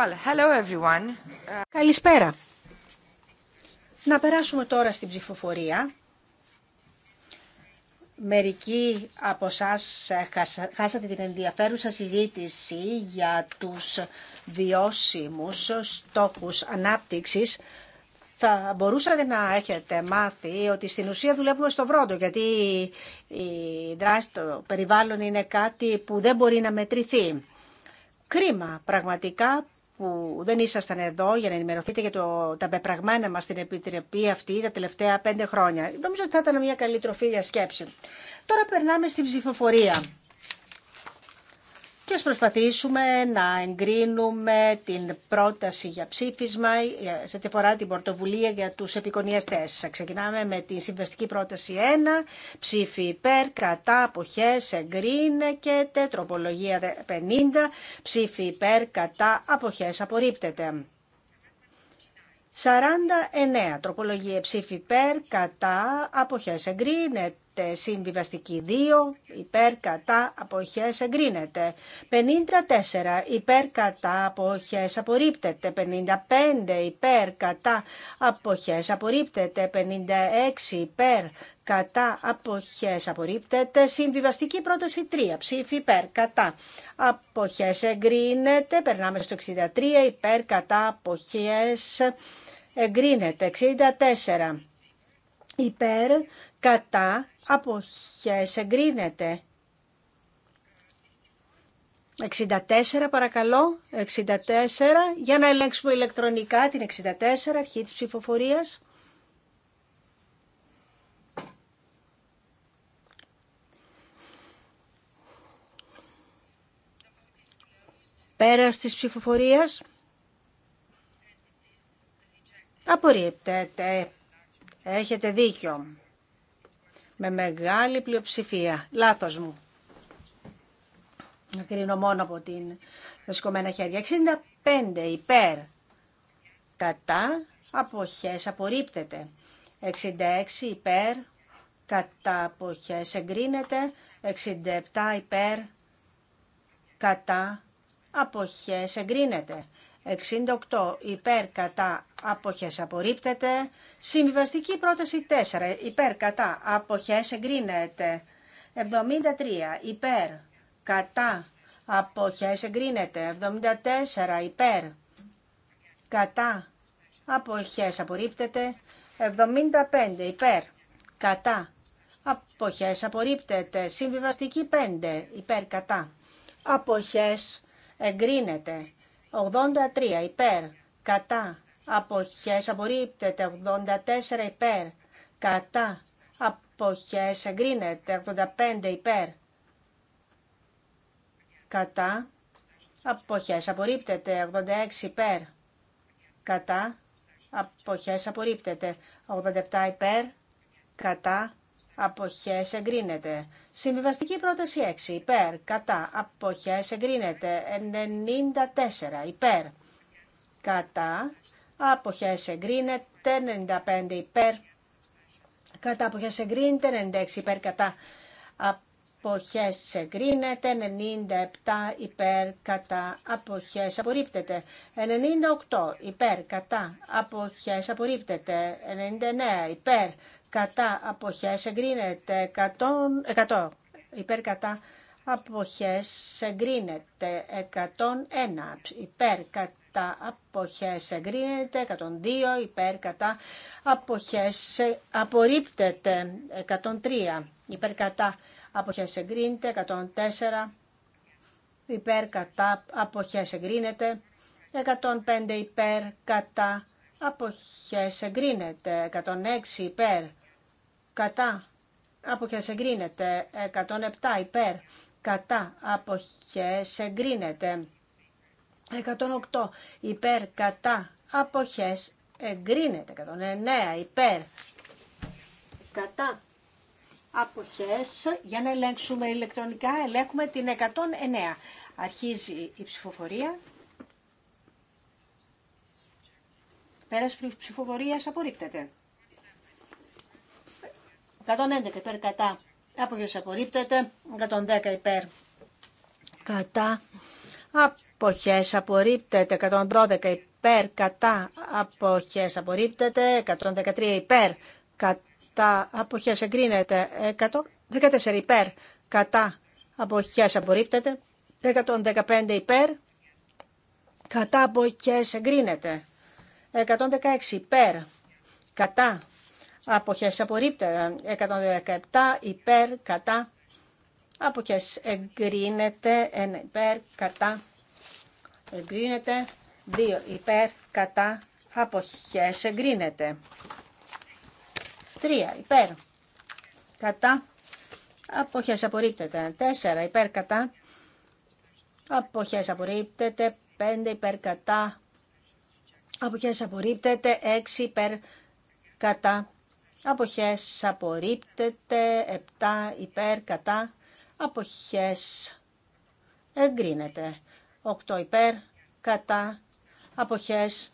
Well, hello Καλησπέρα. Να περάσουμε τώρα στην ψηφοφορία. Μερικοί από εσά χάσατε την ενδιαφέρουσα συζήτηση για τους βιώσιμους στόχους ανάπτυξης. Θα μπορούσατε να έχετε μάθει ότι στην ουσία δουλεύουμε στο βρόντο, γιατί η δράση το περιβάλλον είναι κάτι που δεν μπορεί να μετρηθεί. Κρίμα πραγματικά που δεν ήσασταν εδώ για να ενημερωθείτε για το, τα πεπραγμένα μας στην επιτροπή αυτή τα τελευταία πέντε χρόνια. Νομίζω ότι θα ήταν μια καλή τροφή για σκέψη. Τώρα περνάμε στην ψηφοφορία και ας προσπαθήσουμε να εγκρίνουμε την πρόταση για ψήφισμα ε, σε τη φορά την πορτοβουλία για τους επικονιαστές. Ξεκινάμε με την συμβαστική πρόταση 1, ψήφι υπέρ, κατά, αποχές, εγκρίνεται, τροπολογία 50, ψήφι υπέρ, κατά, αποχές, απορρίπτεται. 49. Τροπολογία ψήφι υπέρ, κατά, αποχές εγκρίνεται. Συμβιβαστική 2 υπέρ κατά αποχές εγκρίνεται. 54 υπέρ κατά αποχές απορρίπτεται. 55 υπέρ κατά αποχές απορρίπτεται. 56 υπέρ κατά αποχές απορρίπτεται. Συμβιβαστική πρόταση 3 ψήφι υπέρ κατά αποχές εγκρίνεται. Περνάμε στο 63 υπέρ κατά αποχές εγκρίνεται. 64 υπέρ, κατά, Αποχές εγκρίνεται. 64 παρακαλώ, 64, για να ελέγξουμε ηλεκτρονικά την 64, αρχή της ψηφοφορίας. Πέρας της ψηφοφορίας. Απορρίπτεται. Έχετε δίκιο με μεγάλη πλειοψηφία. Λάθος μου. Να κρίνω μόνο από την δεσκομένα χέρια. 65 υπέρ κατά αποχές απορρίπτεται. 66 υπέρ κατά αποχές εγκρίνεται. 67 υπέρ κατά αποχές εγκρίνεται. 68 υπέρ κατά αποχές απορρίπτεται. Συμβιβαστική πρόταση 4. Υπέρ, κατά, αποχές, εγκρίνεται. 73. Υπέρ, κατά, αποχές, εγκρίνεται. 74. Υπέρ, κατά, αποχές, απορρίπτεται. 75. Υπέρ, κατά, αποχές, απορρίπτεται. Συμβιβαστική 5. Υπέρ, κατά, αποχές, εγκρίνεται. 83. Υπέρ, κατά, αποχές απορρίπτεται 84 υπέρ κατά αποχές εγκρίνεται 85 υπέρ κατά αποχές απορρίπτεται 86 υπέρ κατά αποχές απορρίπτεται 87 υπέρ κατά αποχές εγκρίνεται. Συμβιβαστική πρόταση 6 υπέρ κατά αποχές εγκρίνεται 94 υπέρ κατά αποχές εγκρίνεται 95 υπέρ κατά αποχές εγκρίνεται 96 υπέρ κατά αποχές εγκρίνεται 97 υπέρ κατά αποχές απορρίπτεται 98 υπέρ κατά αποχές απορρίπτεται 99 υπέρ κατά αποχές εγκρίνεται 100, 100 υπέρ κατά αποχές εγκρίνεται 101 υπέρ κατά κατά αποχές εγκρίνεται, 102 υπέρ κατά αποχές απορρίπτεται, 103 υπέρ κατά αποχές εγκρίνεται, 104 υπέρ κατά αποχές εγκρίνεται, 105 υπέρ κατά αποχές εγκρίνεται, 106 υπέρ κατά αποχές εγκρίνεται, 107 υπέρ κατά αποχές εγκρίνεται. 108 υπέρ κατά αποχές εγκρίνεται 109 υπέρ κατά αποχές για να ελέγξουμε ηλεκτρονικά ελέγχουμε την 109 αρχίζει η ψηφοφορία πέρας ψηφοφορίας απορρίπτεται 111 υπέρ κατά αποχές απορρίπτεται 110 υπέρ κατά αποχές απορρίπτεται 112 υπέρ κατά αποχές απορρίπτεται 113 υπέρ κατά αποχές εγκρίνεται 114 υπέρ κατά αποχές απορρίπτεται 115 υπέρ κατά αποχές εγκρίνεται 116 υπέρ κατά αποχές απορρίπτεται 117 υπέρ κατά αποχές εγκρίνεται 1 υπέρ κατά εγκρίνεται. 2 υπέρ κατά αποχές εγκρίνεται. 3 υπέρ κατά αποχές απορρίπτεται. 4 υπέρ κατά αποχές απορρίπτεται. 5 υπέρ κατά αποχές απορρίπτεται. 6 υπέρ κατά αποχές απορρίπτεται. 7 υπέρ κατά αποχές εγκρίνεται. 8 υπέρ, κατά, αποχές,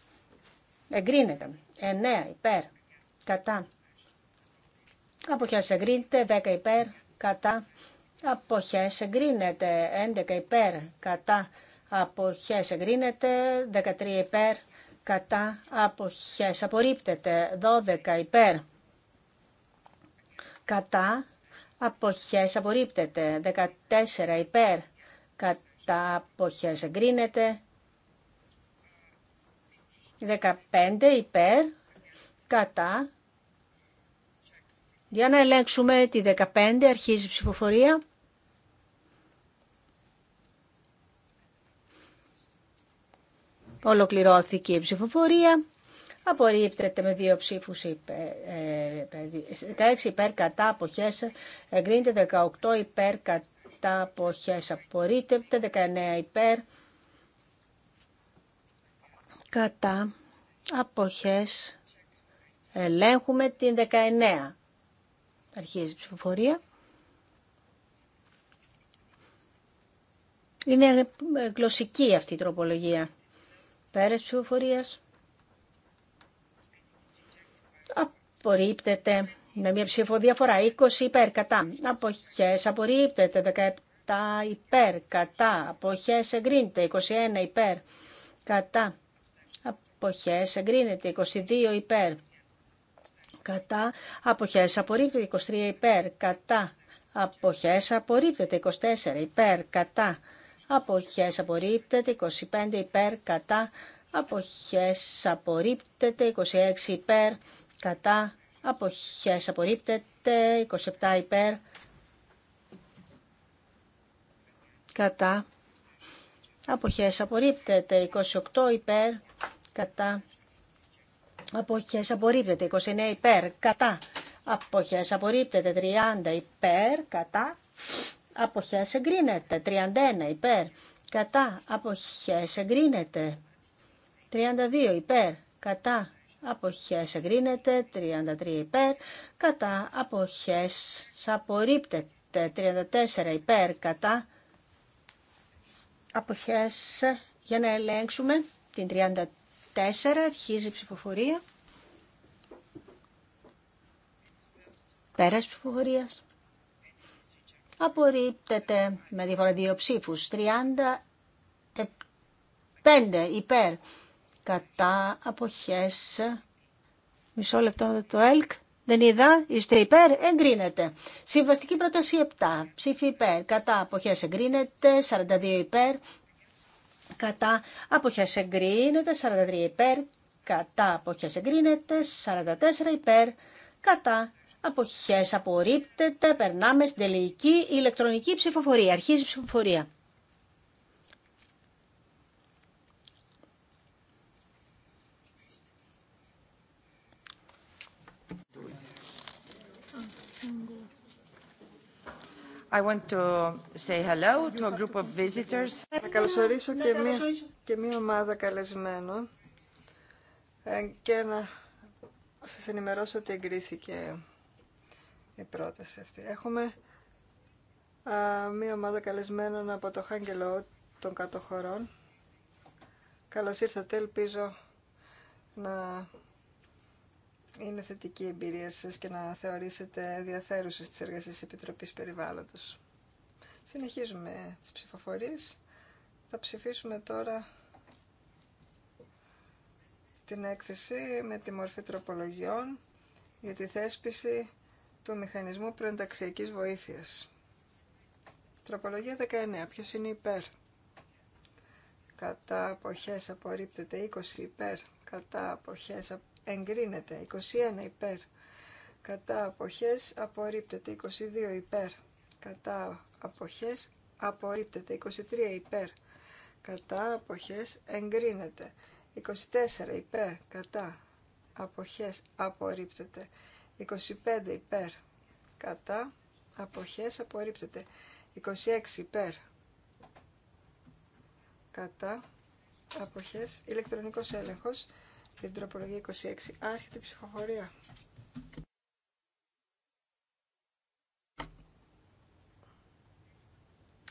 εγκρίνεται. 9 υπέρ, κατά, αποχές εγκρίνεται. 10 υπέρ, κατά, αποχές εγκρίνεται. 11 υπέρ, κατά, αποχές εγκρίνεται. 13 υπέρ, κατά, αποχές απορρίπτεται. 12 υπέρ, κατά, αποχές απορρίπτεται. 14 υπέρ, κατά, τα αποχές εγκρίνεται. 15 υπέρ κατά. Για να ελέγξουμε τη 15 αρχίζει η ψηφοφορία. Ολοκληρώθηκε η ψηφοφορία. Απορρίπτεται με δύο ψήφους υπέρ, ε, 16 υπέρ κατά αποχές, εγκρίνεται 18 υπέρ κατά Αποχέ αποχές απορρίπτεται 19 υπέρ κατά αποχές ελέγχουμε την 19 αρχίζει η ψηφοφορία είναι γλωσσική αυτή η τροπολογία πέρας ψηφοφορίας απορρίπτεται με μια ψηφοδιαφορά 20 υπέρ κατά αποχές απορρίπτεται 17 υπέρ κατά αποχές εγκρίνεται 21 υπέρ κατά αποχές εγκρίνεται 22 υπέρ κατά αποχές απορρίπτεται 23 υπέρ κατά αποχές απορρίπτεται 24 υπέρ κατά αποχές απορρίπτεται 25 υπέρ κατά αποχές απορρίπτεται 26 υπέρ κατά αποχές απορρίπτεται, 27 υπέρ, κατά, αποχές απορρίπτεται, 28 υπέρ, κατά, αποχές απορρίπτεται, 29 υπέρ, κατά, αποχές απορρίπτεται, 30 υπέρ, κατά, αποχές εγκρίνεται, 31 υπέρ, κατά, αποχές εγκρίνεται, 32 υπέρ, κατά, αποχές εγκρίνεται, 33 υπέρ, κατά αποχές απορρίπτεται, 34 υπέρ, κατά αποχές για να ελέγξουμε την 34, αρχίζει η ψηφοφορία. Πέρας ψηφοφορίας. Απορρίπτεται με διαφορά δύο ψήφους. 35 υπέρ κατά, αποχές, μισό λεπτό να το ΕΛΚ, δεν είδα, είστε υπέρ, εγκρίνεται. Συμβαστική πρόταση 7, ψήφι υπέρ, κατά, αποχές, εγκρίνεται, 42 υπέρ, κατά, αποχές, εγκρίνεται, 43 υπέρ, κατά, αποχές, εγκρίνεται, 44 υπέρ, κατά, αποχές, απορρίπτεται, περνάμε στην τελική ηλεκτρονική ψηφοφορία, αρχίζει η ψηφοφορία. I want to say hello to Θα καλωσορίσω και μία, και μία ομάδα καλεσμένων ε, και να σας ενημερώσω ότι εγκρίθηκε η πρόταση αυτή. Έχουμε μία ομάδα καλεσμένων από το Χάγκελο των κατοχωρών. Καλώς ήρθατε, ελπίζω να είναι θετική η εμπειρία σας και να θεωρήσετε ενδιαφέρουσε τις εργασίες Επιτροπής Περιβάλλοντος. Συνεχίζουμε τις ψηφοφορίες. Θα ψηφίσουμε τώρα την έκθεση με τη μορφή τροπολογιών για τη θέσπιση του μηχανισμού προενταξιακής βοήθειας. Τροπολογία 19. Ποιος είναι υπέρ. Κατά αποχές απορρίπτεται 20 υπέρ. Κατά αποχές εγκρίνεται. 21 υπέρ. Κατά αποχές απορρίπτεται. 22 υπέρ. Κατά αποχές απορρίπτεται. 23 υπέρ. Κατά αποχές εγκρίνεται. 24 υπέρ. Κατά αποχές απορρίπτεται. 25 υπέρ. Κατά αποχές απορρίπτεται. 26 υπέρ. Κατά αποχές ηλεκτρονικός έλεγχος την τροπολογία 26. Άρχεται η ψηφοφορία.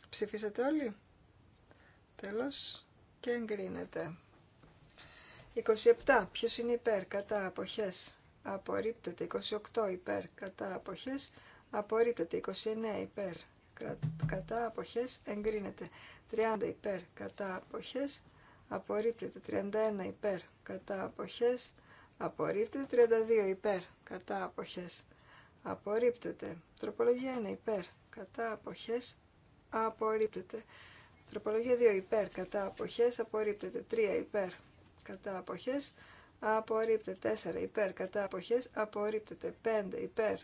Ψηφίσατε όλοι. Τέλος και εγκρίνεται. 27. Ποιος είναι υπέρ, κατά, αποχές. Απορρίπτεται. 28. Υπέρ, κατά, αποχές. Απορρίπτεται. 29. Υπέρ, κατά, αποχές. Εγκρίνεται. 30. Υπέρ, κατά, αποχές απορρίπτεται 31 υπέρ κατά αποχές απορρίπτεται 32 υπέρ κατά αποχές απορρίπτεται τροπολογία 1 υπέρ κατά αποχές απορρίπτεται τροπολογία 2 υπέρ κατά αποχές απορρίπτεται 3 υπέρ κατά αποχές απορρίπτεται 4 υπέρ κατά αποχές απορρίπτεται 5 υπέρ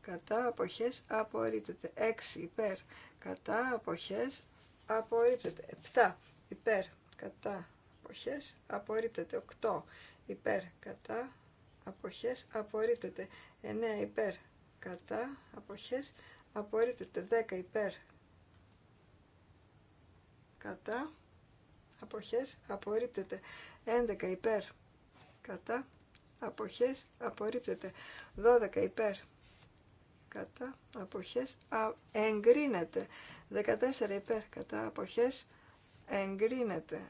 κατά αποχές απορρίπτεται 6 υπέρ κατά αποχές απορρίπτεται 7 υπέρ κατά αποχές απορρίπτεται 8 υπέρ κατά αποχές απορρίπτεται 9 υπέρ κατά αποχές απορρίπτεται 10 υπέρ κατά αποχές απορρίπτεται 11 υπέρ κατά αποχές απορρίπτεται 12 υπέρ κατά αποχές α, εγκρίνεται 14 υπέρ κατά αποχές εγκρίνεται.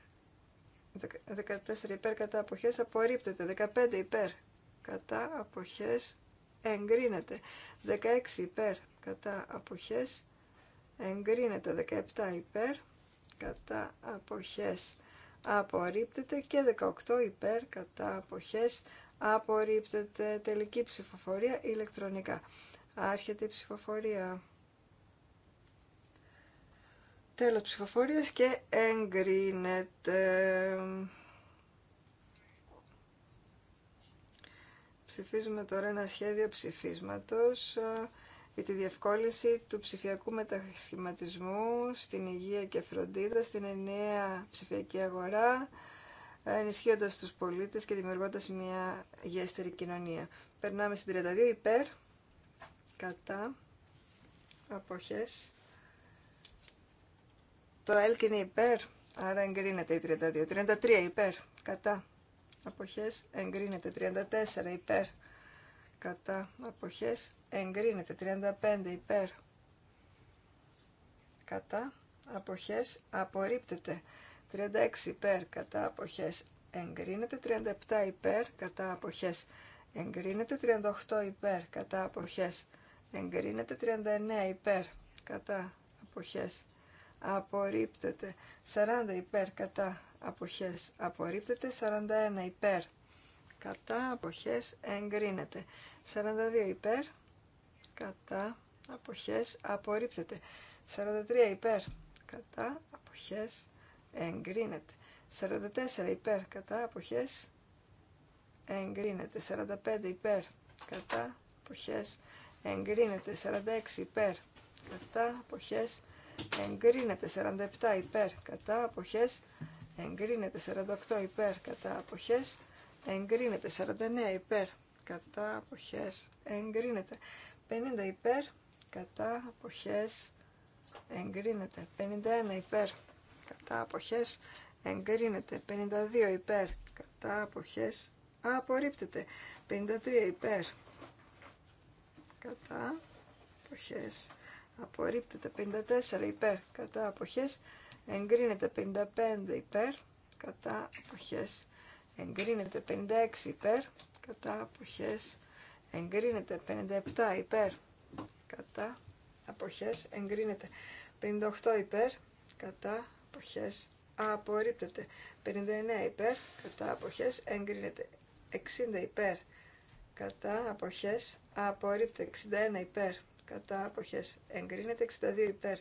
14 υπέρ κατά αποχές απορρίπτεται. 15 υπέρ κατά αποχές εγκρίνεται. 16 υπέρ κατά αποχές εγκρίνεται. 17 υπέρ κατά αποχές απορρίπτεται και 18 υπέρ κατά αποχές απορρίπτεται τελική ψηφοφορία ηλεκτρονικά. Άρχεται η ψηφοφορία. Τέλος ψηφοφορίας και εγκρίνεται. Ψηφίζουμε τώρα ένα σχέδιο ψηφίσματος ε, για τη διευκόλυνση του ψηφιακού μετασχηματισμού στην υγεία και φροντίδα, στην ενιαία ψηφιακή αγορά, ενισχύοντα τους πολίτες και δημιουργώντας μια γέστερη κοινωνία. Περνάμε στην 32 υπέρ, κατά, αποχές, το ΕΛΚ είναι υπέρ, άρα εγκρίνεται η 32. 33 υπέρ, κατά. Αποχές εγκρίνεται. 34 υπέρ, κατά. Αποχές εγκρίνεται. 35 υπέρ, κατά. Αποχές απορρίπτεται. 36 υπέρ, κατά. Αποχές εγκρίνεται. 37 υπέρ, κατά. Αποχές εγκρίνεται. 38 υπέρ, κατά. Αποχές εγκρίνεται. 39 υπέρ, κατά. Αποχές απορρίπτεται. 40 υπέρ κατά αποχές απορρίπτεται. 41 υπέρ κατά αποχές εγκρίνεται. 42 υπέρ κατά αποχές απορρίπτεται. 43 υπέρ κατά αποχές εγκρίνεται. 44 υπέρ κατά αποχές εγκρίνεται. 45 υπέρ κατά αποχές εγκρίνεται. 46 υπέρ κατά αποχές εγκρίνεται εγκρίνεται 47 υπέρ κατά αποχές εγκρίνεται 48 υπέρ κατά αποχές εγκρίνεται 49 υπέρ κατά αποχές εγκρίνεται 50 υπέρ κατά αποχές εγκρίνεται 51 υπέρ κατά αποχές εγκρίνεται 52 υπέρ κατά αποχές απορρίπτεται 53 υπέρ κατά αποχές απορρίπτεται 54 υπέρ κατά αποχές εγκρίνεται 55 υπέρ κατά αποχές εγκρίνεται 56 υπέρ κατά αποχές εγκρίνεται 57 υπέρ κατά αποχές εγκρίνεται 58 υπέρ κατά αποχές απορρίπτεται 59 υπέρ κατά αποχές εγκρίνεται 60 υπέρ κατά αποχές απορρίπτεται 61 υπέρ κατά αποχές εγκρίνεται 62 υπέρ,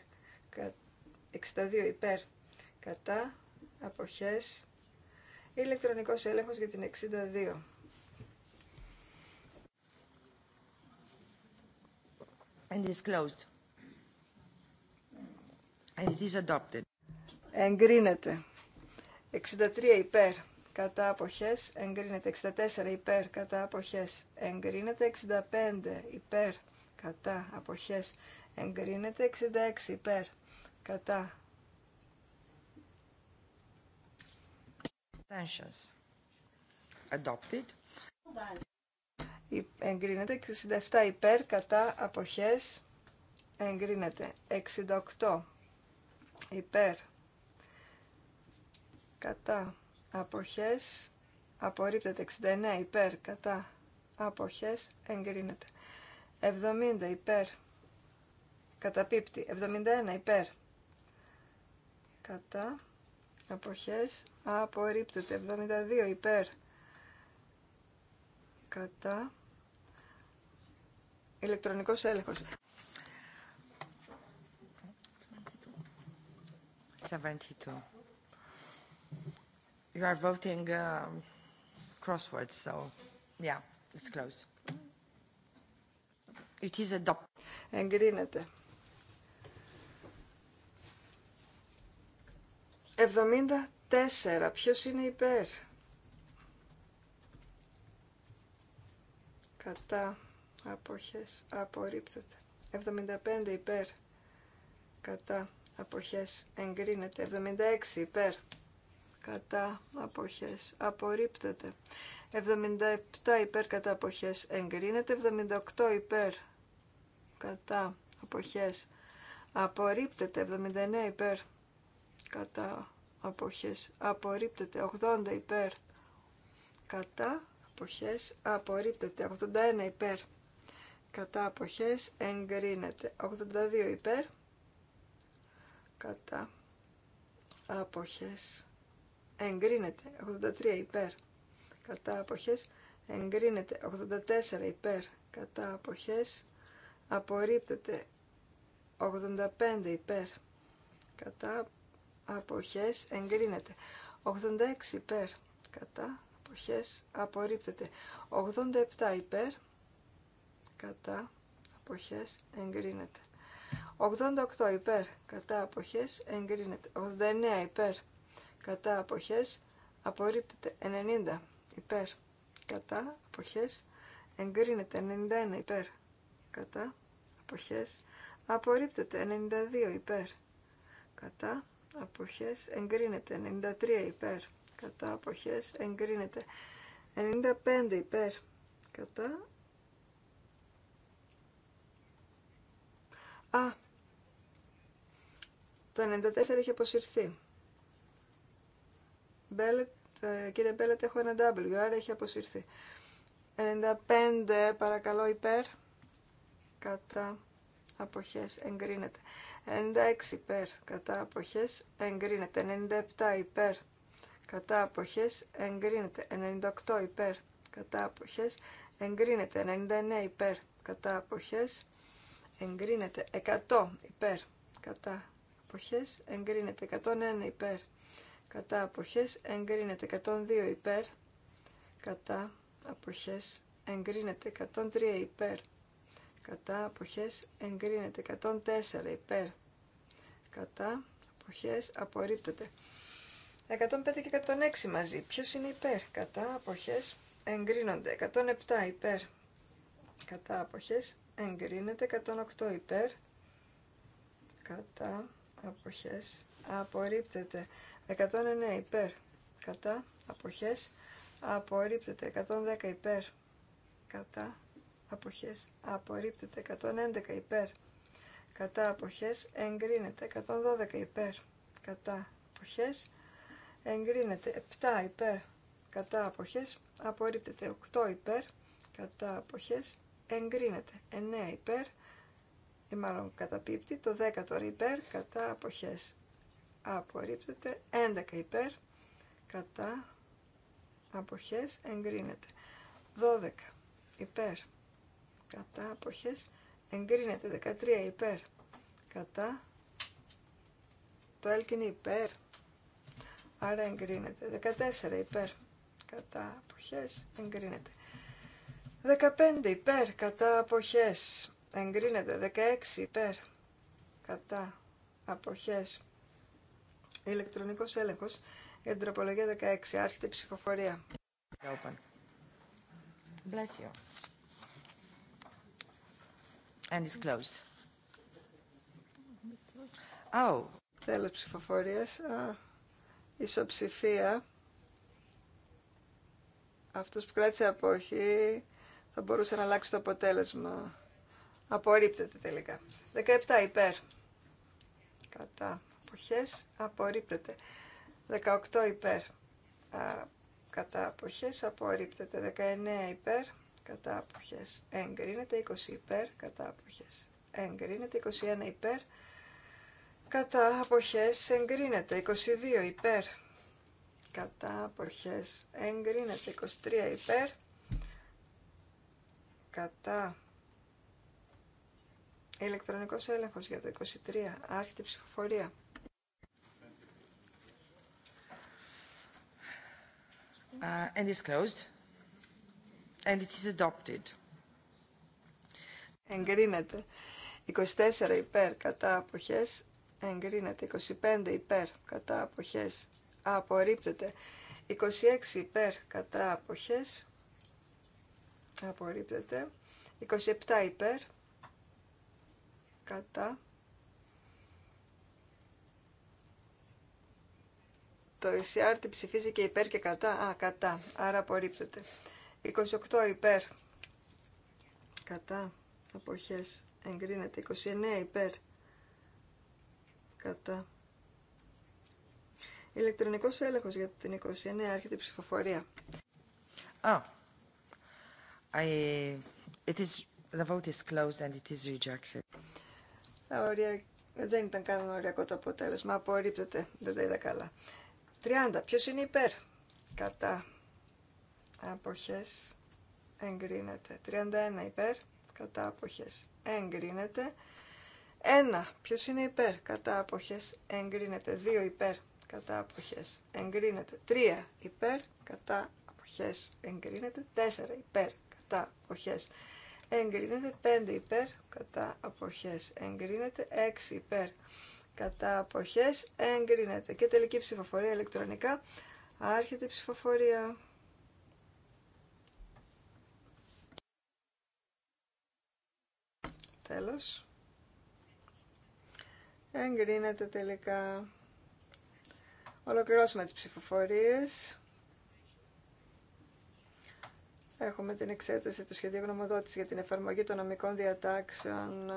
62 υπέρ κατά αποχές ηλεκτρονικός έλεγχος για την 62. And it is closed. And it is adopted. Εγκρίνεται. 63 υπέρ κατά αποχές εγκρίνεται. 64 υπέρ κατά αποχές εγκρίνεται. 65 υπέρ κατά αποχές εγκρίνεται 66 υπέρ κατά Tensions. Adopted. Εγκρίνεται 67 υπέρ κατά αποχές εγκρίνεται 68 υπέρ κατά αποχές απορρίπτεται 69 υπέρ κατά αποχές εγκρίνεται 70 υπέρ. Καταπίπτει. 71 υπέρ. Κατά. Αποχές. Απορρίπτεται. 72 υπέρ. Κατά. Ηλεκτρονικός έλεγχος. 72. You are voting uh, crosswords, so yeah, it's closed. It is adopted. Εγκρίνεται. 74. Ποιος είναι υπέρ. Κατά. Αποχές. Απορρίπτεται. 75 υπέρ. Κατά. Αποχές. Εγκρίνεται. 76 υπέρ. Κατά. Αποχές. Απορρίπτεται. 77 υπέρ κατά αποχές εγκρίνεται, 78 υπέρ κατά αποχές απορρίπτεται 79 υπέρ κατά αποχές απορρίπτεται 80 υπέρ κατά αποχές απορρίπτεται 81 υπέρ κατά αποχές εγκρίνεται 82 υπέρ κατά αποχές εγκρίνεται 83 υπέρ κατά αποχές εγκρίνεται 84 υπέρ κατά αποχές απορρίπτεται 85 υπέρ κατά αποχές εγκρίνεται 86 υπέρ κατά αποχές απορρίπτεται 87 υπέρ κατά αποχές εγκρίνεται 88 υπέρ κατά αποχές εγκρίνεται 89 υπέρ κατά αποχές απορρίπτεται 90 υπέρ κατά αποχές εγκρίνεται 91 υπέρ κατά αποχές απορρίπτεται 92 υπέρ κατά αποχές εγκρίνεται 93 υπέρ κατά αποχές εγκρίνεται 95 υπέρ κατά Α, το 94 έχει αποσυρθεί. Μπέλετ, ε, κύριε Μπέλετ, έχω ένα W, άρα έχει αποσυρθεί. 95, παρακαλώ, υπέρ κατά αποχές εγκρίνεται. 96 υπέρ κατά αποχές εγκρίνεται. 97 υπέρ κατά αποχές εγκρίνεται. 98 υπέρ κατά αποχές εγκρίνεται. 99 υπέρ κατά αποχές εγκρίνεται. 100 υπέρ κατά αποχές εγκρίνεται. 101 υπέρ κατά αποχές εγκρίνεται. 102 υπέρ κατά αποχές εγκρίνεται. 103 υπέρ κατά αποχές εγκρίνεται 104 υπέρ κατά αποχές απορρίπτεται 105 και 106 μαζί ποιος είναι υπέρ κατά αποχές εγκρίνονται 107 υπέρ κατά αποχές εγκρίνεται 108 υπέρ κατά αποχές απορρίπτεται 109 υπέρ κατά αποχές απορρίπτεται 110 υπέρ κατά αποχές απορρίπτεται 111 υπέρ κατά αποχές εγκρίνεται 112 υπέρ κατά αποχές εγκρίνεται 7 υπέρ κατά αποχές απορρίπτεται 8 υπέρ κατά αποχές εγκρίνεται 9 υπέρ ή μάλλον καταπίπτει το 10 τώρα υπέρ κατά αποχές απορρίπτεται 11 υπέρ κατά αποχές εγκρίνεται 12 υπέρ κατά αποχές εγκρίνεται 13 υπέρ κατά το έλκυνη υπέρ άρα εγκρίνεται 14 υπέρ κατά αποχές εγκρίνεται 15 υπέρ κατά αποχές εγκρίνεται 16 υπέρ κατά αποχές ηλεκτρονικός έλεγχος για την τροπολογία 16 άρχεται η ψηφοφορία And is closed. Oh. Τέλος ψηφοφορίας. ισοψηφία. Αυτός που κράτησε απόχη θα μπορούσε να αλλάξει το αποτέλεσμα. Απορρίπτεται τελικά. 17 υπέρ. Κατά αποχές απορρίπτεται. 18 υπέρ. κατά αποχές απορρίπτεται. 19 υπέρ κατά εγκρίνεται 20 υπέρ κατά εγκρίνεται 21 υπέρ κατά εγκρίνεται 22 υπέρ κατά εγκρίνεται 23 υπέρ κατά ηλεκτρονικός έλεγχος για το 23 άρχιτη ψηφοφορία uh, and and it is adopted. Εγκρίνεται. 24 υπέρ κατά αποχές. Εγκρίνεται. 25 υπέρ κατά αποχές. Απορρίπτεται. 26 υπέρ κατά αποχές. Απορρίπτεται. 27 υπέρ κατά Το ΕΣΥΑΡΤΗ ψηφίζει και υπέρ και κατά. Α, κατά. Άρα απορρίπτεται. 28 υπέρ. Κατά. Αποχές. Εγκρίνεται. 29 υπέρ. Κατά. Ηλεκτρονικός έλεγχος για την 29. έρχεται η ψηφοφορία. Α. Oh. It is... The vote is closed and it is rejected. Ωραία. Δεν ήταν καν οριακό το αποτέλεσμα. Απορρίπτεται. Δεν τα είδα καλά. 30. Ποιος είναι υπέρ. Κατά αποχές εγκρίνεται. 31 υπέρ, κατά αποχές εγκρίνεται. 1. Ποιος είναι υπέρ, κατά αποχές εγκρίνεται. 2 υπέρ, κατά αποχές εγκρίνεται. 3 υπέρ, κατά αποχές εγκρίνεται. 4 υπέρ, κατά αποχές εγκρίνεται. 5 υπέρ, κατά αποχές εγκρίνεται. 6 υπέρ, κατά αποχές εγκρίνεται. Και τελική ψηφοφορία ηλεκτρονικά. Άρχεται η ψηφοφορία. Τέλος. Εγκρίνεται τελικά. ολοκληρώσουμε τις ψηφοφορίες. Έχουμε την εξέταση του σχεδίου γνωμοδότηση για την εφαρμογή των νομικών διατάξεων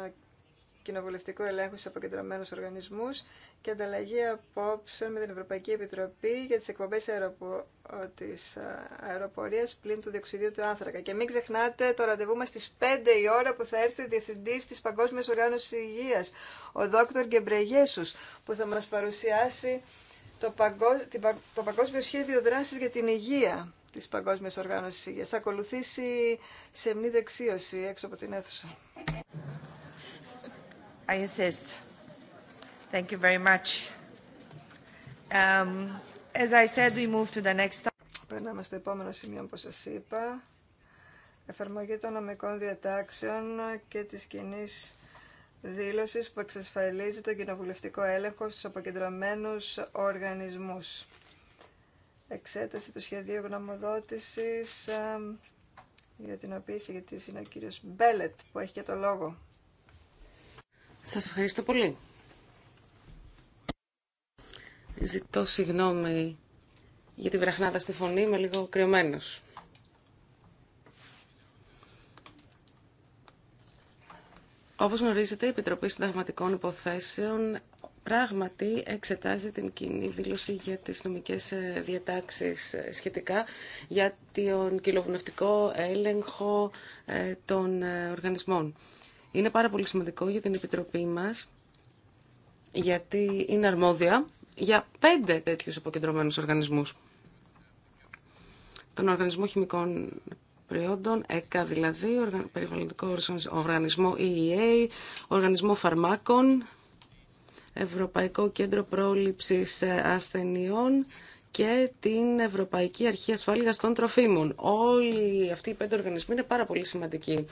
Κοινοβουλευτικό ελέγχου σε αποκεντρωμένου οργανισμού και ανταλλαγή απόψεων με την Ευρωπαϊκή Επιτροπή για τι εκπομπέ τη αεροπορία πλην του διοξιδίου του άνθρακα. Και μην ξεχνάτε το ραντεβού μα στι 5 η ώρα που θα έρθει ο Διευθυντή τη Παγκόσμια Οργάνωση Υγεία, ο Δόκτωρ Γκεμπρεγέσου, που θα μα παρουσιάσει το, παγκο... το Παγκόσμιο Σχέδιο Δράση για την Υγεία τη Παγκόσμια Οργάνωση Υγεία. Θα ακολουθήσει μνή δεξίωση έξω από την αίθουσα. I insist. Περνάμε στο επόμενο σημείο, που σας είπα. Εφαρμογή των νομικών διατάξεων και της κοινή δήλωση που εξασφαλίζει τον κοινοβουλευτικό έλεγχο στους αποκεντρωμένους οργανισμούς. Εξέταση του σχεδίου γνωμοδότησης ε, για την οποία η είναι ο κύριος Μπέλετ που έχει και το λόγο. Σας ευχαριστώ πολύ. Ζητώ συγγνώμη για τη βραχνάδα στη φωνή, είμαι λίγο κρυωμένος. Όπως γνωρίζετε, η Επιτροπή Συνταγματικών Υποθέσεων πράγματι εξετάζει την κοινή δήλωση για τις νομικές ε, διατάξεις ε, σχετικά για τον κοινοβουλευτικό έλεγχο ε, των οργανισμών. Είναι πάρα πολύ σημαντικό για την Επιτροπή μας, γιατί είναι αρμόδια για πέντε τέτοιους αποκεντρωμένους οργανισμούς. Τον Οργανισμό Χημικών Προϊόντων, ΕΚΑ δηλαδή, Περιβαλλοντικό Οργανισμό EEA, Οργανισμό Φαρμάκων, Ευρωπαϊκό Κέντρο Πρόληψης ε, Ασθενειών και την Ευρωπαϊκή Αρχή Ασφάλειας των Τροφίμων. Όλοι αυτοί οι πέντε οργανισμοί είναι πάρα πολύ σημαντικοί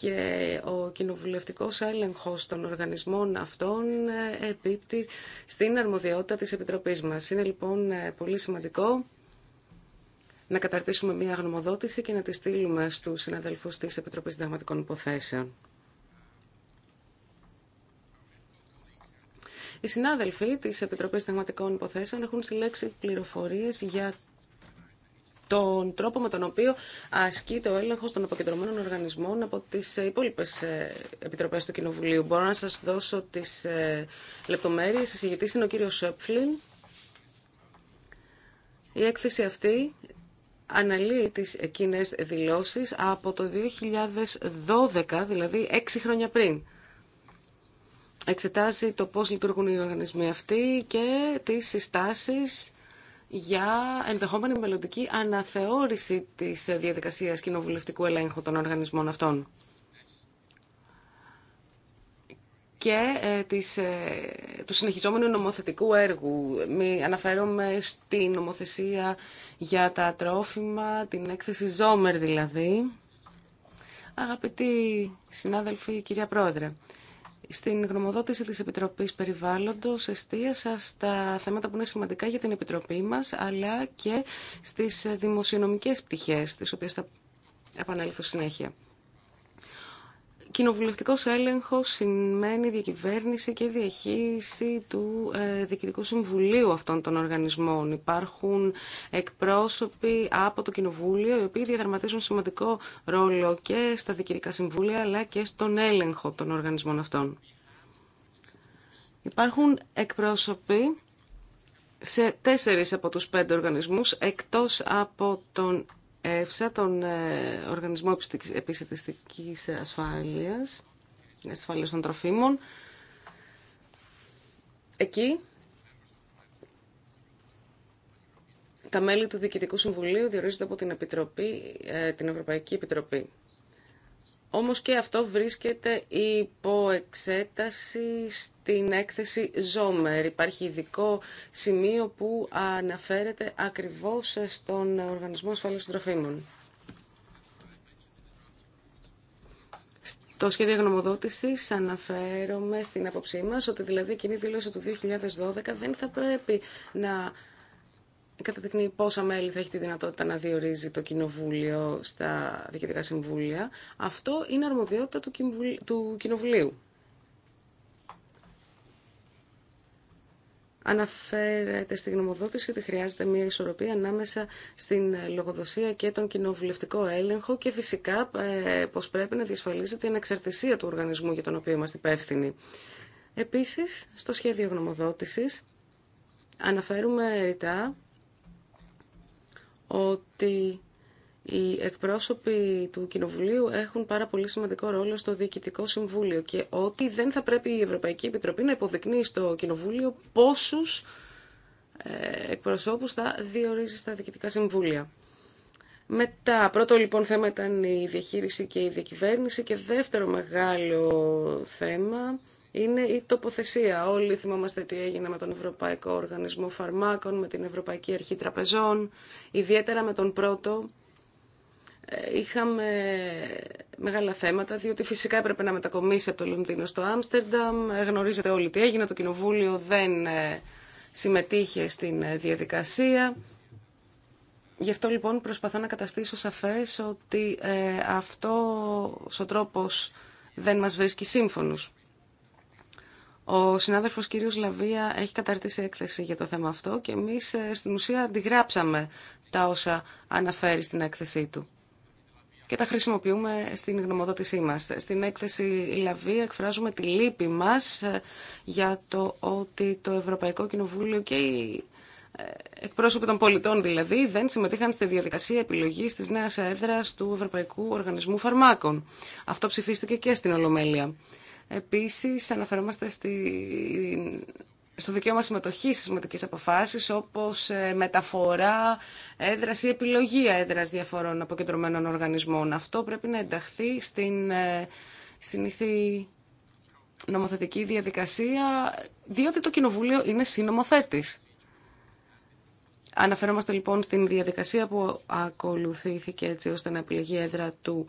και ο κοινοβουλευτικός έλεγχος των οργανισμών αυτών ε, επίπτει στην αρμοδιότητα της Επιτροπής μας. Είναι λοιπόν ε, πολύ σημαντικό να καταρτήσουμε μία γνωμοδότηση και να τη στείλουμε στους συναδελφούς της Επιτροπής Συνταγματικών Υποθέσεων. Οι συνάδελφοι της Επιτροπής Συνταγματικών Υποθέσεων έχουν συλλέξει πληροφορίες για τον τρόπο με τον οποίο ασκείται το έλεγχο των αποκεντρωμένων οργανισμών από τι ε, υπόλοιπε ε, επιτροπές του Κοινοβουλίου. Μπορώ να σας δώσω τις ε, λεπτομέρειες. συζητή είναι ο κύριο Σόπφλιν. Η έκθεση αυτή αναλύει τις εκείνες δηλώσεις από το 2012, δηλαδή έξι χρόνια πριν. Εξετάζει το πώς λειτουργούν οι οργανισμοί αυτοί και τις συστάσεις για ενδεχόμενη μελλοντική αναθεώρηση της διαδικασίας κοινοβουλευτικού ελέγχου των οργανισμών αυτών και ε, της, ε, του συνεχιζόμενου νομοθετικού έργου. Μη, αναφέρομαι στην νομοθεσία για τα τρόφιμα, την έκθεση Ζόμερ δηλαδή. Αγαπητοί συνάδελφοι, κυρία Πρόεδρε, στην γνωμοδότηση της Επιτροπής Περιβάλλοντος εστίασα στα θέματα που είναι σημαντικά για την Επιτροπή μας, αλλά και στις δημοσιονομικές πτυχές, τις οποίες θα επανέλθω συνέχεια κοινοβουλευτικό έλεγχος σημαίνει διακυβέρνηση και διαχείριση του ε, Διοικητικού Συμβουλίου αυτών των οργανισμών. Υπάρχουν εκπρόσωποι από το Κοινοβούλιο, οι οποίοι διαδραματίζουν σημαντικό ρόλο και στα Διοικητικά Συμβούλια, αλλά και στον έλεγχο των οργανισμών αυτών. Υπάρχουν εκπρόσωποι σε τέσσερις από τους πέντε οργανισμούς, εκτός από τον ΕΦΣΑ, τον ε, Οργανισμό Επιστημιστικής Ασφάλειας, Ασφάλειας των Τροφίμων. Εκεί τα μέλη του Διοικητικού Συμβουλίου διορίζονται από την, Επιτροπή, ε, την Ευρωπαϊκή Επιτροπή. Όμως και αυτό βρίσκεται υπό εξέταση στην έκθεση Ζόμερ. Υπάρχει ειδικό σημείο που αναφέρεται ακριβώς στον Οργανισμό Ασφαλής των Τροφίμων. Το σχέδιο γνωμοδότησης αναφέρομαι στην άποψή μα ότι δηλαδή η κοινή δήλωση του 2012 δεν θα πρέπει να καταδεικνύει πόσα μέλη θα έχει τη δυνατότητα να διορίζει το Κοινοβούλιο στα διοικητικά συμβούλια. Αυτό είναι αρμοδιότητα του Κοινοβουλίου. Αναφέρεται στη γνωμοδότηση ότι χρειάζεται μια ισορροπία ανάμεσα στην λογοδοσία και τον κοινοβουλευτικό έλεγχο και φυσικά ε, πως πρέπει να διασφαλίζεται η ανεξαρτησία του οργανισμού για τον οποίο είμαστε υπεύθυνοι. Επίσης, στο σχέδιο γνωμοδότησης αναφέρουμε ρητά ότι οι εκπρόσωποι του Κοινοβουλίου έχουν πάρα πολύ σημαντικό ρόλο στο Διοικητικό Συμβούλιο και ότι δεν θα πρέπει η Ευρωπαϊκή Επιτροπή να υποδεικνύει στο Κοινοβούλιο πόσους ε, εκπροσώπους θα διορίζει στα Διοικητικά Συμβούλια. Μετά, πρώτο λοιπόν θέμα ήταν η διαχείριση και η διακυβέρνηση και δεύτερο μεγάλο θέμα είναι η τοποθεσία. Όλοι θυμόμαστε τι έγινε με τον Ευρωπαϊκό Οργανισμό Φαρμάκων, με την Ευρωπαϊκή Αρχή Τραπεζών, ιδιαίτερα με τον πρώτο. Ε, είχαμε μεγάλα θέματα, διότι φυσικά έπρεπε να μετακομίσει από το Λονδίνο στο Άμστερνταμ. Ε, γνωρίζετε όλοι τι έγινε, το Κοινοβούλιο δεν ε, συμμετείχε στην διαδικασία. Γι' αυτό λοιπόν προσπαθώ να καταστήσω σαφές ότι ε, ο τρόπος δεν μας βρίσκει σύμφωνος. Ο συνάδελφος κύριος Λαβία έχει καταρτήσει έκθεση για το θέμα αυτό και εμείς ε, στην ουσία αντιγράψαμε τα όσα αναφέρει στην έκθεσή του και τα χρησιμοποιούμε στην γνωμοδότησή μας. Στην έκθεση Λαβία εκφράζουμε τη λύπη μας ε, για το ότι το Ευρωπαϊκό Κοινοβούλιο και οι ε, εκπρόσωποι των πολιτών δηλαδή δεν συμμετείχαν στη διαδικασία επιλογής της νέας έδρας του Ευρωπαϊκού Οργανισμού Φαρμάκων. Αυτό ψηφίστηκε και στην Ολομέλεια. Επίσης, αναφερόμαστε στη, στο δικαίωμα συμμετοχή στις σημαντικές αποφάσεις, όπως ε, μεταφορά έδραση ή επιλογή έδρας διαφορών αποκεντρωμένων οργανισμών. Αυτό πρέπει να ενταχθεί στην ε, συνήθη νομοθετική διαδικασία, διότι το Κοινοβούλιο είναι συνομοθέτης. Αναφερόμαστε λοιπόν στην διαδικασία που ακολουθήθηκε έτσι ώστε να επιλεγεί έδρα του,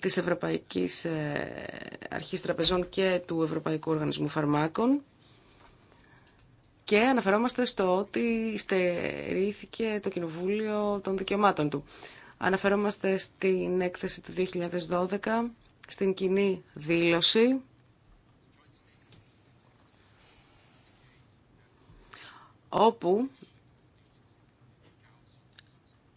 της Ευρωπαϊκής ε, Αρχής Τραπεζών και του Ευρωπαϊκού Οργανισμού Φαρμάκων. Και αναφερόμαστε στο ότι στερήθηκε το Κοινοβούλιο των δικαιωμάτων του. Αναφερόμαστε στην έκθεση του 2012, στην κοινή δήλωση. όπου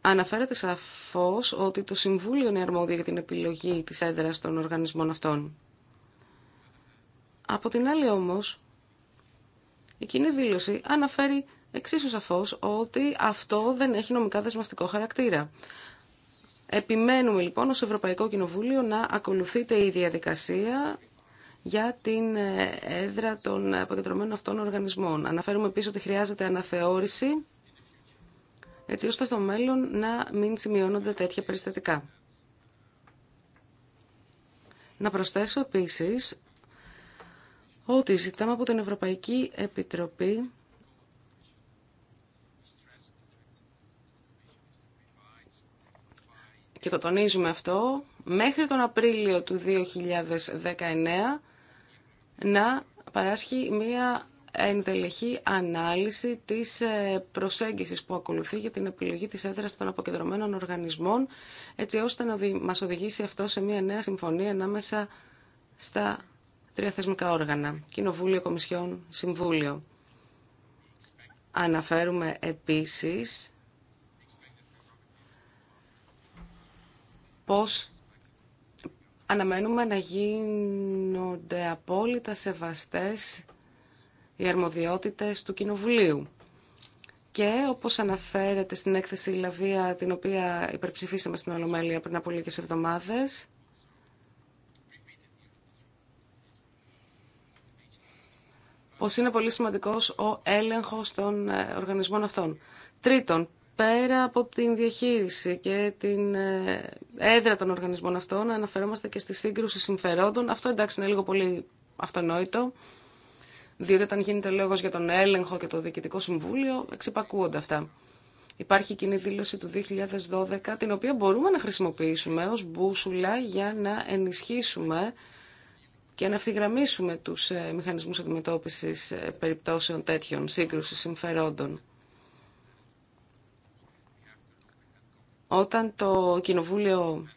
Αναφέρεται σαφώς ότι το Συμβούλιο είναι αρμόδιο για την επιλογή της έδρας των οργανισμών αυτών. Από την άλλη όμως, η κοινή δήλωση αναφέρει εξίσου σαφώς ότι αυτό δεν έχει νομικά δεσμευτικό χαρακτήρα. Επιμένουμε λοιπόν ως Ευρωπαϊκό Κοινοβούλιο να ακολουθείτε η διαδικασία για την ε, έδρα των ε, αποκεντρωμένων αυτών οργανισμών. Αναφέρουμε επίσης ότι χρειάζεται αναθεώρηση έτσι ώστε στο μέλλον να μην σημειώνονται τέτοια περιστατικά. Να προσθέσω επίσης ότι ζητάμε από την Ευρωπαϊκή Επιτροπή και το τονίζουμε αυτό, μέχρι τον Απρίλιο του 2019 να παράσχει μία ενδελεχή ανάλυση της ε, προσέγγισης που ακολουθεί για την επιλογή της έδρας των αποκεντρωμένων οργανισμών, έτσι ώστε να μας οδηγήσει αυτό σε μια νέα συμφωνία ανάμεσα στα τρία θεσμικά όργανα, Κοινοβούλιο, Κομισιόν, Συμβούλιο. Αναφέρουμε επίσης πώς αναμένουμε να γίνονται απόλυτα σεβαστές οι αρμοδιότητες του Κοινοβουλίου. Και όπως αναφέρεται στην έκθεση Λαβία, την οποία υπερψηφίσαμε στην Ολομέλεια πριν από λίγες εβδομάδες, πως είναι πολύ σημαντικός ο έλεγχος των ε, οργανισμών αυτών. Τρίτον, πέρα από την διαχείριση και την ε, έδρα των οργανισμών αυτών, αναφερόμαστε και στη σύγκρουση συμφερόντων. Αυτό εντάξει είναι λίγο πολύ αυτονόητο. Διότι όταν γίνεται λόγο για τον έλεγχο και το Διοικητικό Συμβούλιο, εξυπακούονται αυτά. Υπάρχει κοινή δήλωση του 2012, την οποία μπορούμε να χρησιμοποιήσουμε ως μπούσουλα για να ενισχύσουμε και να ευθυγραμμίσουμε τους ε, μηχανισμούς αντιμετώπισης ε, περιπτώσεων τέτοιων σύγκρουσης συμφερόντων. Όταν το Κοινοβούλιο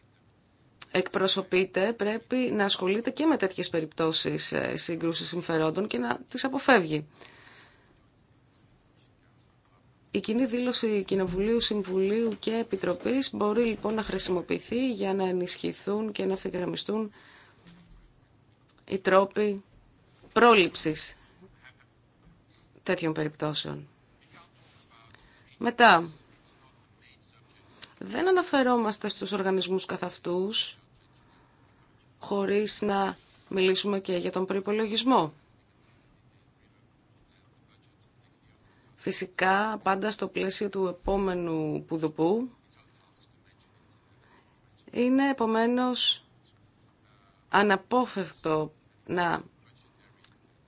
εκπροσωπείτε πρέπει να ασχολείται και με τέτοιες περιπτώσεις ε, σύγκρουσης συμφερόντων και να τις αποφεύγει. Η κοινή δήλωση Κοινοβουλίου, Συμβουλίου και Επιτροπής μπορεί λοιπόν να χρησιμοποιηθεί για να ενισχυθούν και να αυθυγραμμιστούν οι τρόποι πρόληψης τέτοιων περιπτώσεων. Μετά, δεν αναφερόμαστε στους οργανισμούς καθ' αυτούς, χωρίς να μιλήσουμε και για τον προϋπολογισμό. Φυσικά, πάντα στο πλαίσιο του επόμενου πουδουπού, είναι επομένως αναπόφευκτο να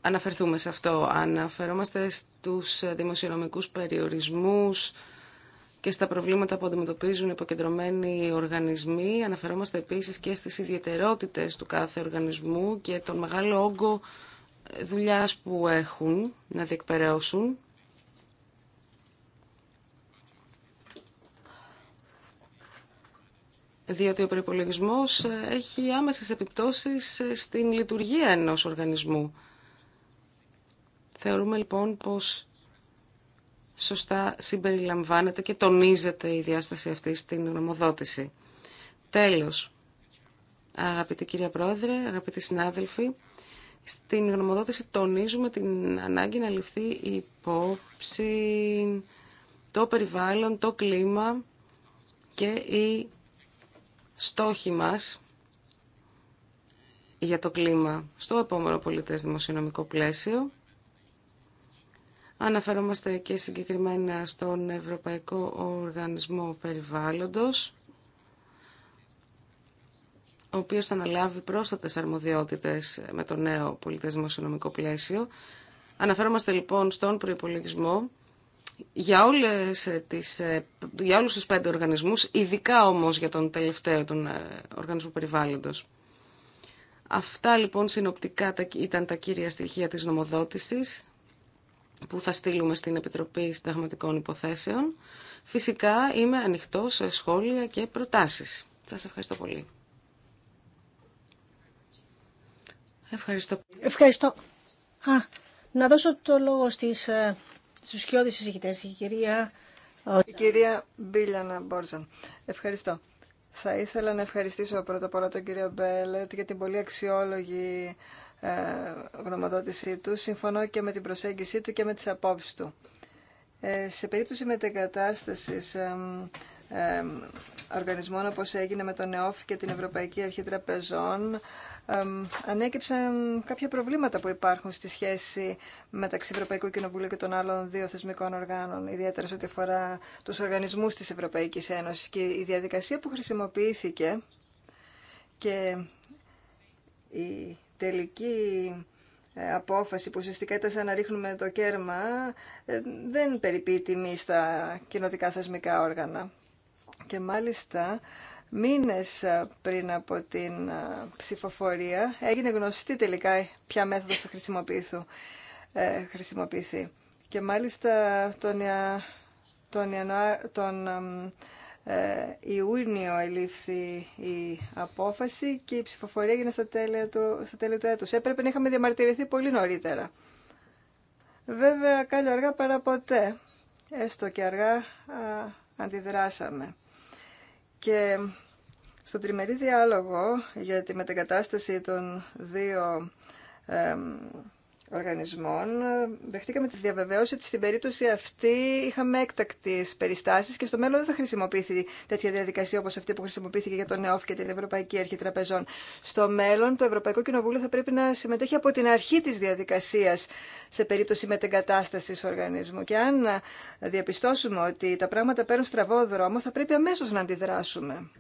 αναφερθούμε σε αυτό. Αναφερόμαστε στους δημοσιονομικούς περιορισμούς, και στα προβλήματα που αντιμετωπίζουν οι υποκεντρωμένοι οργανισμοί. Αναφερόμαστε επίσης και στις ιδιαιτερότητες του κάθε οργανισμού και τον μεγάλο όγκο ε, δουλειάς που έχουν να διεκπαιρεώσουν. διότι ο προπολογισμό ε, έχει άμεσες επιπτώσεις ε, στην λειτουργία ενός οργανισμού. Θεωρούμε λοιπόν πως σωστά συμπεριλαμβάνεται και τονίζεται η διάσταση αυτή στην νομοδότηση. Τέλος, αγαπητή κυρία Πρόεδρε, αγαπητοί συνάδελφοι, στην γνωμοδότηση τονίζουμε την ανάγκη να ληφθεί υπόψη το περιβάλλον, το κλίμα και οι στόχοι μας για το κλίμα στο επόμενο πολιτές δημοσιονομικό πλαίσιο Αναφερόμαστε και συγκεκριμένα στον Ευρωπαϊκό Οργανισμό Περιβάλλοντος, ο οποίος θα αναλάβει πρόσθετες αρμοδιότητες με το νέο πολιτισμο-οικονομικό πλαίσιο. Αναφέρομαστε λοιπόν στον προϋπολογισμό για, όλες τις, για όλους τους πέντε οργανισμούς, ειδικά όμως για τον τελευταίο, τον ε, Οργανισμό Περιβάλλοντος. Αυτά λοιπόν συνοπτικά ήταν τα κύρια στοιχεία της νομοδότησης που θα στείλουμε στην Επιτροπή Συνταγματικών Υποθέσεων. Φυσικά είμαι ανοιχτό σε σχόλια και προτάσεις. Σας ευχαριστώ πολύ. Ευχαριστώ. Ευχαριστώ. Α, να δώσω το λόγο στις, ε, στους σκιώδεις συζητητές. Η κυρία... Η κυρία Μπίλιανα Μπόρζαν. Ευχαριστώ. Θα ήθελα να ευχαριστήσω πρώτα απ' όλα τον κύριο Μπέλετ για την πολύ αξιόλογη ε, γνωμοδότησή του. Συμφωνώ και με την προσέγγιση του και με τις απόψεις του. Ε, σε περίπτωση μετεγκατάστασης ε, ε οργανισμών όπως έγινε με τον ΕΟΦ και την Ευρωπαϊκή Αρχή Τραπεζών ε, ανέκυψαν κάποια προβλήματα που υπάρχουν στη σχέση μεταξύ Ευρωπαϊκού Κοινοβουλίου και των άλλων δύο θεσμικών οργάνων, ιδιαίτερα σε ό,τι αφορά τους οργανισμούς της Ευρωπαϊκής Ένωσης και η διαδικασία που χρησιμοποιήθηκε και η τελική ε, απόφαση που ουσιαστικά ήταν σαν να ρίχνουμε το κέρμα ε, δεν περιποιεί τιμή στα κοινοτικά θεσμικά όργανα. Και μάλιστα μήνες ε, πριν από την ψηφοφορία έγινε γνωστή τελικά ποια μέθοδος θα χρησιμοποιηθεί. Και μάλιστα τον, τον, τον Ιούνιο ε, ελήφθη η απόφαση και η ψηφοφορία έγινε στα τέλη του, στα τέλη του έτους. Έπρεπε να είχαμε διαμαρτυρηθεί πολύ νωρίτερα. Βέβαια, καλό αργά παρά ποτέ. Έστω και αργά αντιδράσαμε. Και στο τριμερή διάλογο για τη μετεγκατάσταση των δύο οργανισμών, δεχτήκαμε τη διαβεβαίωση ότι στην περίπτωση αυτή είχαμε έκτακτε περιστάσει και στο μέλλον δεν θα χρησιμοποιηθεί τέτοια διαδικασία όπω αυτή που χρησιμοποιήθηκε για τον ΕΟΦ και την Ευρωπαϊκή Αρχή Τραπεζών. Στο μέλλον, το Ευρωπαϊκό Κοινοβούλιο θα πρέπει να συμμετέχει από την αρχή τη διαδικασία σε περίπτωση μετεγκατάσταση οργανισμού. Και αν διαπιστώσουμε ότι τα πράγματα παίρνουν στραβό δρόμο, θα πρέπει αμέσω να αντιδράσουμε.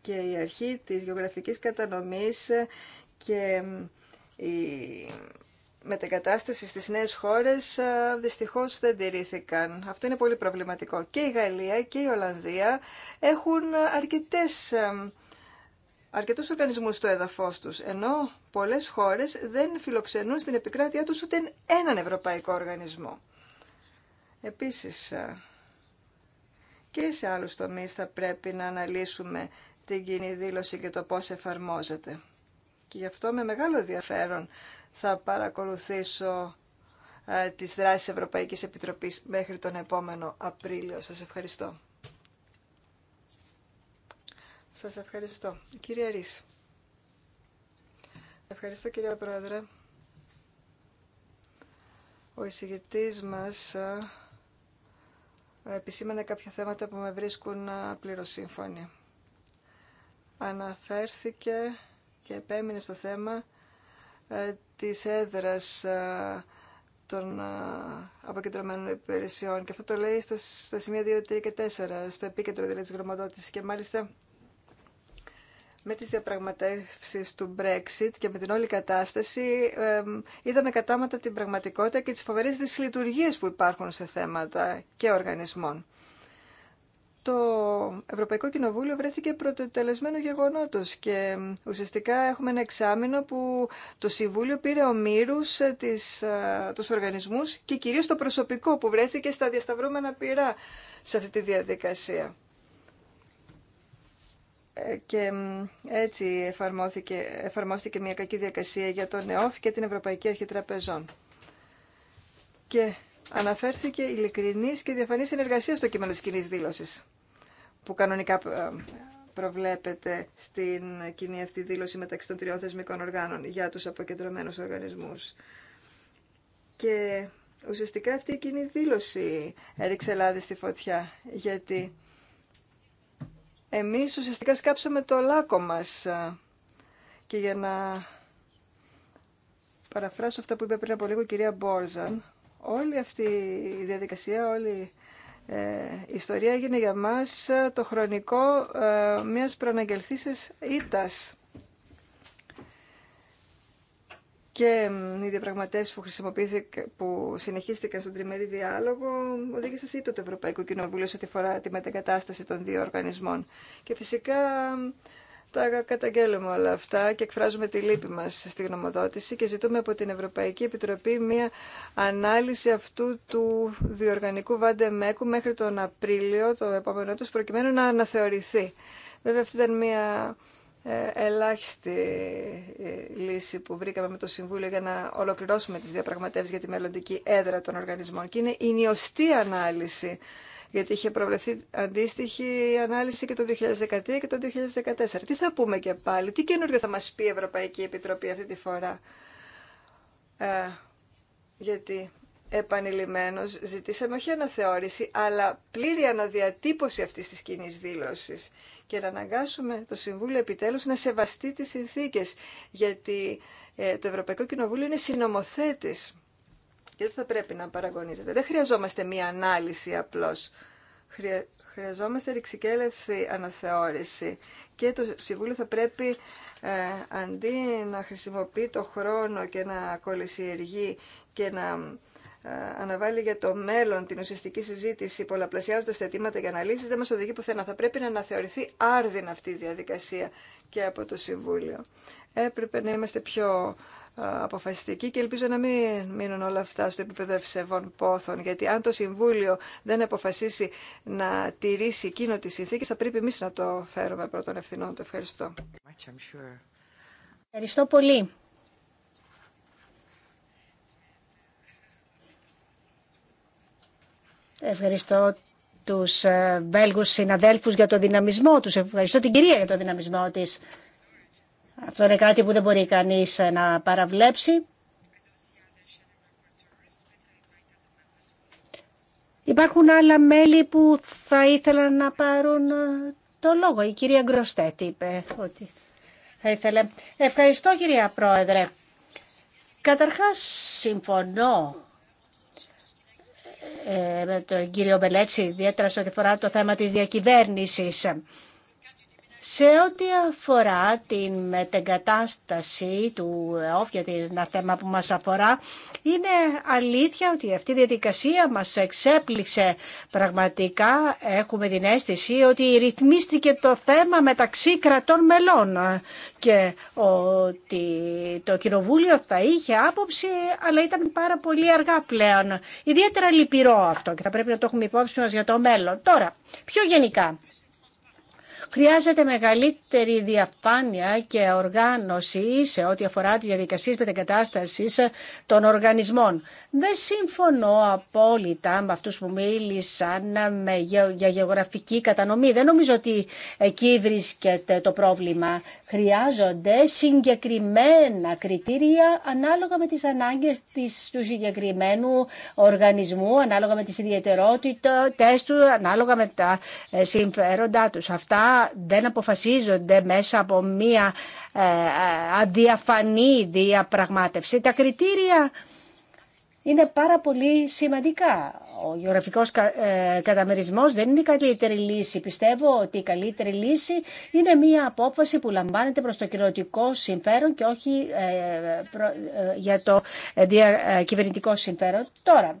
Και η αρχή της γεωγραφικής κατανομής και η με κατάσταση στις νέες χώρες ε, δυστυχώς δεν τηρήθηκαν. Αυτό είναι πολύ προβληματικό. Και η Γαλλία και η Ολλανδία έχουν αρκετές, αρκετούς οργανισμούς στο έδαφος τους, ενώ πολλές χώρες δεν φιλοξενούν στην επικράτειά τους ούτε έναν ευρωπαϊκό οργανισμό. Επίσης, ε, και σε άλλους τομείς θα πρέπει να αναλύσουμε την κοινή δήλωση και το πώς εφαρμόζεται. Και γι' αυτό με μεγάλο ενδιαφέρον θα παρακολουθήσω ε, τις δράσεις Ευρωπαϊκής Επιτροπής μέχρι τον επόμενο Απρίλιο. Σας ευχαριστώ. Σας ευχαριστώ. Κύριε Ρης. Ευχαριστώ κύριε Πρόεδρε. Ο εισηγητής μας ε, επισήμανε κάποια θέματα που με βρίσκουν ε, σύμφωνοι. Αναφέρθηκε και επέμεινε στο θέμα ε, της έδρας ε, των ε, αποκεντρωμένων υπηρεσιών. Και αυτό το λέει στο, στα σημεία 2, 3 και 4, στο επίκεντρο δηλαδή της γνωμοδότησης. Και μάλιστα με τις διαπραγματεύσεις του Brexit και με την όλη κατάσταση είδαμε κατάματα την πραγματικότητα και τις φοβερές δυσλειτουργίες που υπάρχουν σε θέματα και οργανισμών το Ευρωπαϊκό Κοινοβούλιο βρέθηκε πρωτοτελεσμένο γεγονότος και ουσιαστικά έχουμε ένα εξάμεινο που το Συμβούλιο πήρε ομήρους ε, τις, ε, τους οργανισμούς και κυρίως το προσωπικό που βρέθηκε στα διασταυρώμενα πυρά σε αυτή τη διαδικασία. Ε, και έτσι εφαρμόστηκε μια κακή διακασία για τον ΕΟΦ και την Ευρωπαϊκή Αρχή Τραπεζών. Και αναφέρθηκε ειλικρινή και διαφανή συνεργασία στο κείμενο τη κοινή δήλωση που κανονικά ε, προβλέπεται στην κοινή αυτή δήλωση μεταξύ των τριών θεσμικών οργάνων για τους αποκεντρωμένους οργανισμούς. Και ουσιαστικά αυτή η κοινή δήλωση έριξε λάδι στη φωτιά, γιατί εμείς ουσιαστικά σκάψαμε το λάκκο μας και για να παραφράσω αυτά που είπε πριν από λίγο η κυρία Μπόρζαν, όλη αυτή η διαδικασία, όλη ε, η ιστορία έγινε για μας ε, το χρονικό ε, μιας προαναγγελθήσης ήτας. Και οι διαπραγματεύσει που, που συνεχίστηκαν στον τριμερή διάλογο οδήγησαν σε το Ευρωπαϊκό Κοινοβούλιο σε τη φορά τη μετακατάσταση των δύο οργανισμών. Και φυσικά τα καταγγέλουμε όλα αυτά και εκφράζουμε τη λύπη μας στη γνωμοδότηση και ζητούμε από την Ευρωπαϊκή Επιτροπή μία ανάλυση αυτού του διοργανικού Μέκου μέχρι τον Απρίλιο, το επόμενο τους, προκειμένου να αναθεωρηθεί. Βέβαια αυτή ήταν μία ε, ελάχιστη ε, λύση που βρήκαμε με το Συμβούλιο για να ολοκληρώσουμε τις διαπραγματεύσεις για τη μελλοντική έδρα των οργανισμών και είναι η νιωστή ανάλυση γιατί είχε προβλεφθεί αντίστοιχη ανάλυση και το 2013 και το 2014. Τι θα πούμε και πάλι, τι καινούριο θα μας πει η Ευρωπαϊκή Επιτροπή αυτή τη φορά. Ε, γιατί επανειλημμένως ζητήσαμε όχι αναθεώρηση, αλλά πλήρη αναδιατύπωση αυτής της κοινή δήλωσης και να αναγκάσουμε το Συμβούλιο επιτέλους να σεβαστεί τις συνθήκες, γιατί ε, το Ευρωπαϊκό Κοινοβούλιο είναι συνομοθέτης και δεν θα πρέπει να παραγωνίζεται. Δεν χρειαζόμαστε μία ανάλυση απλώς. Χρειαζόμαστε ρηξικέλευθη αναθεώρηση και το Συμβούλιο θα πρέπει ε, αντί να χρησιμοποιεί το χρόνο και να κολυσιεργεί και να ε, αναβάλει για το μέλλον την ουσιαστική συζήτηση πολλαπλασιάζοντας τα αιτήματα και αναλύσεις δεν μας οδηγεί πουθενά. Θα πρέπει να αναθεωρηθεί άρδιν αυτή η διαδικασία και από το Συμβούλιο. Έπρεπε να είμαστε πιο αποφασιστική και ελπίζω να μην μείνουν όλα αυτά στο επίπεδο ευσεβών πόθων. Γιατί αν το Συμβούλιο δεν αποφασίσει να τηρήσει εκείνο τη συνθήκε, θα πρέπει εμεί να το φέρουμε πρώτον ευθυνών. Το ευχαριστώ. Ευχαριστώ πολύ. Ευχαριστώ τους ε, Βέλγους συναδέλφους για το δυναμισμό τους. Ευχαριστώ την κυρία για το δυναμισμό της. Αυτό είναι κάτι που δεν μπορεί κανείς ε, να παραβλέψει. Υπάρχουν άλλα μέλη που θα ήθελαν να πάρουν ε, το λόγο. Η κυρία Γκροστέτ είπε ότι θα ήθελε. Ευχαριστώ κυρία Πρόεδρε. Καταρχάς συμφωνώ ε, με τον κύριο Μπελέτση ιδιαίτερα σε ό,τι φορά το θέμα της διακυβέρνησης. Σε ό,τι αφορά την μετεγκατάσταση του ΕΟΦ, γιατί είναι ένα θέμα που μας αφορά, είναι αλήθεια ότι αυτή η διαδικασία μας εξέπληξε πραγματικά. Έχουμε την αίσθηση ότι ρυθμίστηκε το θέμα μεταξύ κρατών μελών και ότι το Κοινοβούλιο θα είχε άποψη, αλλά ήταν πάρα πολύ αργά πλέον. Ιδιαίτερα λυπηρό αυτό και θα πρέπει να το έχουμε υπόψη μας για το μέλλον. Τώρα, πιο γενικά, Χρειάζεται μεγαλύτερη διαφάνεια και οργάνωση σε ό,τι αφορά τις διαδικασίες μετεγκατάστασης των οργανισμών. Δεν συμφωνώ απόλυτα με αυτούς που μίλησαν για γεωγραφική κατανομή. Δεν νομίζω ότι εκεί βρίσκεται το πρόβλημα. Χρειάζονται συγκεκριμένα κριτήρια ανάλογα με τις ανάγκες του συγκεκριμένου οργανισμού, ανάλογα με τις ιδιαιτερότητες του, ανάλογα με τα ε, συμφέροντά τους. Αυτά δεν αποφασίζονται μέσα από μία ε, ε, αδιαφανή διαπραγμάτευση. Τα κριτήρια είναι πάρα πολύ σημαντικά. Ο γεωγραφικός ε, καταμερισμός δεν είναι η καλύτερη λύση. Πιστεύω ότι η καλύτερη λύση είναι μία απόφαση που λαμβάνεται προς το κοινωτικό συμφέρον και όχι για το κυβερνητικό συμφέρον. Τώρα,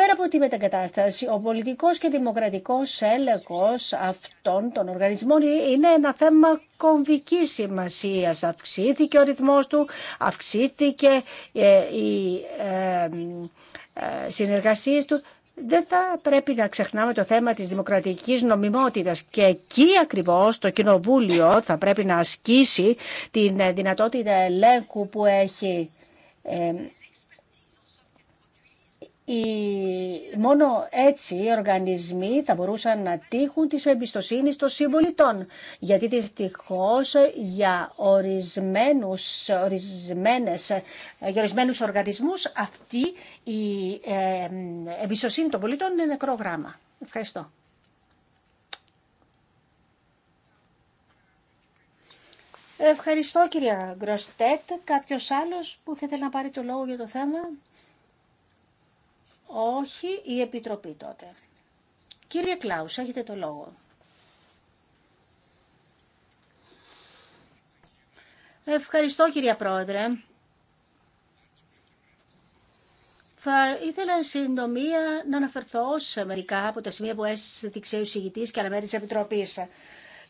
Πέρα από τη μετακατάσταση, ο πολιτικός και δημοκρατικός έλεγχος αυτών των οργανισμών είναι ένα θέμα κομβική σημασία. Αυξήθηκε ο ρυθμός του, αυξήθηκε ε, η ε, ε, συνεργασία του. Δεν θα πρέπει να ξεχνάμε το θέμα της δημοκρατικής νομιμότητας και εκεί ακριβώς το Κοινοβούλιο θα πρέπει να ασκήσει την δυνατότητα ελέγχου που έχει οι, μόνο έτσι οι οργανισμοί θα μπορούσαν να τύχουν της εμπιστοσύνη των συμπολιτών. Γιατί δυστυχώ για ορισμένους, ορισμένες, για ορισμένους οργανισμούς αυτή η ε, εμπιστοσύνη των πολιτών είναι νεκρό γράμμα. Ευχαριστώ. Ευχαριστώ κυρία Γκροστέτ. Κάποιος άλλος που θα να πάρει το λόγο για το θέμα. Όχι η Επιτροπή τότε. Κύριε Κλάους, έχετε το λόγο. Ευχαριστώ κυρία Πρόεδρε. Θα ήθελα εν συντομία να αναφερθώ σε μερικά από τα σημεία που έστειξε ο συγητής και άλλα μέρη της Επιτροπής.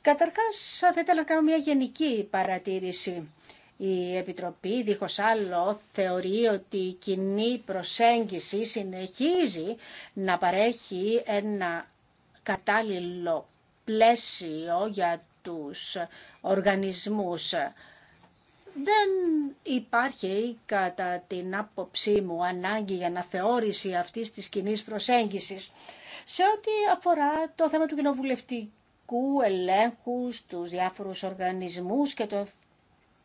Καταρχάς, θα ήθελα να κάνω μια γενική παρατήρηση. Η Επιτροπή, δίχως άλλο, θεωρεί ότι η κοινή προσέγγιση συνεχίζει να παρέχει ένα κατάλληλο πλαίσιο για τους οργανισμούς. Δεν υπάρχει, κατά την άποψή μου, ανάγκη για αναθεώρηση αυτής της κοινή προσέγγισης. Σε ό,τι αφορά το θέμα του κοινοβουλευτικού ελέγχου στους διάφορους οργανισμούς και το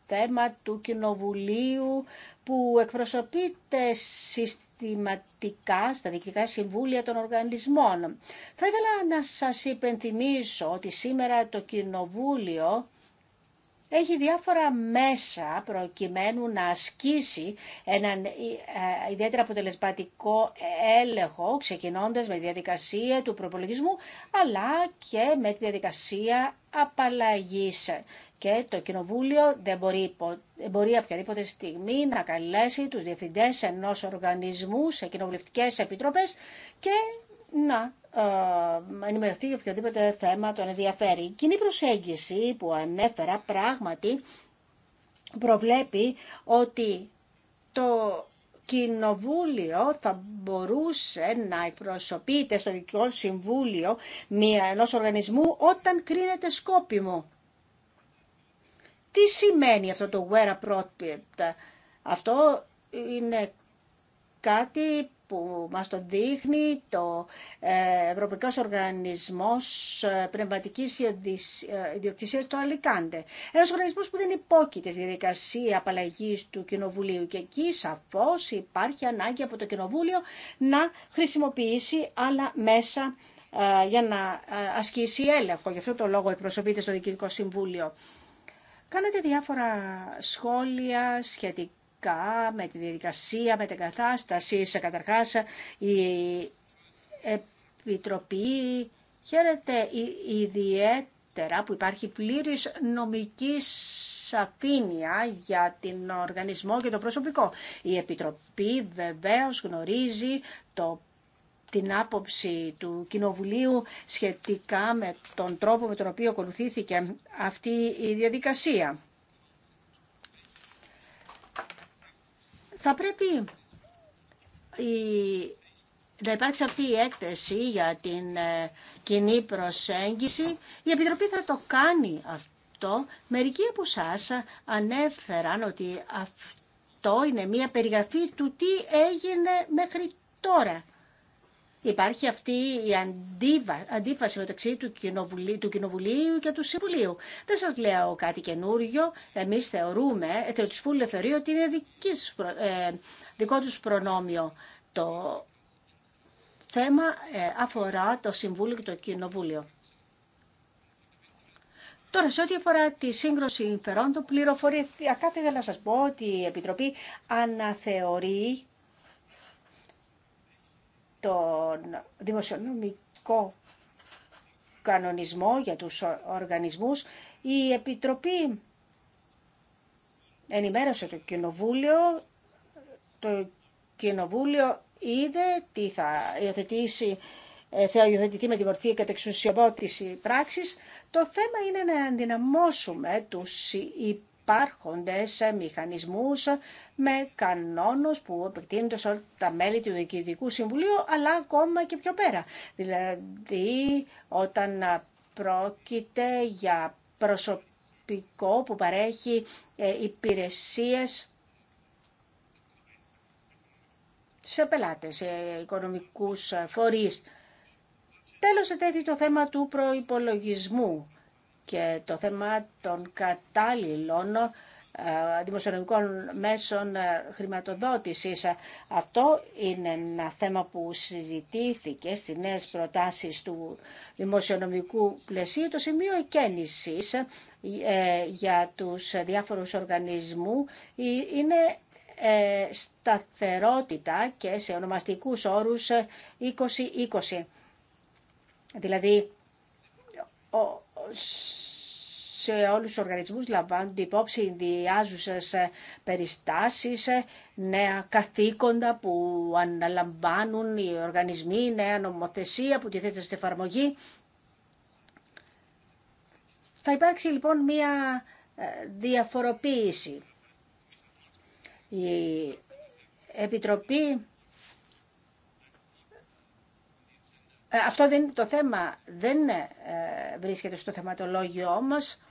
θέμα του Κοινοβουλίου που εκπροσωπείται συστηματικά στα διοικητικά συμβούλια των οργανισμών. Θα ήθελα να σας υπενθυμίσω ότι σήμερα το Κοινοβούλιο έχει διάφορα μέσα προκειμένου να ασκήσει έναν ε, ιδιαίτερα αποτελεσματικό έλεγχο, ξεκινώντας με τη διαδικασία του προπολογισμού, αλλά και με τη διαδικασία απαλλαγής και το Κοινοβούλιο δεν μπορεί, μπορεί οποιαδήποτε στιγμή να καλέσει τους διευθυντές ενός οργανισμού σε κοινοβουλευτικές επιτροπές και να ε, ενημερωθεί για οποιοδήποτε θέμα τον ενδιαφέρει. Η κοινή προσέγγιση που ανέφερα πράγματι προβλέπει ότι το κοινοβούλιο θα μπορούσε να εκπροσωπείται στο δικό συμβούλιο ενό οργανισμού όταν κρίνεται σκόπιμο. Τι σημαίνει αυτό το where appropriate. Αυτό είναι κάτι που μας το δείχνει το ε, Ευρωπαϊκός Οργανισμός ε, Πνευματικής ε, Ιδιοκτησίας του Αλικάντε. Ένας οργανισμός που δεν υπόκειται στη διαδικασία απαλλαγή του Κοινοβουλίου και εκεί σαφώς υπάρχει ανάγκη από το Κοινοβούλιο να χρησιμοποιήσει άλλα μέσα για να ασκήσει έλεγχο. Γι' αυτό το λόγο εκπροσωπείται στο Διοικητικό Συμβούλιο. Κάνατε διάφορα σχόλια σχετικά με τη διαδικασία, με την κατάσταση. Καταρχάς, η Επιτροπή χαίρεται ιδιαίτερα που υπάρχει πλήρης νομικής σαφήνεια για την οργανισμό και το προσωπικό. Η Επιτροπή βεβαίως γνωρίζει το την άποψη του Κοινοβουλίου σχετικά με τον τρόπο με τον οποίο ακολουθήθηκε αυτή η διαδικασία. Θα πρέπει να υπάρξει αυτή η έκθεση για την ε, κοινή προσέγγιση. Η Επιτροπή θα το κάνει αυτό. Μερικοί από εσά ανέφεραν ότι αυτό είναι μια περιγραφή του τι έγινε μέχρι τώρα υπάρχει αυτή η αντίβα, αντίφαση μεταξύ του κοινοβουλίου, του κοινοβουλίου και του Συμβουλίου. Δεν σας λέω κάτι καινούριο. Εμείς θεωρούμε, ε, το Φούλε θεωρεί ότι είναι δικής, ε, δικό τους προνόμιο το θέμα ε, αφορά το Συμβούλιο και το Κοινοβούλιο. Τώρα, σε ό,τι αφορά τη σύγκρουση συμφερόντων πληροφοριακά, δεν να σας πω ότι η Επιτροπή αναθεωρεί τον δημοσιονομικό κανονισμό για τους οργανισμούς, η Επιτροπή ενημέρωσε το Κοινοβούλιο, το Κοινοβούλιο είδε τι θα υιοθετήσει ε, θα υιοθετηθεί με τη μορφή κατεξουσιοδότηση πράξης. Το θέμα είναι να ενδυναμώσουμε τους υπάρχοντες μηχανισμούς με κανόνους που επεκτείνονται σε όλα τα μέλη του Διοικητικού Συμβουλίου, αλλά ακόμα και πιο πέρα. Δηλαδή, όταν πρόκειται για προσωπικό που παρέχει ε, υπηρεσίες σε πελάτες, σε οικονομικούς φορείς. Τέλος, ετέθη το θέμα του προϋπολογισμού και το θέμα των κατάλληλων ε, δημοσιονομικών μέσων ε, χρηματοδότησης. Αυτό είναι ένα θέμα που συζητήθηκε στις νέες προτάσεις του δημοσιονομικού πλαισίου, το σημείο εκκένησης ε, για τους διάφορους οργανισμού είναι σταθερότητα και σε ονομαστικούς όρους 20-20. Δηλαδή, σε όλους τους οργανισμούς λαμβάνονται υπόψη ενδιάζουσες περιστάσεις, νέα καθήκοντα που αναλαμβάνουν οι οργανισμοί, νέα νομοθεσία που τίθεται στην εφαρμογή. Θα υπάρξει λοιπόν μία ε, διαφοροποίηση. Η Επιτροπή Ε, αυτό δεν είναι το θέμα, δεν ε, βρίσκεται στο θεματολόγιο μας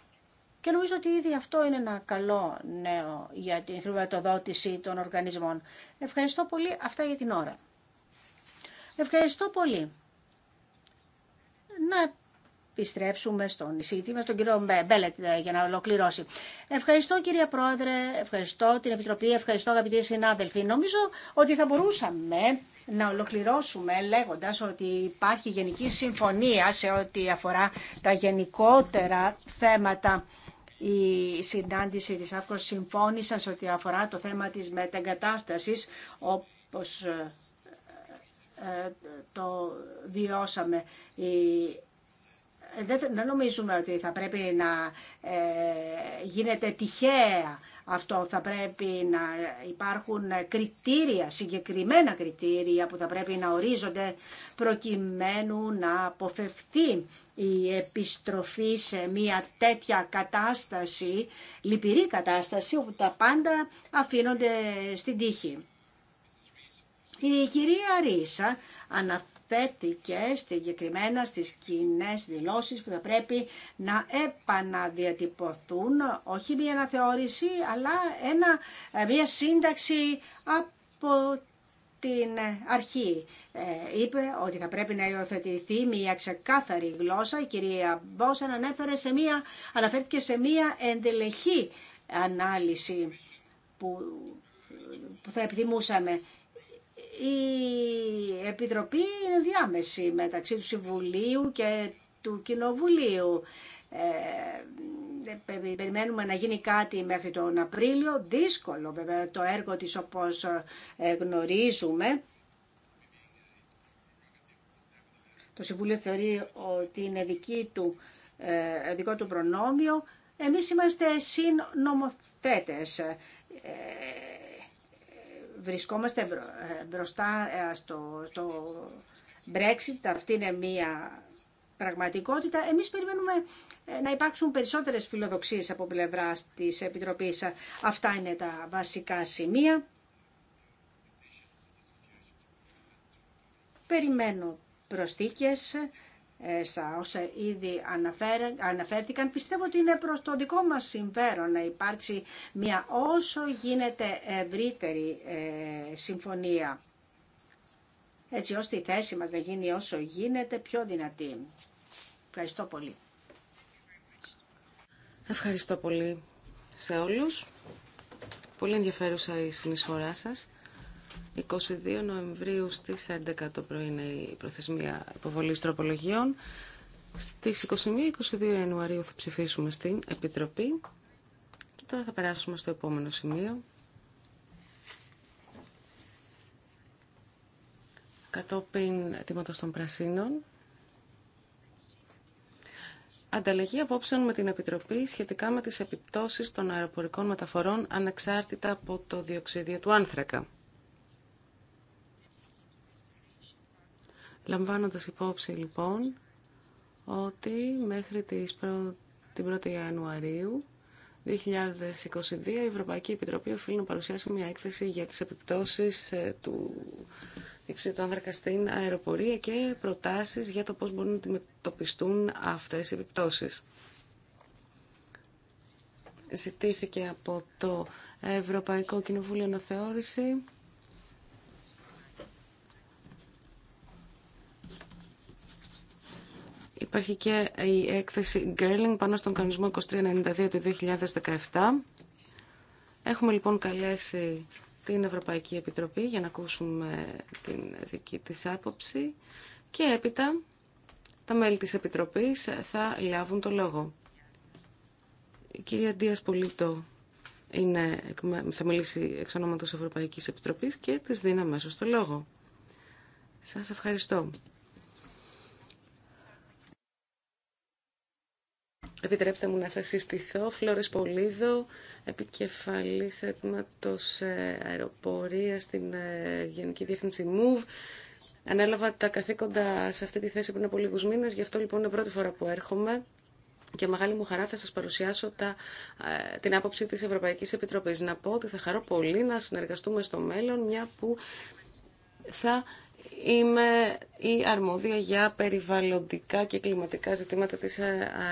και νομίζω ότι ήδη αυτό είναι ένα καλό νέο για την χρηματοδότηση των οργανισμών. Ευχαριστώ πολύ. Αυτά για την ώρα. Ευχαριστώ πολύ. Να επιστρέψουμε στον εισηγητή μας, τον κύριο Μπέλετ, ε, για να ολοκληρώσει. Ευχαριστώ κύριε Πρόεδρε, ευχαριστώ την Επιτροπή, ευχαριστώ αγαπητοί συνάδελφοι. Νομίζω ότι θα μπορούσαμε να ολοκληρώσουμε λέγοντας ότι υπάρχει γενική συμφωνία σε ό,τι αφορά τα γενικότερα θέματα η συνάντηση της ΑΦΚΟ συμφώνησαν σε ό,τι αφορά το θέμα της μετεγκατάστασης όπως ε, ε, το βιώσαμε. Ε, δεν νομίζουμε ότι θα πρέπει να γίνεται τυχαία αυτό. Θα πρέπει να υπάρχουν κριτήρια, συγκεκριμένα κριτήρια που θα πρέπει να ορίζονται προκειμένου να αποφευθεί η επιστροφή σε μια τέτοια κατάσταση, λυπηρή κατάσταση, όπου τα πάντα αφήνονται στην τύχη. Η κυρία Ρίσα αναφέρει θέτηκε συγκεκριμένα στις κοινέ δηλώσεις που θα πρέπει να επαναδιατυπωθούν όχι μια αναθεώρηση αλλά ένα, ε, μια σύνταξη από την αρχή. Ε, είπε ότι θα πρέπει να υιοθετηθεί μια ξεκάθαρη γλώσσα. Η κυρία Μπόσαν ανέφερε σε μια, αναφέρθηκε σε μια εντελεχή ανάλυση που, που θα επιθυμούσαμε η Επιτροπή είναι διάμεση μεταξύ του Συμβουλίου και του Κοινοβουλίου. Ε, ε, περιμένουμε να γίνει κάτι μέχρι τον Απρίλιο. Δύσκολο βέβαια το έργο της όπως ε, γνωρίζουμε. Το Συμβούλιο θεωρεί ότι είναι του, ε, δικό του προνόμιο. Εμείς είμαστε συνομοθέτες βρισκόμαστε ε, μπροστά ε, στο, στο Brexit, αυτή είναι μία πραγματικότητα. Εμείς περιμένουμε ε, να υπάρξουν περισσότερες φιλοδοξίες από πλευρά της Επιτροπής. Αυτά είναι τα βασικά σημεία. Περιμένω προσθήκες Σα όσα ήδη αναφέρθηκαν, πιστεύω ότι είναι προς το δικό μας συμφέρον να υπάρξει μια όσο γίνεται ευρύτερη ε, συμφωνία, έτσι ώστε η θέση μας να γίνει όσο γίνεται πιο δυνατή. Ευχαριστώ πολύ. Ευχαριστώ πολύ σε όλους. Πολύ ενδιαφέρουσα η συνεισφορά σας. 22 Νοεμβρίου στις 11 το πρωί είναι η προθεσμία υποβολής τροπολογιών. Στις 21-22 Ιανουαρίου θα ψηφίσουμε στην Επιτροπή. Και τώρα θα περάσουμε στο επόμενο σημείο. Κατόπιν τίματος των Πρασίνων. Ανταλλαγή απόψεων με την Επιτροπή σχετικά με τις επιπτώσεις των αεροπορικών μεταφορών ανεξάρτητα από το διοξίδιο του άνθρακα. Λαμβάνοντας υπόψη λοιπόν ότι μέχρι τις την 1η Ιανουαρίου 2022 η Ευρωπαϊκή Επιτροπή οφείλει να παρουσιάσει μια έκθεση για τις επιπτώσεις ε, του διεξίου του άνθρακα στην αεροπορία και προτάσεις για το πώς μπορούν να αντιμετωπιστούν αυτές οι επιπτώσεις. Ζητήθηκε από το Ευρωπαϊκό Κοινοβούλιο να Αναθεώρηση Υπάρχει και η έκθεση Girling πάνω στον κανονισμό 2392 του 2017. Έχουμε λοιπόν καλέσει την Ευρωπαϊκή Επιτροπή για να ακούσουμε την δική της άποψη και έπειτα τα μέλη της Επιτροπής θα λάβουν το λόγο. Η κυρία Ντίας Πολίτο είναι, θα μιλήσει εξ ονόματος Ευρωπαϊκής Επιτροπής και της δίνει αμέσως το λόγο. Σας ευχαριστώ. Επιτρέψτε μου να σας συστηθώ. Φλόρες Πολίδο, επικεφαλής έτοιματος ε, αεροπορία στην ε, Γενική Διεύθυνση MOVE. Ανέλαβα τα καθήκοντα σε αυτή τη θέση πριν από λίγους μήνες, γι' αυτό λοιπόν είναι πρώτη φορά που έρχομαι. Και μεγάλη μου χαρά θα σας παρουσιάσω τα, ε, την άποψη της Ευρωπαϊκής Επιτροπής. Να πω ότι θα χαρώ πολύ να συνεργαστούμε στο μέλλον, μια που θα είμαι η αρμόδια για περιβαλλοντικά και κλιματικά ζητήματα της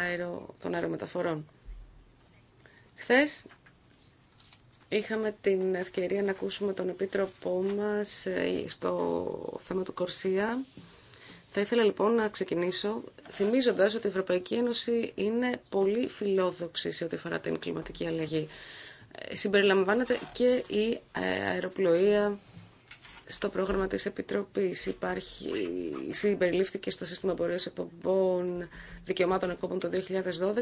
αερο, των αερομεταφορών. Χθες είχαμε την ευκαιρία να ακούσουμε τον Επίτροπό μας ε, στο θέμα του Κορσία. Θα ήθελα λοιπόν να ξεκινήσω θυμίζοντας ότι η Ευρωπαϊκή Ένωση είναι πολύ φιλόδοξη σε ό,τι αφορά την κλιματική αλλαγή. Ε, συμπεριλαμβάνεται και η ε, αεροπλοεία στο πρόγραμμα της Επιτροπής υπάρχει, συμπεριλήφθηκε στο σύστημα πορείας εκπομπών δικαιωμάτων εκπομπών το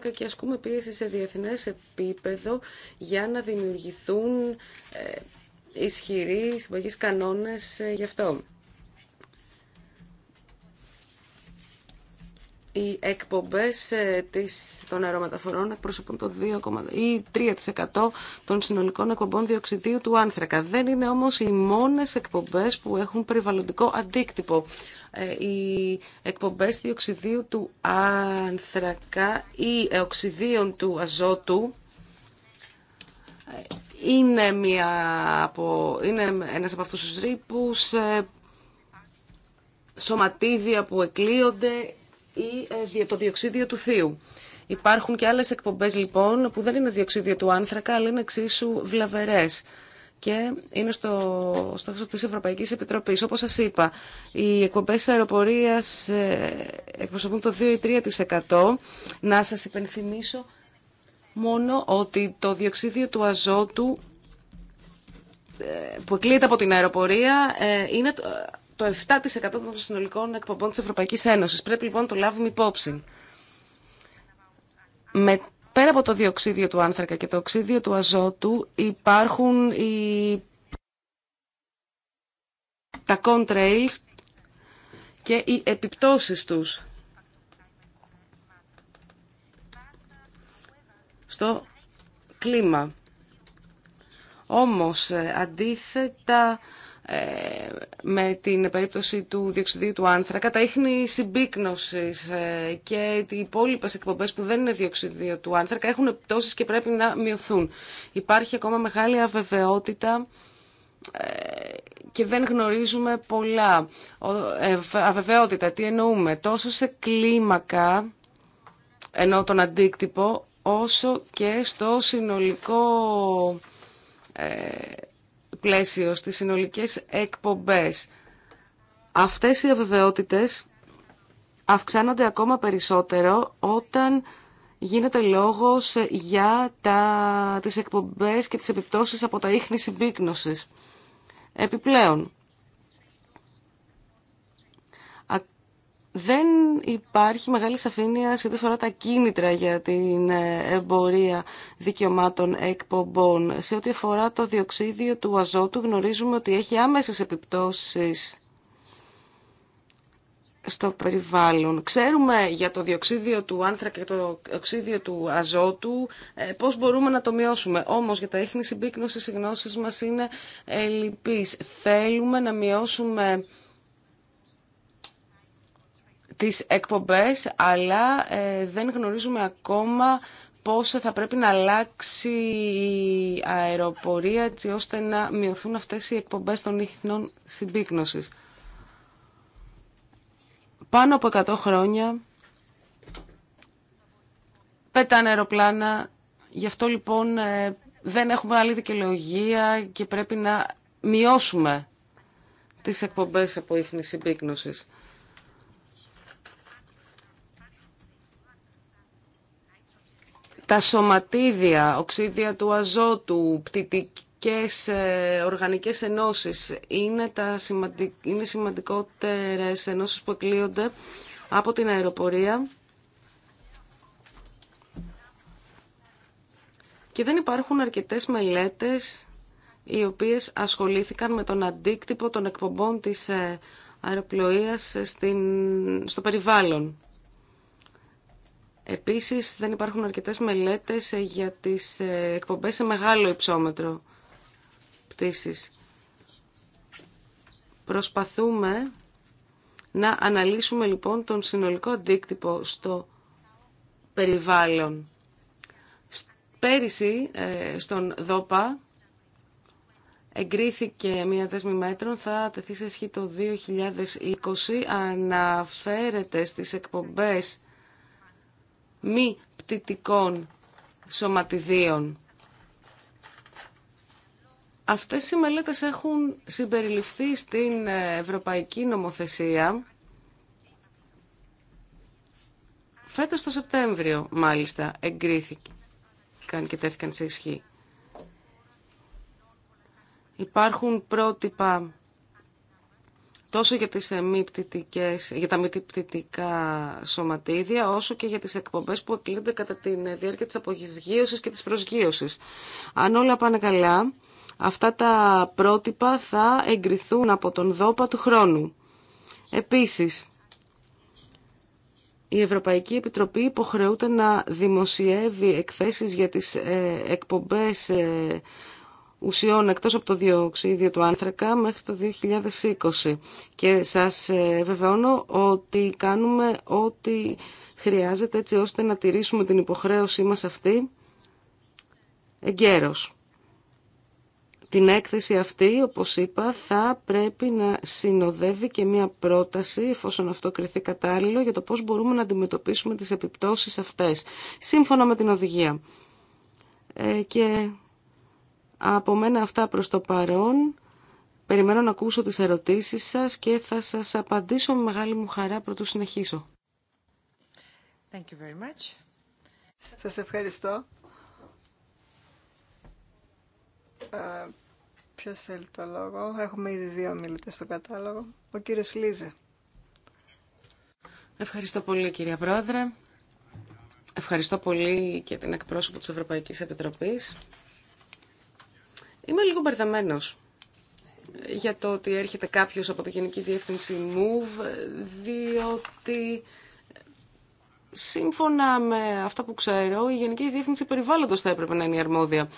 2012 και ασκούμε πίεση σε διεθνές επίπεδο για να δημιουργηθούν ε, ισχυροί συμπαγείς κανόνες ε, γι' αυτό. οι εκπομπές ε, της, των αερομεταφορών εκπροσωπούν το 2, ή 3% των συνολικών εκπομπών διοξιδίου του άνθρακα. Δεν είναι όμως οι μόνες εκπομπές που έχουν περιβαλλοντικό αντίκτυπο. Ε, οι εκπομπές διοξιδίου του άνθρακα ή οξυδίων του αζότου ε, είναι, μια από, είναι ένας από αυτούς τους ρήπους, σωματίδια που εκλείονται, ή ε, το διοξίδιο του θείου. Υπάρχουν και άλλες εκπομπές λοιπόν που δεν είναι διοξίδιο του άνθρακα αλλά είναι εξίσου βλαβερές και είναι στο στόχο της Ευρωπαϊκής Επιτροπής. Όπως σας είπα, οι εκπομπές αεροπορίας ε, εκπροσωπούν το 2 ή 3%. Να σας υπενθυμίσω μόνο ότι το διοξίδιο του αζότου ε, που εκλείεται από την αεροπορία είναι το 7% των συνολικών εκπομπών της Ευρωπαϊκής Ένωσης. Πρέπει λοιπόν να το λάβουμε υπόψη. Με, πέρα από το διοξίδιο του άνθρακα και το οξίδιο του αζότου υπάρχουν οι, τα contrails και οι επιπτώσεις τους στο κλίμα. Όμως, ε, αντίθετα με την περίπτωση του διοξιδίου του άνθρακα, τα ίχνη συμπίκνωσης ε, και οι υπόλοιπε εκπομπέ που δεν είναι διοξιδίου του άνθρακα έχουν πτώσει και πρέπει να μειωθούν. Υπάρχει ακόμα μεγάλη αβεβαιότητα ε, και δεν γνωρίζουμε πολλά. Ε, αβεβαιότητα, τι εννοούμε, τόσο σε κλίμακα, ενώ τον αντίκτυπο, όσο και στο συνολικό πλαίσιο, στις συνολικές εκπομπές. Αυτές οι αβεβαιότητες αυξάνονται ακόμα περισσότερο όταν γίνεται λόγος για τα, τις εκπομπές και τις επιπτώσεις από τα ίχνη συμπίκνωσης. Επιπλέον, δεν υπάρχει μεγάλη σαφήνεια σε ό,τι αφορά τα κίνητρα για την ε, εμπορία δικαιωμάτων εκπομπών. Σε ό,τι αφορά το διοξίδιο του αζότου γνωρίζουμε ότι έχει άμεσες επιπτώσεις στο περιβάλλον. Ξέρουμε για το διοξίδιο του άνθρακα και το οξίδιο του αζότου ε, πώς μπορούμε να το μειώσουμε. Όμως για τα ίχνη συμπίκνωσης οι γνώσεις μας είναι ελλειπείς. Θέλουμε να μειώσουμε τις εκπομπές, αλλά ε, δεν γνωρίζουμε ακόμα πώς θα πρέπει να αλλάξει η αεροπορία έτσι ώστε να μειωθούν αυτές οι εκπομπές των ίχνων συμπίκνωσης. Πάνω από 100 χρόνια πετάνε αεροπλάνα, γι' αυτό λοιπόν ε, δεν έχουμε άλλη δικαιολογία και πρέπει να μειώσουμε τις εκπομπές από ίχνη συμπίκνωσης. τα σωματίδια, οξύδια του αζότου, πτυτικές ε, οργανικές ενώσεις είναι, τα είναι σημαντικότερες ενώσεις που εκλείονται από την αεροπορία και δεν υπάρχουν αρκετές μελέτες οι οποίες ασχολήθηκαν με τον αντίκτυπο των εκπομπών της ε, αεροπλοείας ε, στην... στο περιβάλλον. Επίσης δεν υπάρχουν αρκετές μελέτες ε, για τις ε, εκπομπές σε μεγάλο υψόμετρο πτήσης. Προσπαθούμε να αναλύσουμε λοιπόν τον συνολικό αντίκτυπο στο περιβάλλον. Πέρυσι ε, στον ΔΟΠΑ εγκρίθηκε μία δέσμη μέτρων, θα τεθεί σε ισχύ το 2020, αναφέρεται στις εκπομπές μη πτυτικών σωματιδίων. Αυτές οι μελέτες έχουν συμπεριληφθεί στην Ευρωπαϊκή Νομοθεσία φέτος το Σεπτέμβριο μάλιστα εγκρίθηκαν και τέθηκαν σε ισχύ. Υπάρχουν πρότυπα τόσο για, τις ε, για τα μη πτυτικά σωματίδια, όσο και για τις εκπομπές που εκλείονται κατά τη ε, διάρκεια της απογειωσής και της προσγείωσης. Αν όλα πάνε καλά, αυτά τα πρότυπα θα εγκριθούν από τον ΔΟΠΑ του χρόνου. Επίσης, η Ευρωπαϊκή Επιτροπή υποχρεούται να δημοσιεύει εκθέσεις για τις ε, εκπομπές ουσιών εκτός από το διοξίδιο του άνθρακα μέχρι το 2020. Και σας ε, βεβαιώνω ότι κάνουμε ό,τι χρειάζεται έτσι ώστε να τηρήσουμε την υποχρέωσή μας αυτή εγκαίρως. Την έκθεση αυτή, όπως είπα, θα πρέπει να συνοδεύει και μια πρόταση, εφόσον αυτό κριθεί κατάλληλο, για το πώς μπορούμε να αντιμετωπίσουμε τις επιπτώσεις αυτές, σύμφωνα με την οδηγία. Ε, και από μένα αυτά προς το παρόν. Περιμένω να ακούσω τις ερωτήσεις σας και θα σας απαντήσω με μεγάλη μου χαρά πρωτού συνεχίσω. Thank you very much. Σας ευχαριστώ. Ποιο ε, ποιος θέλει το λόγο. Έχουμε ήδη δύο μιλητές στο κατάλογο. Ο κύριος Λίζε. Ευχαριστώ πολύ κυρία Πρόεδρε. Ευχαριστώ πολύ και την εκπρόσωπο της Ευρωπαϊκής Επιτροπής. Είμαι λίγο μπερδεμένο για το ότι έρχεται κάποιο από το Γενική Διεύθυνση MOVE, διότι σύμφωνα με αυτά που ξέρω, η Γενική Διεύθυνση περιβάλλοντο θα έπρεπε να είναι η αρμόδια.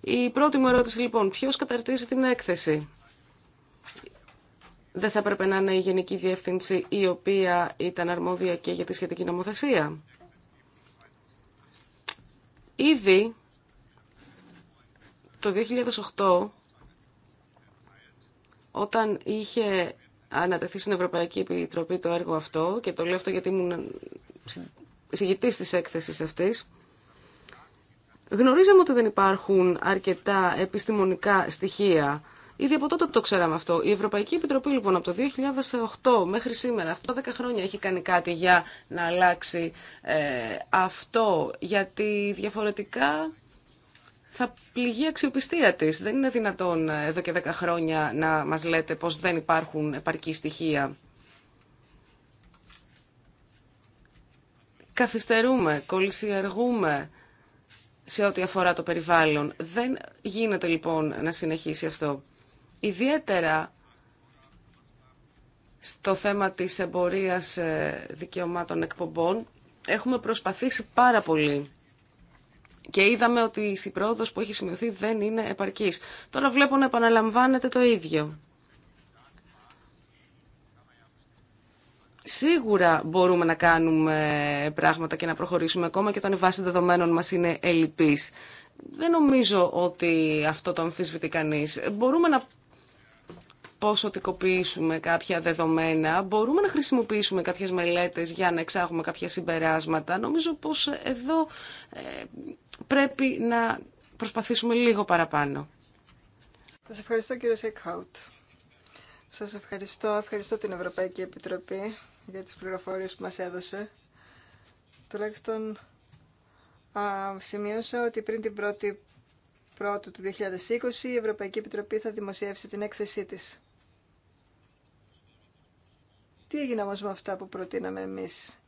Η πρώτη μου ερώτηση λοιπόν, ποιο καταρτίζει την έκθεση. Δεν θα έπρεπε να είναι η Γενική Διεύθυνση η οποία ήταν αρμόδια και για τη σχετική νομοθεσία. Ήδη το 2008, όταν είχε ανατεθεί στην Ευρωπαϊκή Επιτροπή το έργο αυτό, και το λέω αυτό γιατί ήμουν συγητής της έκθεσης αυτής, γνωρίζαμε ότι δεν υπάρχουν αρκετά επιστημονικά στοιχεία. Ήδη από τότε το ξέραμε αυτό. Η Ευρωπαϊκή Επιτροπή λοιπόν από το 2008 μέχρι σήμερα, αυτά τα 10 χρόνια έχει κάνει κάτι για να αλλάξει ε, αυτό, γιατί διαφορετικά θα πληγεί η αξιοπιστία της. Δεν είναι δυνατόν εδώ και δέκα χρόνια να μας λέτε πως δεν υπάρχουν επαρκή στοιχεία. Καθυστερούμε, κολλησιεργούμε σε ό,τι αφορά το περιβάλλον. Δεν γίνεται λοιπόν να συνεχίσει αυτό. Ιδιαίτερα στο θέμα της εμπορίας ε, δικαιωμάτων εκπομπών έχουμε προσπαθήσει πάρα πολύ. Και είδαμε ότι η συμπρόοδο που έχει σημειωθεί δεν είναι επαρκή. Τώρα βλέπω να επαναλαμβάνεται το ίδιο. Σίγουρα μπορούμε να κάνουμε πράγματα και να προχωρήσουμε ακόμα και όταν η βάση δεδομένων μας είναι ελλειπής. Δεν νομίζω ότι αυτό το αμφισβητεί κανείς. Μπορούμε να οτικοποιήσουμε κάποια δεδομένα, μπορούμε να χρησιμοποιήσουμε κάποιες μελέτες για να εξάγουμε κάποια συμπεράσματα. Νομίζω πως ε, εδώ ε, πρέπει να προσπαθήσουμε λίγο παραπάνω. Σας ευχαριστώ κύριε Σεκχάουτ. Σας ευχαριστώ. Ευχαριστώ την Ευρωπαϊκή Επιτροπή για τις πληροφορίες που μας έδωσε. Τουλάχιστον α, σημείωσα ότι πριν την πρώτη η Πρώτου του 2020 η Ευρωπαϊκή Επιτροπή θα δημοσιεύσει την έκθεσή της. Τι έγινε όμως με αυτά που προτείναμε εμείς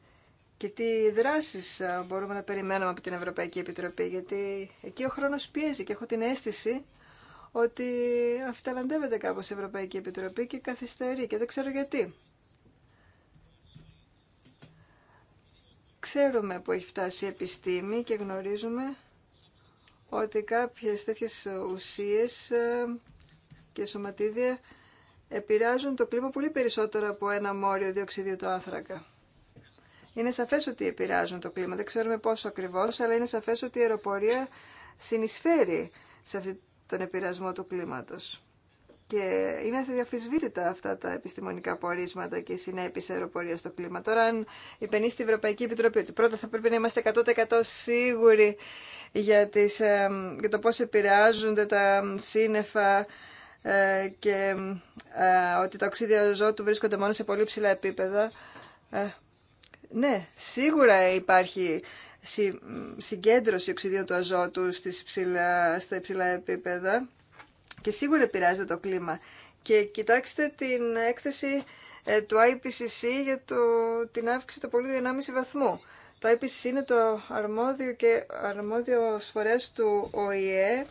και τι δράσεις ε, μπορούμε να περιμένουμε από την Ευρωπαϊκή Επιτροπή, γιατί εκεί ο χρόνος πιέζει και έχω την αίσθηση ότι αυταλαντεύεται κάπως η Ευρωπαϊκή Επιτροπή και καθυστερεί και δεν ξέρω γιατί. Ξέρουμε που έχει φτάσει η επιστήμη και γνωρίζουμε ότι κάποιες τέτοιες ουσίες ε, και σωματίδια επηρεάζουν το κλίμα πολύ περισσότερο από ένα μόριο διοξιδίου του άνθρακα. Είναι σαφέ ότι επηρεάζουν το κλίμα, δεν ξέρουμε πόσο ακριβώ, αλλά είναι σαφέ ότι η αεροπορία συνεισφέρει σε αυτόν τον επηρεασμό του κλίματο. Και είναι αδιαφυσβήτητα αυτά τα επιστημονικά πορίσματα και οι συνέπειε αεροπορία στο κλίμα. Τώρα, αν υπενεί στην Ευρωπαϊκή Επιτροπή ότι πρώτα θα πρέπει να είμαστε 100% σίγουροι για, τις, ε, για το πώ επηρεάζονται τα σύννεφα ε, και ε, ότι τα οξύδια του βρίσκονται μόνο σε πολύ ψηλά επίπεδα. Ε, ναι, σίγουρα υπάρχει συγκέντρωση οξυδίων του αζότου στις ψηλά, στα υψηλά επίπεδα και σίγουρα επηρεάζεται το κλίμα. Και κοιτάξτε την έκθεση του IPCC για το, την αύξηση του πολύ 1,5 βαθμού. Το IPCC είναι το αρμόδιο και αρμόδιο φορέας του ΟΗΕ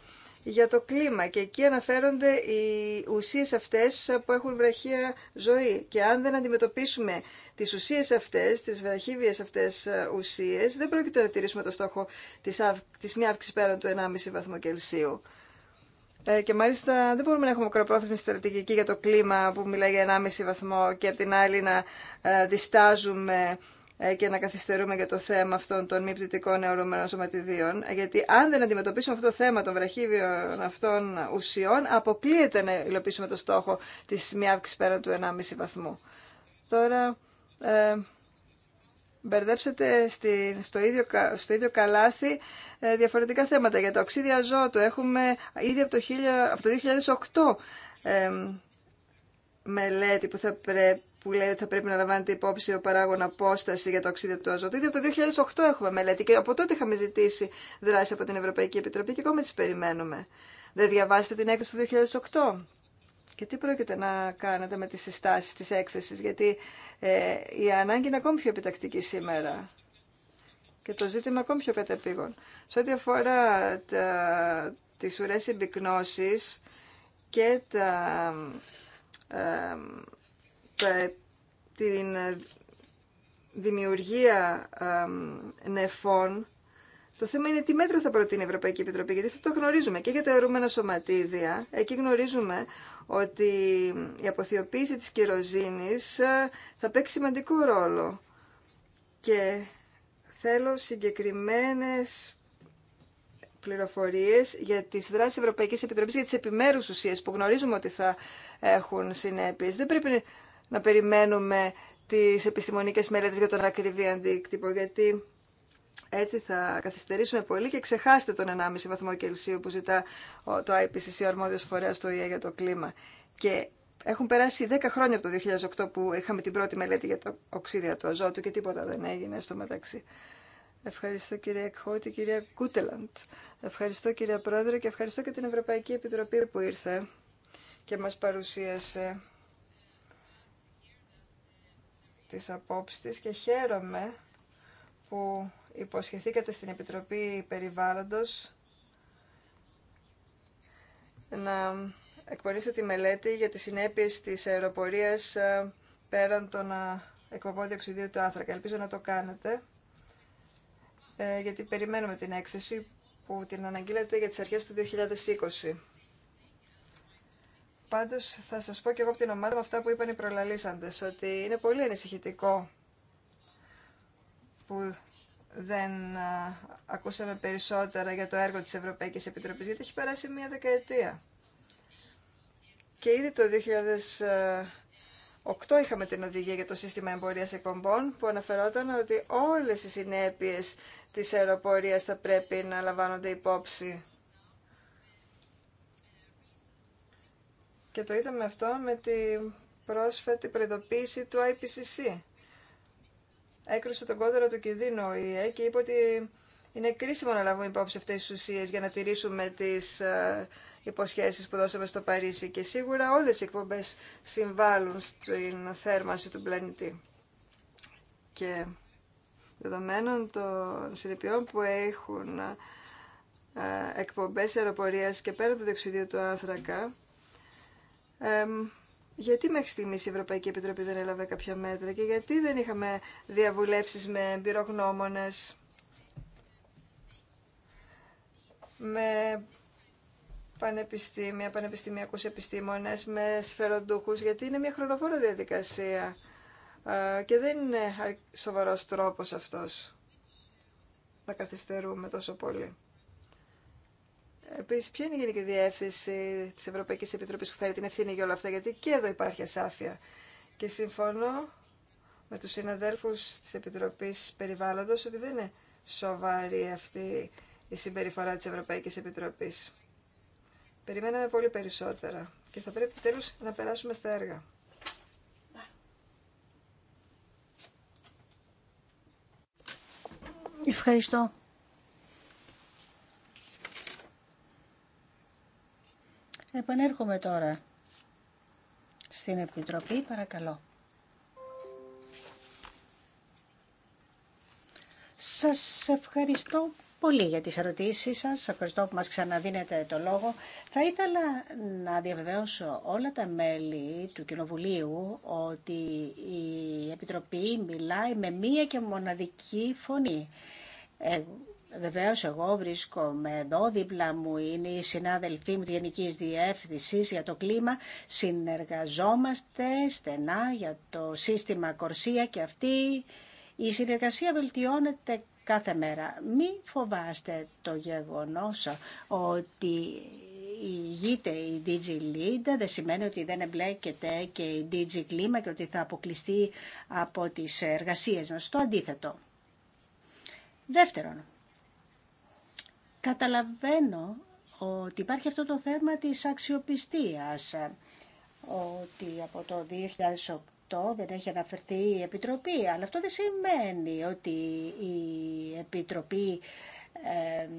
για το κλίμα και εκεί αναφέρονται οι ουσίες αυτές που έχουν βραχία ζωή και αν δεν αντιμετωπίσουμε τις ουσίες αυτές, τις βραχύβιες αυτές ε, ουσίες, δεν πρόκειται να τηρήσουμε το στόχο της, μία της πέραν του 1,5 βαθμού Κελσίου. Ε, και μάλιστα δεν μπορούμε να έχουμε μακροπρόθεσμη στρατηγική για το κλίμα που μιλάει για 1,5 βαθμό και απ' την άλλη να ε, διστάζουμε ε, και να καθυστερούμε για το θέμα αυτών των μη πτυτικών νεωρούμενων σωματιδίων. Γιατί αν δεν αντιμετωπίσουμε αυτό το θέμα των βραχίβιων αυτών ουσιών, αποκλείεται να υλοποιήσουμε το στόχο τη μη αύξηση πέραν του 1,5 βαθμού. Τώρα, ε, στο, ίδιο, στο ίδιο καλάθι ε, διαφορετικά θέματα. Για τα οξύδια του έχουμε ήδη από το, από το 2008 ε, μελέτη που θα πρέπει που λέει ότι θα πρέπει να λαμβάνεται υπόψη ο παράγων απόσταση για το οξύδιο του αζώτου. Ήδη από το 2008 έχουμε μελέτη και από τότε είχαμε ζητήσει δράση από την Ευρωπαϊκή Επιτροπή και ακόμα τις περιμένουμε. Δεν διαβάσετε την έκθεση του 2008. Και τι πρόκειται να κάνετε με τις συστάσεις της έκθεσης, γιατί ε, η ανάγκη είναι ακόμη πιο επιτακτική σήμερα και το ζήτημα ακόμη πιο κατεπήγον. Σε ό,τι αφορά τα, τις ουρές συμπυκνώσεις και τα ε, ε, την ε, δημιουργία νεφών, το θέμα είναι τι μέτρα θα προτείνει η Ευρωπαϊκή Επιτροπή, γιατί αυτό το γνωρίζουμε και για τα αιρούμενα σωματίδια. Εκεί γνωρίζουμε ότι η αποθειοποίηση της κυροζήνης ε, θα παίξει σημαντικό ρόλο. Και θέλω συγκεκριμένες πληροφορίες για τις δράσεις Ευρωπαϊκής Επιτροπής, για τις επιμέρους ουσίες που γνωρίζουμε ότι θα έχουν συνέπειες. Δεν πρέπει να περιμένουμε τις επιστημονικές μελέτες για τον ακριβή αντίκτυπο, γιατί έτσι θα καθυστερήσουμε πολύ και ξεχάστε τον 1,5 βαθμό Κελσίου που ζητά το IPCC, ο αρμόδιος φορέας του ΙΕ για το κλίμα. Και έχουν περάσει 10 χρόνια από το 2008 που είχαμε την πρώτη μελέτη για το οξύδια του αζότου και τίποτα δεν έγινε στο μεταξύ. Ευχαριστώ κυρία Εκχώτη, κυρία Κούτελαντ. Ευχαριστώ κυρία Πρόεδρε και ευχαριστώ και την Ευρωπαϊκή Επιτροπή που ήρθε και μας παρουσίασε τις απόψεις της και χαίρομαι που υποσχεθήκατε στην Επιτροπή Περιβάλλοντος να εκπονήσετε τη μελέτη για τις συνέπειες της αεροπορίας ε, πέραν των ε, εκπομπών διοξιδίου του άνθρακα. Ελπίζω να το κάνετε, ε, γιατί περιμένουμε την έκθεση που την αναγγείλατε για τις αρχές του 2020. Πάντως θα σας πω και εγώ από την ομάδα με αυτά που είπαν οι προλαλήσαντε, ότι είναι πολύ ανησυχητικό που δεν ακούσαμε περισσότερα για το έργο της Ευρωπαϊκής Επιτροπής, γιατί έχει περάσει μία δεκαετία. Και ήδη το 2008 είχαμε την οδηγία για το σύστημα εμπορίας εκπομπών, που αναφερόταν ότι όλες οι συνέπειες της αεροπορίας θα πρέπει να λαμβάνονται υπόψη Και το είδαμε αυτό με την πρόσφατη προειδοποίηση του IPCC. Έκρουσε τον κόδωρο του κινδύνου η ΕΕ και είπε ότι είναι κρίσιμο να λάβουμε υπόψη αυτέ τι ουσίε για να τηρήσουμε τις ε, υποσχέσεις που δώσαμε στο Παρίσι και σίγουρα όλες οι εκπομπές συμβάλλουν στην θέρμανση του πλανήτη. Και δεδομένων των συνεπειών που έχουν ε, εκπομπές αεροπορίας και πέρα του διοξιδίου του άνθρακα, γιατί μέχρι στιγμή η Ευρωπαϊκή Επιτροπή δεν έλαβε κάποια μέτρα και γιατί δεν είχαμε διαβουλεύσεις με εμπειρογνώμονες, με πανεπιστήμια, πανεπιστημιακούς επιστήμονες, με σφαιροντούχους, γιατί είναι μια χρονοβόρα διαδικασία ε, και δεν είναι σοβαρός τρόπος αυτός να καθυστερούμε τόσο πολύ. Επίση, ποια είναι η Γενική Διεύθυνση τη Ευρωπαϊκή Επιτροπή που φέρει την ευθύνη για όλα αυτά, γιατί και εδώ υπάρχει ασάφεια. Και συμφωνώ με του συναδέλφου τη Επιτροπή Περιβάλλοντο ότι δεν είναι σοβαρή αυτή η συμπεριφορά τη Ευρωπαϊκή Επιτροπή. Περιμέναμε πολύ περισσότερα και θα πρέπει τέλο να περάσουμε στα έργα. Ευχαριστώ. Επανέρχομαι τώρα στην Επιτροπή, παρακαλώ. Σας ευχαριστώ πολύ για τις ερωτήσεις σας. Σας ευχαριστώ που μας ξαναδίνετε το λόγο. Θα ήθελα να διαβεβαίωσω όλα τα μέλη του Κοινοβουλίου ότι η Επιτροπή μιλάει με μία και μοναδική φωνή. Ε, Βεβαίω εγώ βρίσκομαι εδώ, δίπλα μου είναι η συνάδελφοί μου τη Γενική Διεύθυνση για το κλίμα. Συνεργαζόμαστε στενά για το σύστημα Κορσία και αυτή η συνεργασία βελτιώνεται κάθε μέρα. Μη φοβάστε το γεγονός ότι ηγείται η DG Lead, δεν σημαίνει ότι δεν εμπλέκεται και η DG Κλίμα και ότι θα αποκλειστεί από τις εργασίες μας. Το αντίθετο. Δεύτερον, Καταλαβαίνω ότι υπάρχει αυτό το θέμα της αξιοπιστίας, ότι από το 2008 δεν έχει αναφερθεί η Επιτροπή, αλλά αυτό δεν σημαίνει ότι η Επιτροπή ε,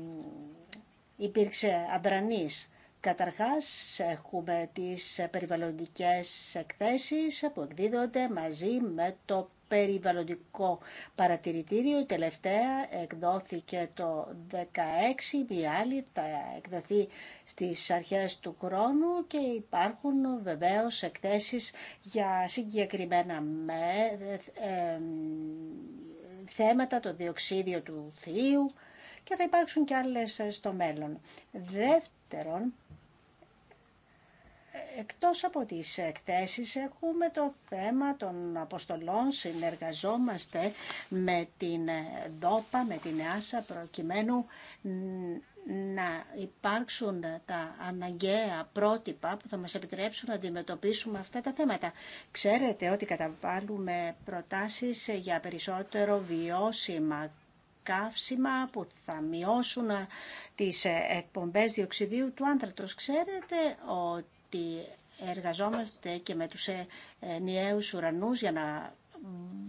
υπήρξε αδρανής. Καταρχάς έχουμε τις περιβαλλοντικές εκθέσεις που εκδίδονται μαζί με το περιβαλλοντικό παρατηρητήριο. Η τελευταία εκδόθηκε το 2016, μια άλλη θα εκδοθεί στις αρχές του χρόνου και υπάρχουν βεβαίως εκθέσεις για συγκεκριμένα με, ε, θέματα, το διοξίδιο του θείου και θα υπάρξουν και άλλες στο μέλλον. Δεύτερον, Εκτός από τις εκθέσεις έχουμε το θέμα των αποστολών, συνεργαζόμαστε με την ΔΟΠΑ, με την ΕΑΣΑ προκειμένου να υπάρξουν τα αναγκαία πρότυπα που θα μας επιτρέψουν να αντιμετωπίσουμε αυτά τα θέματα. Ξέρετε ότι καταβάλουμε προτάσεις για περισσότερο βιώσιμα καύσιμα που θα μειώσουν τις εκπομπές διοξιδίου του άνθρατος. Ξέρετε ότι ότι εργαζόμαστε και με τους ενιαίους ουρανούς για να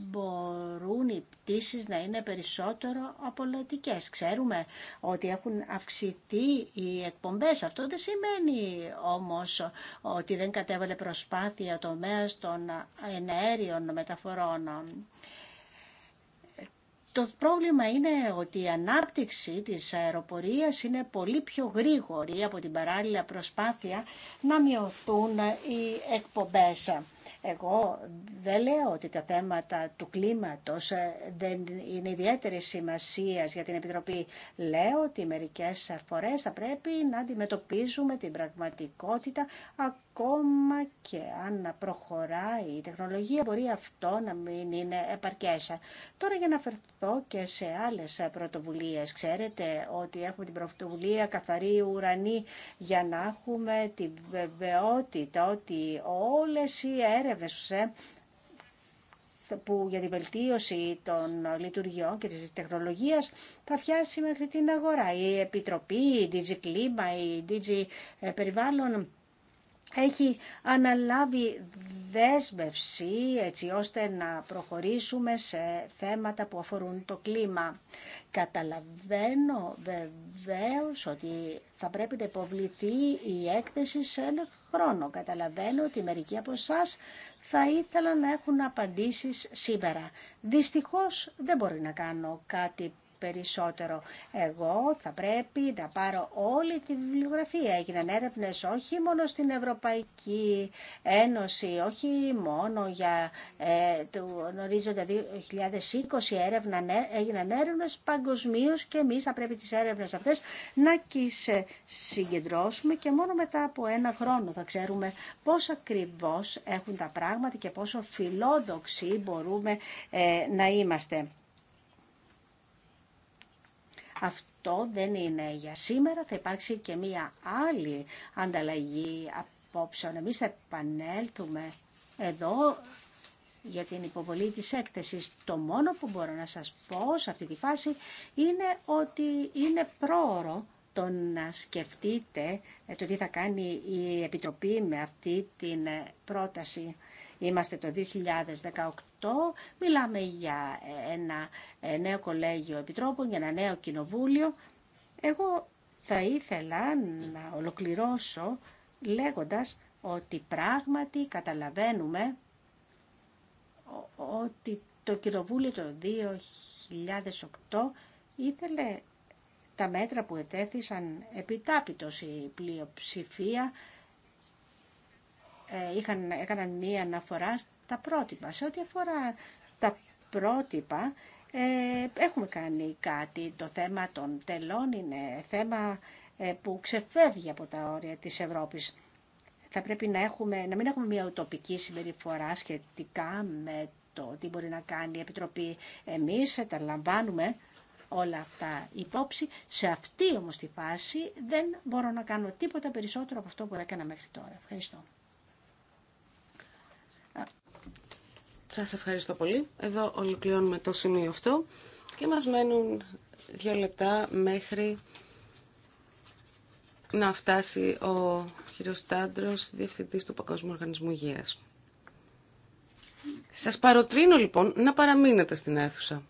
μπορούν οι πτήσεις να είναι περισσότερο απολετικές. Ξέρουμε ότι έχουν αυξηθεί οι εκπομπές. Αυτό δεν σημαίνει όμως ότι δεν κατέβαλε προσπάθεια τομέα των ενέργειων μεταφορών. Το πρόβλημα είναι ότι η ανάπτυξη της αεροπορίας είναι πολύ πιο γρήγορη από την παράλληλα προσπάθεια να μειωθούν οι εκπομπές. Εγώ δεν λέω ότι τα θέματα του κλίματος δεν είναι ιδιαίτερη σημασία για την Επιτροπή. Λέω ότι μερικές φορές θα πρέπει να αντιμετωπίζουμε την πραγματικότητα ακόμα και αν προχωράει η τεχνολογία μπορεί αυτό να μην είναι επαρκές. Τώρα για να φερθώ και σε άλλες πρωτοβουλίες. Ξέρετε ότι έχουμε την πρωτοβουλία καθαρή ουρανή για να έχουμε τη βεβαιότητα ότι όλες οι έρευνες ε, που για την βελτίωση των λειτουργιών και της τεχνολογίας θα φτιάσει μέχρι την αγορά. Η Επιτροπή, η DG Κλίμα, η DG ε, Περιβάλλον έχει αναλάβει δέσμευση έτσι ώστε να προχωρήσουμε σε θέματα που αφορούν το κλίμα. Καταλαβαίνω βεβαίω ότι θα πρέπει να υποβληθεί η έκθεση σε ένα χρόνο. Καταλαβαίνω ότι μερικοί από εσά θα ήθελαν να έχουν απαντήσεις σήμερα. Δυστυχώς δεν μπορεί να κάνω κάτι περισσότερο. Εγώ θα πρέπει να πάρω όλη τη βιβλιογραφία. Έγιναν έρευνε όχι μόνο στην Ευρωπαϊκή Ένωση, όχι μόνο για ε, ορίζοντα 2020 έρευνα, ναι, έγιναν έρευνε παγκοσμίω και εμεί θα πρέπει τι έρευνε αυτέ να τι ε, συγκεντρώσουμε και μόνο μετά από ένα χρόνο θα ξέρουμε πώ ακριβώ έχουν τα πράγματα και πόσο φιλόδοξοι μπορούμε ε, να είμαστε. Αυτό δεν είναι για σήμερα. Θα υπάρξει και μία άλλη ανταλλαγή απόψεων. Εμείς θα επανέλθουμε εδώ για την υποβολή της έκθεσης. Το μόνο που μπορώ να σας πω σε αυτή τη φάση είναι ότι είναι πρόωρο το να σκεφτείτε ε, το τι θα κάνει η Επιτροπή με αυτή την ε, πρόταση. Είμαστε το 2018, μιλάμε για ένα ε, νέο κολέγιο επιτρόπων, για ένα νέο κοινοβούλιο. Εγώ θα ήθελα να ολοκληρώσω λέγοντας ότι πράγματι καταλαβαίνουμε ότι το κοινοβούλιο το 2008 ήθελε τα μέτρα που ετέθησαν επιτάπητος η πλειοψηφία ε, είχαν, έκαναν μία αναφορά στα πρότυπα. Σε ό,τι αφορά τα πρότυπα, ε, έχουμε κάνει κάτι. Το θέμα των τελών είναι θέμα ε, που ξεφεύγει από τα όρια της Ευρώπης. Θα πρέπει να, έχουμε, να μην έχουμε μια ουτοπική συμπεριφορά σχετικά με το τι μπορεί να κάνει η Επιτροπή. Εμείς τα λαμβάνουμε όλα αυτά υπόψη. Σε αυτή όμως τη φάση δεν μπορώ να κάνω τίποτα περισσότερο από αυτό που έκανα μέχρι τώρα. Ευχαριστώ. Σας ευχαριστώ πολύ. Εδώ ολοκληρώνουμε το σημείο αυτό και μας μένουν δύο λεπτά μέχρι να φτάσει ο κύριος Τάντρος, διευθυντής του Παγκόσμιου Οργανισμού Υγείας. Σας παροτρύνω λοιπόν να παραμείνετε στην αίθουσα.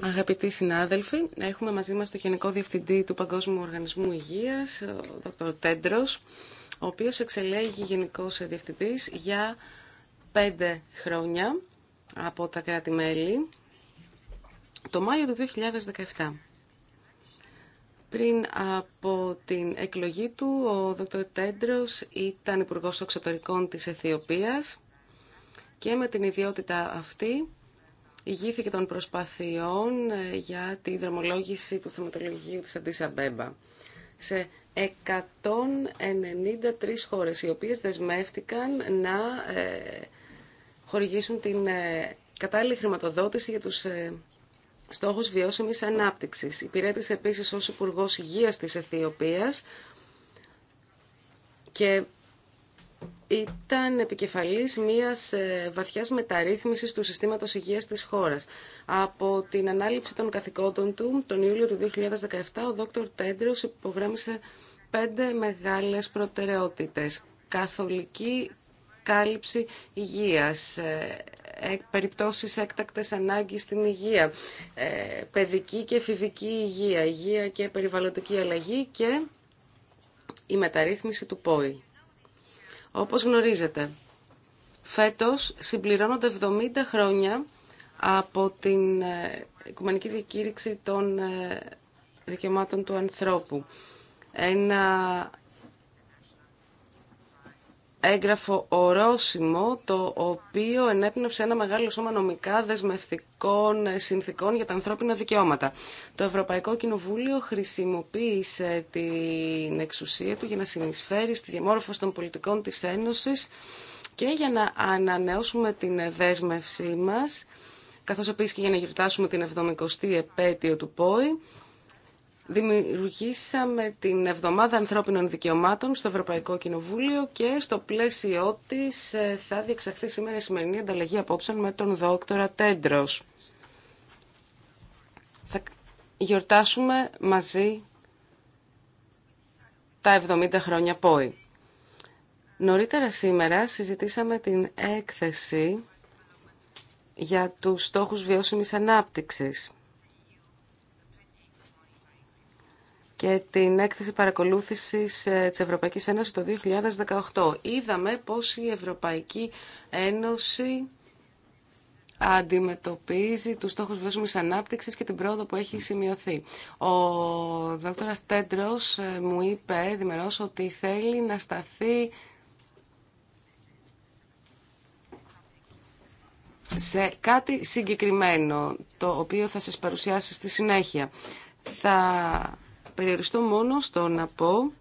Αγαπητοί συνάδελφοι, έχουμε μαζί μας τον Γενικό Διευθυντή του Παγκόσμιου Οργανισμού Υγείας, ο Δ. Τέντρος, ο οποίος εξελέγει Γενικός Διευθυντής για πέντε χρόνια από τα κράτη-μέλη, το Μάιο του 2017. Πριν από την εκλογή του, ο Δ. Τέντρος ήταν Υπουργός Εξωτερικών της Αιθιοπίας και με την ιδιότητα αυτή ηγήθηκε των προσπαθειών ε, για τη δρομολόγηση του θεματολογίου της Αντίσα Μπέμπα σε 193 χώρες, οι οποίες δεσμεύτηκαν να ε, χορηγήσουν την ε, κατάλληλη χρηματοδότηση για τους στόχους βιώσιμης ανάπτυξης. Υπηρέτησε επίσης ως Υπουργό Υγείας της Αιθιοπίας και ήταν επικεφαλής μιας ε, βαθιάς μεταρρύθμισης του συστήματος υγείας της χώρας. Από την ανάληψη των καθηκόντων του, τον Ιούλιο του 2017, ο Δόκτωρ Τέντρος υπογράμμισε πέντε μεγάλες προτεραιότητες. Καθολική κάλυψη υγείας, ε, ε, περιπτώσεις έκτακτες ανάγκης στην υγεία, παιδική και εφηβική υγεία, υγεία και περιβαλλοντική αλλαγή και η μεταρρύθμιση του ΠΟΗ. Όπως γνωρίζετε, φέτος συμπληρώνονται 70 χρόνια από την ε, Οικουμενική Διακήρυξη των ε, Δικαιωμάτων του Ανθρώπου. Ένα έγγραφο ορόσημο το οποίο ενέπνευσε ένα μεγάλο σώμα νομικά δεσμευτικών συνθήκων για τα ανθρώπινα δικαιώματα. Το Ευρωπαϊκό Κοινοβούλιο χρησιμοποίησε την εξουσία του για να συνεισφέρει στη διαμόρφωση των πολιτικών της Ένωσης και για να ανανεώσουμε την δέσμευσή μας, καθώς επίσης και για να γιορτάσουμε την 70η επέτειο του ΠΟΗ, Δημιουργήσαμε την Εβδομάδα Ανθρώπινων Δικαιωμάτων στο Ευρωπαϊκό Κοινοβούλιο και στο πλαίσιο τη ε, θα διεξαχθεί σήμερα η σημερινή ανταλλαγή απόψεων με τον Δόκτωρα Τέντρος. Θα γιορτάσουμε μαζί τα 70 χρόνια πόη. Νωρίτερα σήμερα συζητήσαμε την έκθεση για τους στόχους βιώσιμης ανάπτυξης. και την έκθεση παρακολούθησης ε, της Ευρωπαϊκής Ένωσης το 2018. Είδαμε πώς η Ευρωπαϊκή Ένωση αντιμετωπίζει τους στόχους βιώσιμης ανάπτυξης και την πρόοδο που έχει σημειωθεί. Ο Δ. Τέντρος ε, μου είπε δημερός ότι θέλει να σταθεί σε κάτι συγκεκριμένο, το οποίο θα σας παρουσιάσει στη συνέχεια. Θα περιοριστώ μόνο στο να πω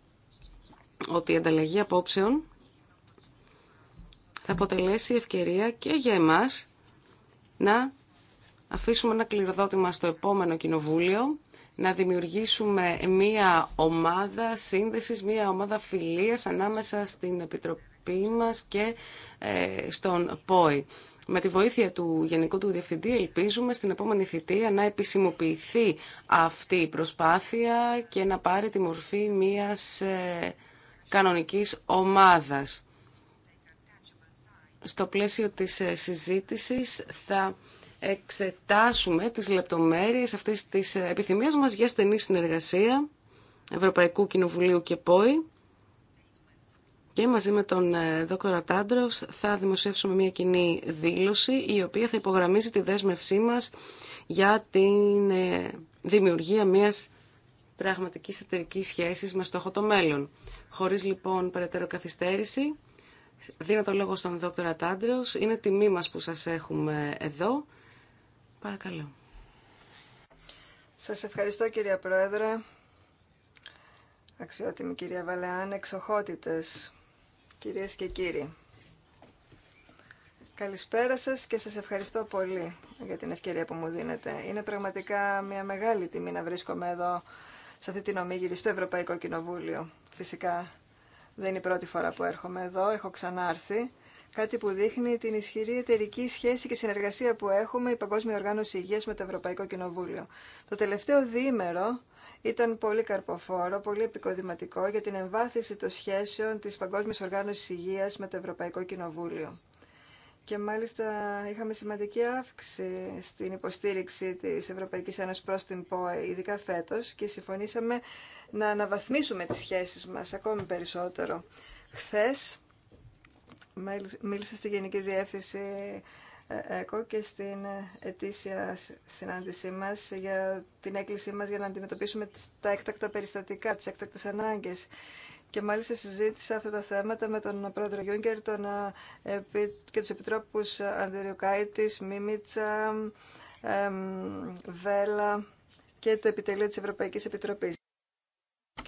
ότι η ανταλλαγή απόψεων θα αποτελέσει ευκαιρία και για εμάς να αφήσουμε ένα κληροδότημα στο επόμενο κοινοβούλιο, να δημιουργήσουμε μία ομάδα σύνδεσης, μία ομάδα φιλίας ανάμεσα στην Επιτροπή μας και ε, στον ΠΟΗ. Με τη βοήθεια του Γενικού του Διευθυντή ελπίζουμε στην επόμενη θητεία να επισημοποιηθεί αυτή η προσπάθεια και να πάρει τη μορφή μιας ε, κανονικής ομάδας. Στο πλαίσιο της ε, συζήτησης θα εξετάσουμε τις λεπτομέρειες αυτής της ε, επιθυμίας μας για στενή συνεργασία Ευρωπαϊκού Κοινοβουλίου και ΠΟΗ και μαζί με τον ε, Δ. Τάντρο θα δημοσιεύσουμε μια κοινή δήλωση η οποία θα υπογραμμίζει τη δέσμευσή μας για την ε, δημιουργία μιας πραγματική εταιρική σχέσης με στόχο το μέλλον. Χωρίς λοιπόν περαιτέρω καθυστέρηση, δίνω το λόγο στον Δ. Τάντρο. Είναι τιμή μα που σας έχουμε εδώ. Παρακαλώ. Σας ευχαριστώ κυρία Πρόεδρε, αξιότιμη κυρία Βαλεάν, εξοχότητες κυρίες και κύριοι. Καλησπέρα σας και σας ευχαριστώ πολύ για την ευκαιρία που μου δίνετε. Είναι πραγματικά μια μεγάλη τιμή να βρίσκομαι εδώ σε αυτή την ομίγυρη στο Ευρωπαϊκό Κοινοβούλιο. Φυσικά δεν είναι η πρώτη φορά που έρχομαι εδώ, έχω ξανάρθει. Κάτι που δείχνει την ισχυρή εταιρική σχέση και συνεργασία που έχουμε η Παγκόσμια Οργάνωση Υγείας με το Ευρωπαϊκό Κοινοβούλιο. Το τελευταίο διήμερο ήταν πολύ καρποφόρο, πολύ επικοδηματικό για την εμβάθυνση των σχέσεων της Παγκόσμιας Οργάνωσης Υγείας με το Ευρωπαϊκό Κοινοβούλιο. Και μάλιστα είχαμε σημαντική αύξηση στην υποστήριξη της Ευρωπαϊκής Ένωσης προς την ΠΟΕ, ειδικά φέτος, και συμφωνήσαμε να αναβαθμίσουμε τις σχέσεις μας ακόμη περισσότερο. Χθες μίλησα στη Γενική Διεύθυνση ΕΚΟ και στην ετήσια συνάντησή μας για την έκκλησή μας για να αντιμετωπίσουμε τα έκτακτα περιστατικά, τις έκτακτες ανάγκες. Και μάλιστα συζήτησα αυτά τα θέματα με τον πρόεδρο Γιούγκερ τον, ε, και τους επιτρόπους ε, Ανδριουκάητης, Μίμητσα, Βέλα και το επιτελείο της Ευρωπαϊκής Επιτροπής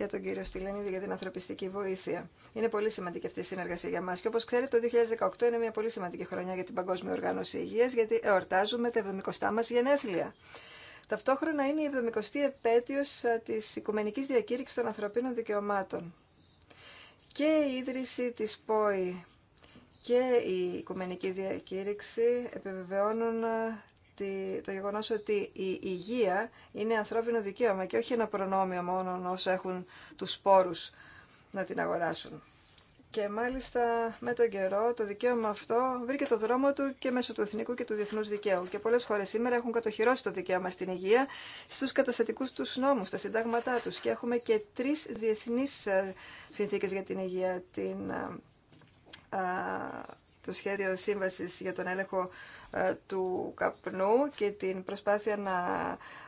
και τον κύριο Στυλενίδη για την ανθρωπιστική βοήθεια. Είναι πολύ σημαντική αυτή η συνεργασία για μα. Και όπω ξέρετε, το 2018 είναι μια πολύ σημαντική χρονιά για την Παγκόσμια Οργάνωση Υγεία, γιατί εορτάζουμε τα 70 μα γενέθλια. Ταυτόχρονα είναι η 70η επέτειο ε, τη Οικουμενική Διακήρυξη των Ανθρωπίνων Δικαιωμάτων. Και η ίδρυση τη ΠΟΗ και η Οικουμενική Διακήρυξη επιβεβαιώνουν ε, το γεγονός ότι η υγεία είναι ανθρώπινο δικαίωμα και όχι ένα προνόμιο μόνο όσο έχουν τους σπόρους να την αγοράσουν. Και μάλιστα με τον καιρό το δικαίωμα αυτό βρήκε το δρόμο του και μέσω του εθνικού και του διεθνούς δικαίου. Και πολλές χώρες σήμερα έχουν κατοχυρώσει το δικαίωμα στην υγεία στους καταστατικούς τους νόμους, στα συντάγματά τους. Και έχουμε και τρεις διεθνείς ε, συνθήκες για την υγεία. Ε, ε, το σχέδιο σύμβασης για τον έλεγχο ε, του καπνού και την προσπάθεια να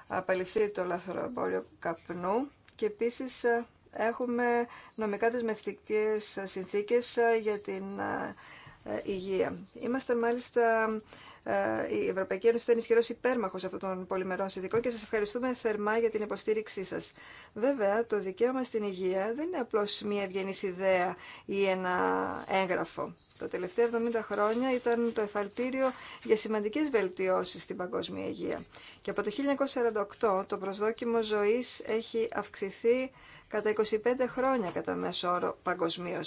απαλληθεί το λαθρομπόριο καπνού και επίσης ε, έχουμε νομικά δεσμευτικές συνθήκες ε, για την υγεία. Είμαστε μάλιστα ε, η Ευρωπαϊκή Ένωση ήταν ισχυρό υπέρμαχο αυτών των πολυμερών συνδικών και σα ευχαριστούμε θερμά για την υποστήριξή σα. Βέβαια, το δικαίωμα στην υγεία δεν είναι απλώ μια ευγενή ιδέα ή ένα έγγραφο. Τα τελευταία 70 χρόνια ήταν το εφαλτήριο για σημαντικέ βελτιώσει στην παγκόσμια υγεία. Και από το 1948 το προσδόκιμο ζωή έχει αυξηθεί κατά 25 χρόνια κατά μέσο όρο παγκοσμίω.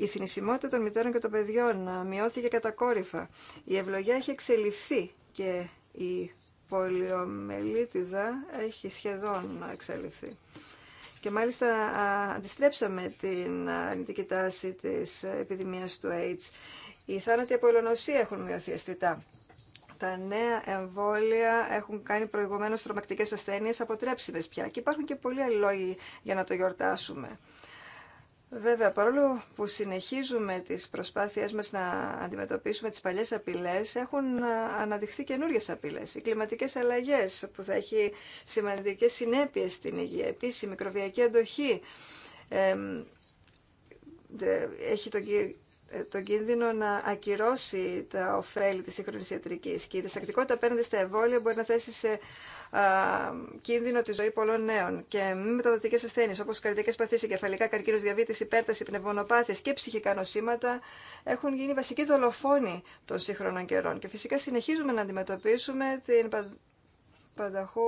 Η θνησιμότητα των μητέρων και των παιδιών μειώθηκε κατακόρυφα. Η ευλογία έχει εξελιχθεί και η πολιομελίτιδα έχει σχεδόν εξελιχθεί. Και μάλιστα αντιστρέψαμε την αρνητική τάση της επιδημίας του AIDS. Οι θάνατοι από ελονοσία έχουν μειωθεί αισθητά. Τα νέα εμβόλια έχουν κάνει προηγουμένω τρομακτικές ασθένειες αποτρέψιμες πια και υπάρχουν και πολλοί άλλοι λόγοι για να το γιορτάσουμε. Βέβαια, παρόλο που συνεχίζουμε τις προσπάθειές μας να αντιμετωπίσουμε τις παλιές απειλές, έχουν ε, αναδειχθεί καινούργιες απειλές. Οι κλιματικές αλλαγές που θα έχει σημαντικές συνέπειες στην υγεία, επίσης η μικροβιακή αντοχή έχει τον, ε, τον κίνδυνο να ακυρώσει τα ωφέλη της σύγχρονης ιατρικής και η διστακτικότητα απέναντι στα εμβόλια μπορεί να θέσει σε κίνδυνο τη ζωή πολλών νέων και μη μεταδοτικέ ασθένειε όπω καρδιακέ παθήσει, κεφαλικά καρκίνο, διαβήτη, υπέρταση, πνευμονοπάθειε και ψυχικά νοσήματα έχουν γίνει βασικοί δολοφόνοι των σύγχρονων καιρών. Και φυσικά συνεχίζουμε να αντιμετωπίσουμε την πανταχού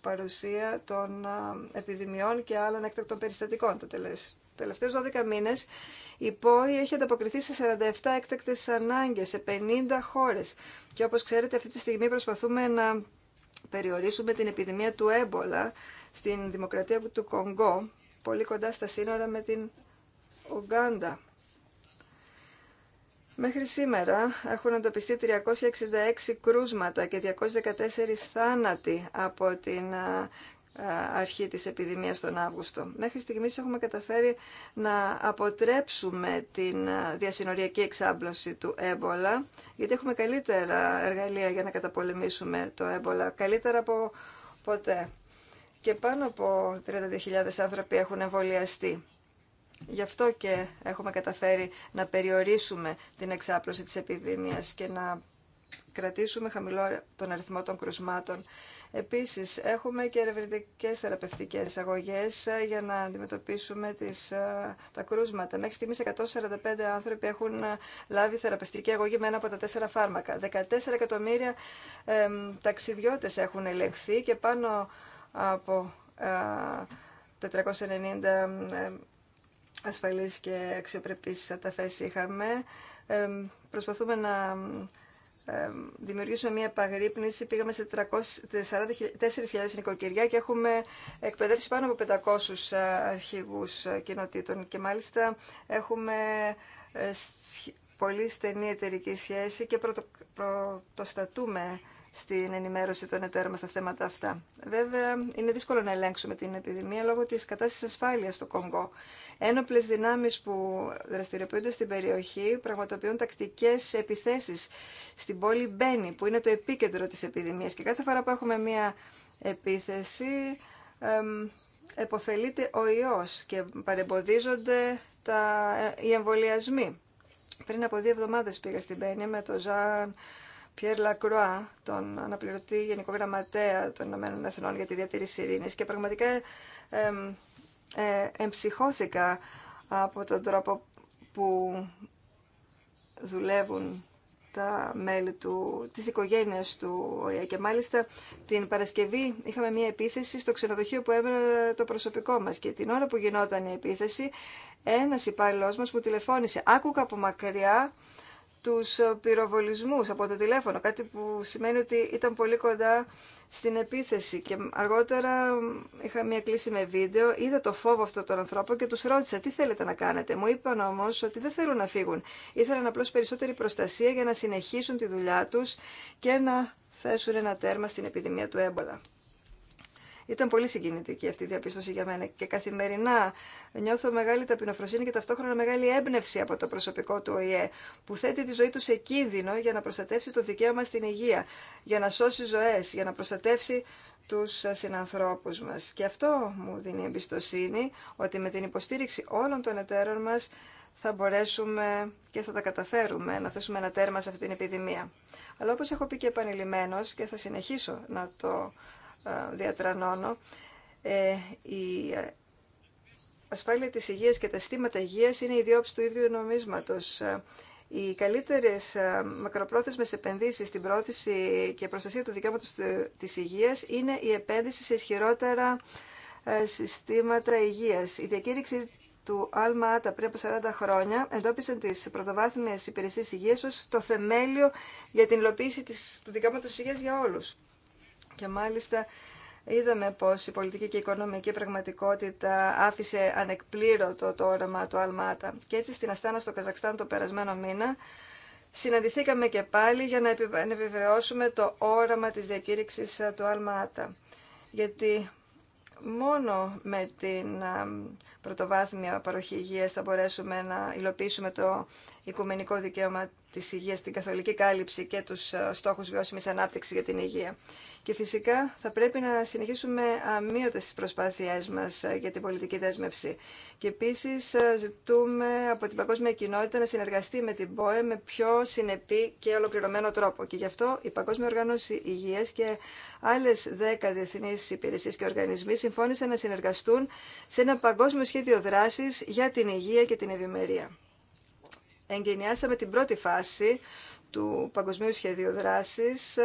παρουσία των επιδημιών και άλλων έκτακτων περιστατικών. Το Τελευταίου 12 μήνε η ΠΟΗ έχει ανταποκριθεί σε 47 έκτακτε ανάγκε σε 50 χώρε. Και όπω ξέρετε αυτή τη στιγμή προσπαθούμε να περιορίσουμε την επιδημία του έμπολα στην Δημοκρατία του Κονγκό, πολύ κοντά στα σύνορα με την Ουγγάντα. Μέχρι σήμερα έχουν εντοπιστεί 366 κρούσματα και 214 θάνατοι από την ε, αρχή της επιδημίας τον Αύγουστο. Μέχρι στιγμής έχουμε καταφέρει να αποτρέψουμε την ε, διασυνοριακή εξάμπλωση του έμπολα, γιατί έχουμε καλύτερα εργαλεία για να καταπολεμήσουμε το έμπολα, καλύτερα από ποτέ. Και πάνω από 32.000 άνθρωποι έχουν εμβολιαστεί. Γι' αυτό και έχουμε καταφέρει να περιορίσουμε την εξάπλωση της επιδημίας και να κρατήσουμε χαμηλό τον αριθμό των κρουσμάτων Επίσης, έχουμε και ερευνητικέ θεραπευτικές αγωγές ε, για να αντιμετωπίσουμε τις, ε, τα κρούσματα. Μέχρι στιγμής 145 άνθρωποι έχουν ε, λάβει θεραπευτική αγωγή με ένα από τα τέσσερα φάρμακα. 14 εκατομμύρια ε, ταξιδιώτες έχουν ελεγχθεί και πάνω από ε, 490 ε, ασφαλείς και αξιοπρεπείς αταφές είχαμε. προσπαθούμε να δημιουργήσουμε μια επαγρύπνηση. Πήγαμε σε 4.000 νοικοκυριά και έχουμε εκπαιδεύσει πάνω από 500 ε, αρχηγούς ε, κοινοτήτων και μάλιστα έχουμε ε, πολύ στενή εταιρική σχέση και πρωτοστατούμε στην ενημέρωση των εταίρων στα θέματα αυτά. Βέβαια, είναι δύσκολο να ελέγξουμε την επιδημία λόγω τη κατάσταση ασφάλεια στο Κονγκό. Ένοπλε δυνάμει που δραστηριοποιούνται στην περιοχή πραγματοποιούν τακτικέ επιθέσει στην πόλη Μπένι, που είναι το επίκεντρο τη επιδημία. Και κάθε φορά που έχουμε μία επίθεση, εποφελείται ο ιός και παρεμποδίζονται τα, ε, οι εμβολιασμοί. Πριν από δύο εβδομάδες πήγα στην Μπένι με τον Ζαν Πιέρ Λακρουά, τον αναπληρωτή Γενικό Γραμματέα των Ηνωμένων Εθνών για τη Διατήρηση Ειρήνης και πραγματικά ε, εμψυχώθηκα από τον τρόπο που δουλεύουν τα μέλη του, της οικογένειας του ΟΕΑ. Και μάλιστα την Παρασκευή είχαμε μια επίθεση στο ξενοδοχείο που έμενε το προσωπικό μας και την ώρα που γινόταν η επίθεση ένας υπάλληλό μας που τηλεφώνησε. άκουκα από μακριά τους ε, πυροβολισμούς από το τηλέφωνο, κάτι που σημαίνει ότι ήταν πολύ κοντά στην επίθεση και αργότερα είχα μια κλίση με βίντεο, είδα το φόβο αυτό των ανθρώπων και τους ρώτησα τι θέλετε να κάνετε. Μου είπαν όμως ότι δεν θέλουν να φύγουν, ήθελαν απλώς περισσότερη προστασία για να συνεχίσουν τη δουλειά τους και να θέσουν ένα τέρμα στην επιδημία του έμπολα. Ήταν πολύ συγκινητική αυτή η διαπίστωση για μένα και καθημερινά νιώθω μεγάλη ταπεινοφροσύνη και ταυτόχρονα μεγάλη έμπνευση από το προσωπικό του ΟΗΕ που θέτει τη ζωή του σε κίνδυνο για να προστατεύσει το δικαίωμα στην υγεία, για να σώσει ζωές, για να προστατεύσει τους συνανθρώπους μας. Και αυτό μου δίνει εμπιστοσύνη ότι με την υποστήριξη όλων των εταίρων μας θα μπορέσουμε και θα τα καταφέρουμε να θέσουμε ένα τέρμα σε αυτή την επιδημία. Αλλά όπως έχω πει και επανειλημμένος και θα συνεχίσω να το διατρανώνω, ε, η ασφάλεια της υγείας και τα στήματα υγείας είναι η διόψη του ίδιου νομίσματος. Ε, οι καλύτερες ε, μακροπρόθεσμες επενδύσεις στην πρόθεση και προστασία του δικαιώματος της υγείας είναι η επένδυση σε ισχυρότερα συστήματα υγείας. Η διακήρυξη του Άλμα Άτα πριν από 40 χρόνια εντόπισαν τις πρωτοβάθμιες υπηρεσίες υγείας ως το θεμέλιο για την υλοποίηση του δικαιώματος υγείας για όλους. Και μάλιστα είδαμε πως η πολιτική και η οικονομική πραγματικότητα άφησε ανεκπλήρωτο το όραμα του Αλμάτα. Και έτσι στην Αστάνα στο Καζακστάν το περασμένο μήνα συναντηθήκαμε και πάλι για να επιβεβαιώσουμε το όραμα της διακήρυξης ε, του Αλμάτα. Γιατί μόνο με την ε, πρωτοβάθμια παροχή υγείας θα μπορέσουμε να υλοποιήσουμε το οικουμενικό δικαίωμα τη υγείας, την καθολική κάλυψη και του ε, στόχου βιώσιμη ανάπτυξη για την υγεία. Και φυσικά θα πρέπει να συνεχίσουμε αμύωτε τι προσπάθειε μα ε, για την πολιτική δέσμευση. Και επίση ε, ζητούμε από την παγκόσμια κοινότητα να συνεργαστεί με την ΠΟΕ με πιο συνεπή και ολοκληρωμένο τρόπο. Και γι' αυτό η Παγκόσμια Οργάνωση Υγεία και άλλε δέκα διεθνεί υπηρεσίε και οργανισμοί συμφώνησαν να συνεργαστούν σε ένα παγκόσμιο σχέδιο δράση για την υγεία και την ευημερία εγκαινιάσαμε την πρώτη φάση του Παγκοσμίου Σχεδίου Δράσης.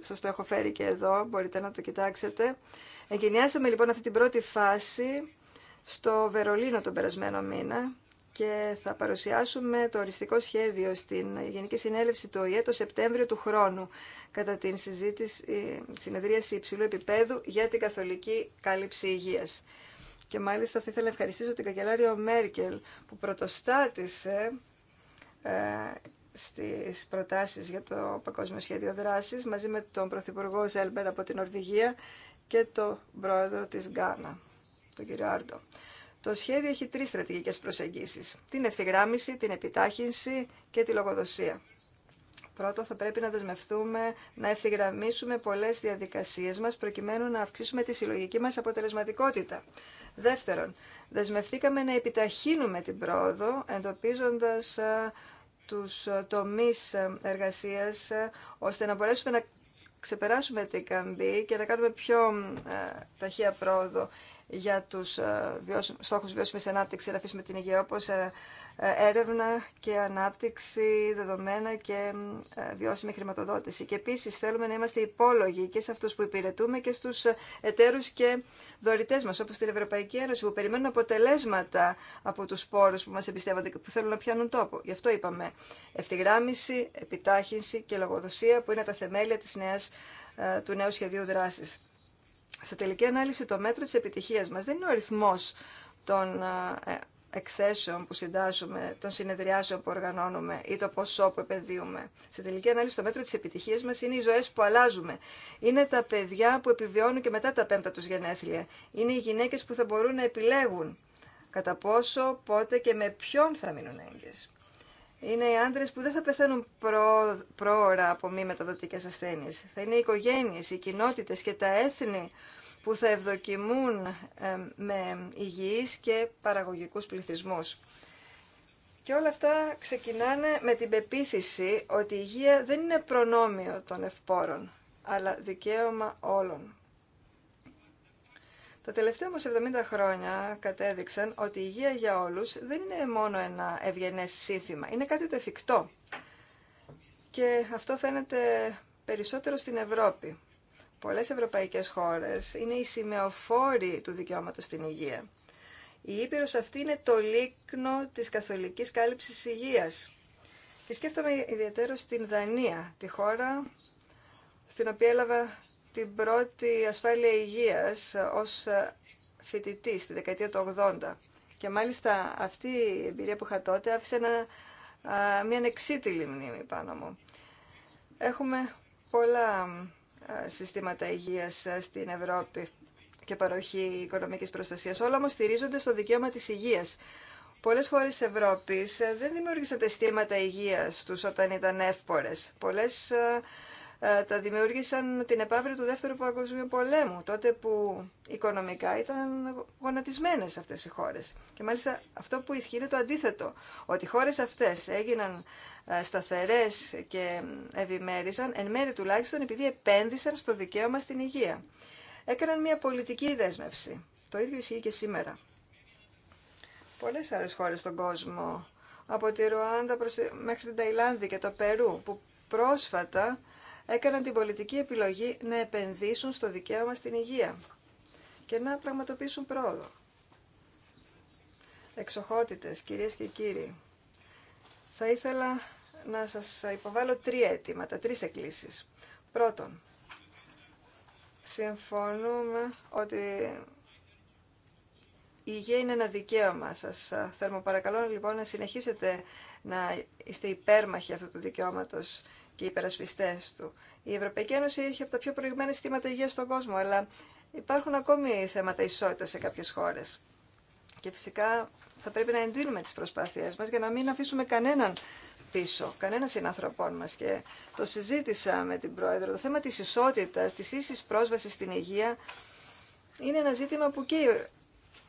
Σας το έχω φέρει και εδώ, μπορείτε να το κοιτάξετε. Εγκαινιάσαμε λοιπόν αυτή την πρώτη φάση στο Βερολίνο τον περασμένο μήνα και θα παρουσιάσουμε το οριστικό σχέδιο στην Γενική Συνέλευση του ΟΗΕ το Σεπτέμβριο του χρόνου κατά την συζήτηση, συνεδρίαση υψηλού επίπεδου για την καθολική κάλυψη υγείας. Και μάλιστα θα ήθελα να ευχαριστήσω την καγκελάριο Μέρκελ που πρωτοστάτησε ε, στις προτάσεις για το Παγκόσμιο Σχέδιο Δράσης μαζί με τον Πρωθυπουργό Ζέλμπερ από την Ορβηγία και τον Πρόεδρο της Γκάνα, τον κύριο Άρντο. Το σχέδιο έχει τρεις στρατηγικές προσεγγίσεις. Την ευθυγράμμιση, την επιτάχυνση και τη λογοδοσία. Πρώτον, θα πρέπει να δεσμευτούμε να ευθυγραμμίσουμε πολλέ διαδικασίε μα προκειμένου να αυξήσουμε τη συλλογική μα αποτελεσματικότητα. Δεύτερον, δεσμευθήκαμε να επιταχύνουμε την πρόοδο εντοπίζοντα ε, τους ε, τομείς ε, εργασίας, ώστε να μπορέσουμε να ξεπεράσουμε την καμπή και να κάνουμε πιο ταχεία πρόοδο για τους στόχους βιώσιμης ανάπτυξης, να αφήσουμε την υγεία, όπως ε, έρευνα και ανάπτυξη, δεδομένα και ε, βιώσιμη χρηματοδότηση. Και επίσης θέλουμε να είμαστε υπόλογοι και σε αυτούς που υπηρετούμε και στους ε, εταίρους και δωρητές μας, όπως την Ευρωπαϊκή Ένωση, που περιμένουν αποτελέσματα από τους πόρους που μας εμπιστεύονται και που θέλουν να πιάνουν τόπο. Γι' αυτό είπαμε ευθυγράμμιση, επιτάχυνση και λογοδοσία, που είναι τα θεμέλια της νέας, του νέου σχεδίου δράσης. Στα τελική ανάλυση, το μέτρο της επιτυχίας μας δεν είναι ο αριθμός των εκθέσεων που συντάσσουμε, των συνεδριάσεων που οργανώνουμε ή το ποσό που επενδύουμε. Σε τελική ανάλυση, το μέτρο τη επιτυχία μα είναι οι ζωέ που αλλάζουμε. Είναι τα παιδιά που επιβιώνουν και μετά τα πέμπτα του γενέθλια. Είναι οι γυναίκε που θα μπορούν να επιλέγουν κατά πόσο, πότε και με ποιον θα μείνουν έγκυε. Είναι οι άντρε που δεν θα πεθαίνουν πρόωρα από μη μεταδοτικέ ασθένειε. Θα είναι οι οικογένειε, οι κοινότητε και τα έθνη που θα ευδοκιμούν με υγιείς και παραγωγικούς πληθυσμούς. Και όλα αυτά ξεκινάνε με την πεποίθηση ότι η υγεία δεν είναι προνόμιο των ευπόρων, αλλά δικαίωμα όλων. Τα τελευταία όμως 70 χρόνια κατέδειξαν ότι η υγεία για όλους δεν είναι μόνο ένα ευγενές σύνθημα, είναι κάτι το εφικτό. Και αυτό φαίνεται περισσότερο στην Ευρώπη, πολλές ευρωπαϊκές χώρες είναι οι σημεοφόροι του δικαιώματος στην υγεία. Η Ήπειρος αυτή είναι το λίκνο της καθολικής κάλυψης υγείας. Και σκέφτομαι ιδιαίτερο στην Δανία, τη χώρα στην οποία έλαβα την πρώτη ασφάλεια υγείας ως φοιτητή στη δεκαετία του 80. Και μάλιστα αυτή η εμπειρία που είχα τότε άφησε μια ανεξίτηλη μνήμη πάνω μου. Έχουμε πολλά ε, συστήματα υγείας ε, στην Ευρώπη και παροχή οικονομικής προστασίας. Όλα όμως στηρίζονται στο δικαίωμα της υγείας. Πολλές χώρες Ευρώπης ε, δεν δημιούργησαν τα συστήματα υγείας τους όταν ήταν εύπορες. Πολλές ε, τα δημιούργησαν την επαύρη του Δεύτερου Παγκοσμίου Πολέμου, τότε που οικονομικά ήταν γονατισμένες αυτές οι χώρες. Και μάλιστα αυτό που ισχύει είναι το αντίθετο, ότι οι χώρες αυτές έγιναν ε, σταθερές και ευημέριζαν εν μέρη τουλάχιστον επειδή επένδυσαν στο δικαίωμα στην υγεία. Έκαναν μια πολιτική δέσμευση. Το ίδιο ισχύει και σήμερα. Πολλές άλλες χώρες στον κόσμο, από τη Ρουάντα μέχρι την Ταϊλάνδη και το Περού, που πρόσφατα έκαναν την πολιτική επιλογή να επενδύσουν στο δικαίωμα στην υγεία και να πραγματοποιήσουν πρόοδο. Εξοχότητες, κυρίες και κύριοι, θα ήθελα να σας υποβάλω τρία αιτήματα, τρεις εκκλήσεις. Πρώτον, συμφωνούμε ότι η υγεία είναι ένα δικαίωμα σας. Θερμοπαρακαλώ λοιπόν να συνεχίσετε να είστε υπέρμαχοι αυτού του δικαιώματος και οι υπερασπιστέ του. Η Ευρωπαϊκή Ένωση έχει από τα πιο προηγμένα συστήματα υγεία στον κόσμο, αλλά υπάρχουν ακόμη θέματα ισότητα σε κάποιε χώρε. Και φυσικά θα πρέπει να εντείνουμε τι προσπάθειέ μα για να μην αφήσουμε κανέναν πίσω, κανένα συνανθρωπών μα. Και το συζήτησα με την Πρόεδρο. Το θέμα τη ισότητα, τη ίση πρόσβαση στην υγεία είναι ένα ζήτημα που και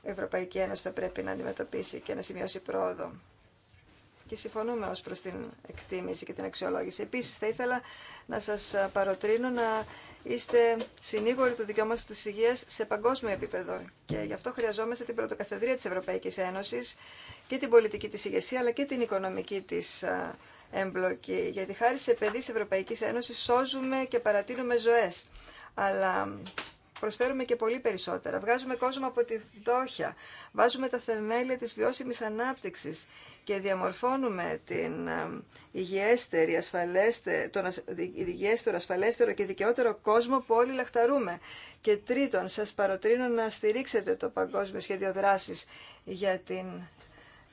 η Ευρωπαϊκή Ένωση θα πρέπει να αντιμετωπίσει και να σημειώσει πρόοδο και συμφωνούμε ως προς την εκτίμηση και την αξιολόγηση. Επίσης, θα ήθελα να σας παροτρύνω να είστε συνήγοροι του δικαιώματος της υγείας σε παγκόσμιο επίπεδο και γι' αυτό χρειαζόμαστε την πρωτοκαθεδρία της Ευρωπαϊκής Ένωσης και την πολιτική της ηγεσία αλλά και την οικονομική της εμπλοκή. Γιατί χάρη σε παιδί της Ευρωπαϊκής Ένωσης σώζουμε και παρατείνουμε ζωές. Αλλά προσφέρουμε και πολύ περισσότερα. Βγάζουμε κόσμο από τη φτώχεια, βάζουμε τα θεμέλια της βιώσιμης ανάπτυξης και διαμορφώνουμε την υγιέστερη, ασφαλέστε, τον υγιέστερο, ασφαλέστερο και δικαιότερο κόσμο που όλοι λαχταρούμε. Και τρίτον, σας παροτρύνω να στηρίξετε το Παγκόσμιο Σχέδιο Δράσης για την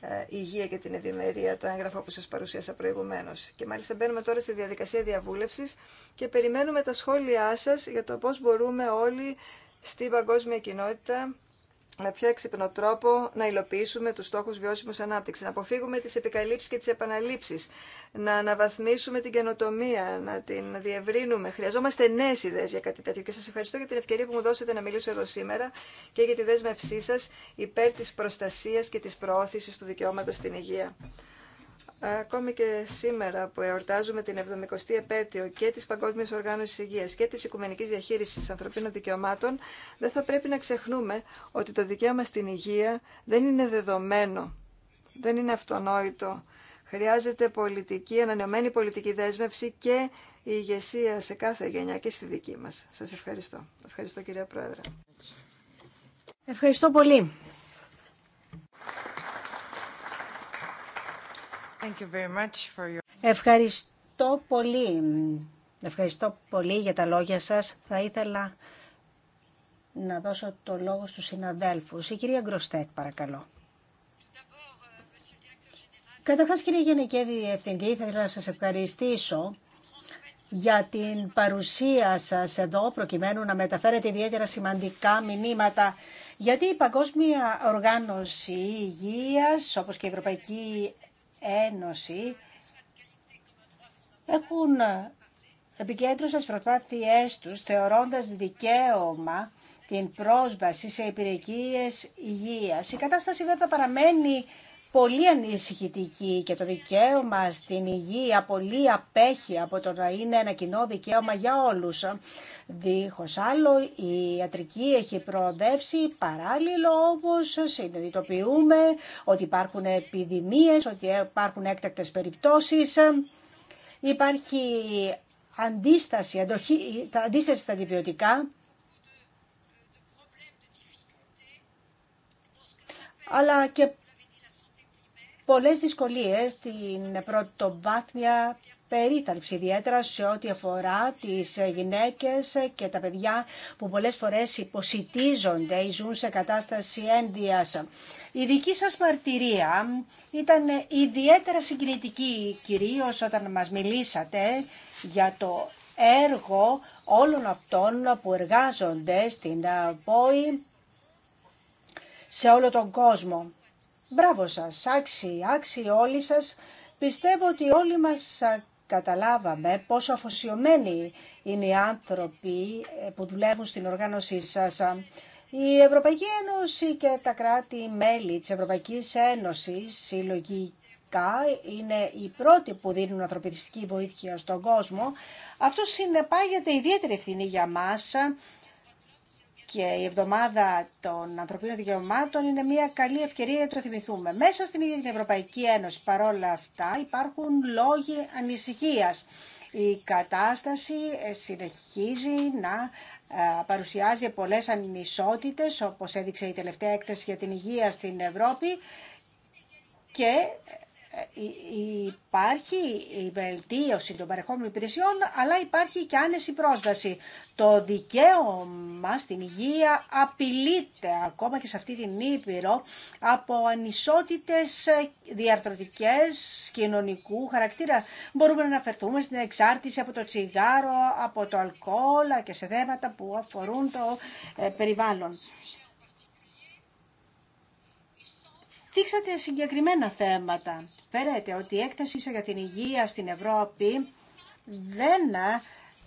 ε, υγεία και την ευημερία, το έγγραφο που σας παρουσίασα προηγουμένως. Και μάλιστα μπαίνουμε τώρα στη διαδικασία διαβούλευσης και περιμένουμε τα σχόλιά σας για το πώς μπορούμε όλοι στην παγκόσμια κοινότητα με πιο έξυπνο τρόπο να υλοποιήσουμε τους στόχους βιώσιμης ανάπτυξης, να αποφύγουμε τις επικαλύψεις και τις επαναλήψεις, να αναβαθμίσουμε την καινοτομία, να την διευρύνουμε. Χρειαζόμαστε νέες ιδέες για κάτι τέτοιο και σας ευχαριστώ για την ευκαιρία που μου δώσετε να μιλήσω εδώ σήμερα και για τη δέσμευσή σας υπέρ της προστασίας και της προώθησης του δικαιώματος στην υγεία. Ακόμη και σήμερα που εορτάζουμε την 70η επέτειο και της Παγκόσμιας Οργάνωσης Υγείας και της Οικουμενικής Διαχείρισης Ανθρωπίνων Δικαιωμάτων, δεν θα πρέπει να ξεχνούμε ότι το δικαίωμα στην υγεία δεν είναι δεδομένο, δεν είναι αυτονόητο. Χρειάζεται πολιτική, ανανεωμένη πολιτική δέσμευση και η ηγεσία σε κάθε γενιά και στη δική μας. Σας ευχαριστώ. Ευχαριστώ κυρία Πρόεδρε. Ευχαριστώ πολύ. Ευχαριστώ πολύ. Ευχαριστώ πολύ για τα λόγια σας. Θα ήθελα να δώσω το λόγο στους συναδέλφους. Η κυρία Γκροστέτ, παρακαλώ. Καταρχάς, κύριε Γενικέδη Διευθυντή, θα ήθελα να σας ευχαριστήσω για την παρουσία σας εδώ, προκειμένου να μεταφέρετε ιδιαίτερα σημαντικά μηνύματα γιατί η Παγκόσμια Οργάνωση Υγείας, όπως και η Ευρωπαϊκή Ένωση έχουν επικέντρωσε τις προσπάθειές τους θεωρώντας δικαίωμα την πρόσβαση σε υπηρεκίες υγείας. Η κατάσταση βέβαια παραμένει πολύ ανησυχητική και το δικαίωμα στην υγεία πολύ απέχει από το να είναι ένα κοινό δικαίωμα για όλους. Δίχως άλλο η ιατρική έχει προοδεύσει παράλληλο όμως συνειδητοποιούμε ότι υπάρχουν επιδημίες, ότι υπάρχουν έκτακτες περιπτώσεις. Υπάρχει αντίσταση, αντοχή, αντίσταση στα αντιβιωτικά. αλλά και πολλές δυσκολίες στην πρωτοβάθμια περίθαλψη, ιδιαίτερα σε ό,τι αφορά τι ε, γυναίκε και τα παιδιά που πολλέ φορέ υποσυτίζονται ή ζουν σε κατάσταση ένδυα. Η δική σα μαρτυρία ήταν ιδιαίτερα συγκινητική, κυρίω όταν μα μιλήσατε για το έργο όλων αυτών που εργάζονται στην ε, ΠΟΗ σε όλο τον κόσμο. Μπράβο σας, άξιοι, άξιοι όλοι σας. Πιστεύω ότι όλοι μας καταλάβαμε πόσο αφοσιωμένοι είναι οι άνθρωποι ε, που δουλεύουν στην οργάνωσή σας. Η Ευρωπαϊκή Ένωση και τα κράτη-μέλη της Ευρωπαϊκής Ένωσης συλλογικά είναι οι πρώτοι που δίνουν ανθρωπιστική βοήθεια στον κόσμο. Αυτό συνεπάγεται ιδιαίτερη ευθύνη για μας και η εβδομάδα των ανθρωπίνων δικαιωμάτων είναι μια καλή ευκαιρία για το θυμηθούμε. Μέσα στην ίδια την Ευρωπαϊκή Ένωση παρόλα αυτά υπάρχουν λόγοι ανησυχίας. Η κατάσταση ε, συνεχίζει να ε, παρουσιάζει πολλές ανισότητες, όπως έδειξε η τελευταία έκθεση για την υγεία στην Ευρώπη, και ε, ε, υπάρχει η βελτίωση των παρεχόμενων υπηρεσιών, αλλά υπάρχει και άνεση πρόσβαση. Το δικαίωμα στην υγεία απειλείται ακόμα και σε αυτή την Ήπειρο από ανισότητες ε, διαρθρωτικές κοινωνικού χαρακτήρα. Μπορούμε να αναφερθούμε στην εξάρτηση από το τσιγάρο, από το αλκοόλ και σε θέματα που αφορούν το ε, περιβάλλον. Θίξατε συγκεκριμένα θέματα. Φέρετε ότι η έκταση για την υγεία στην Ευρώπη δεν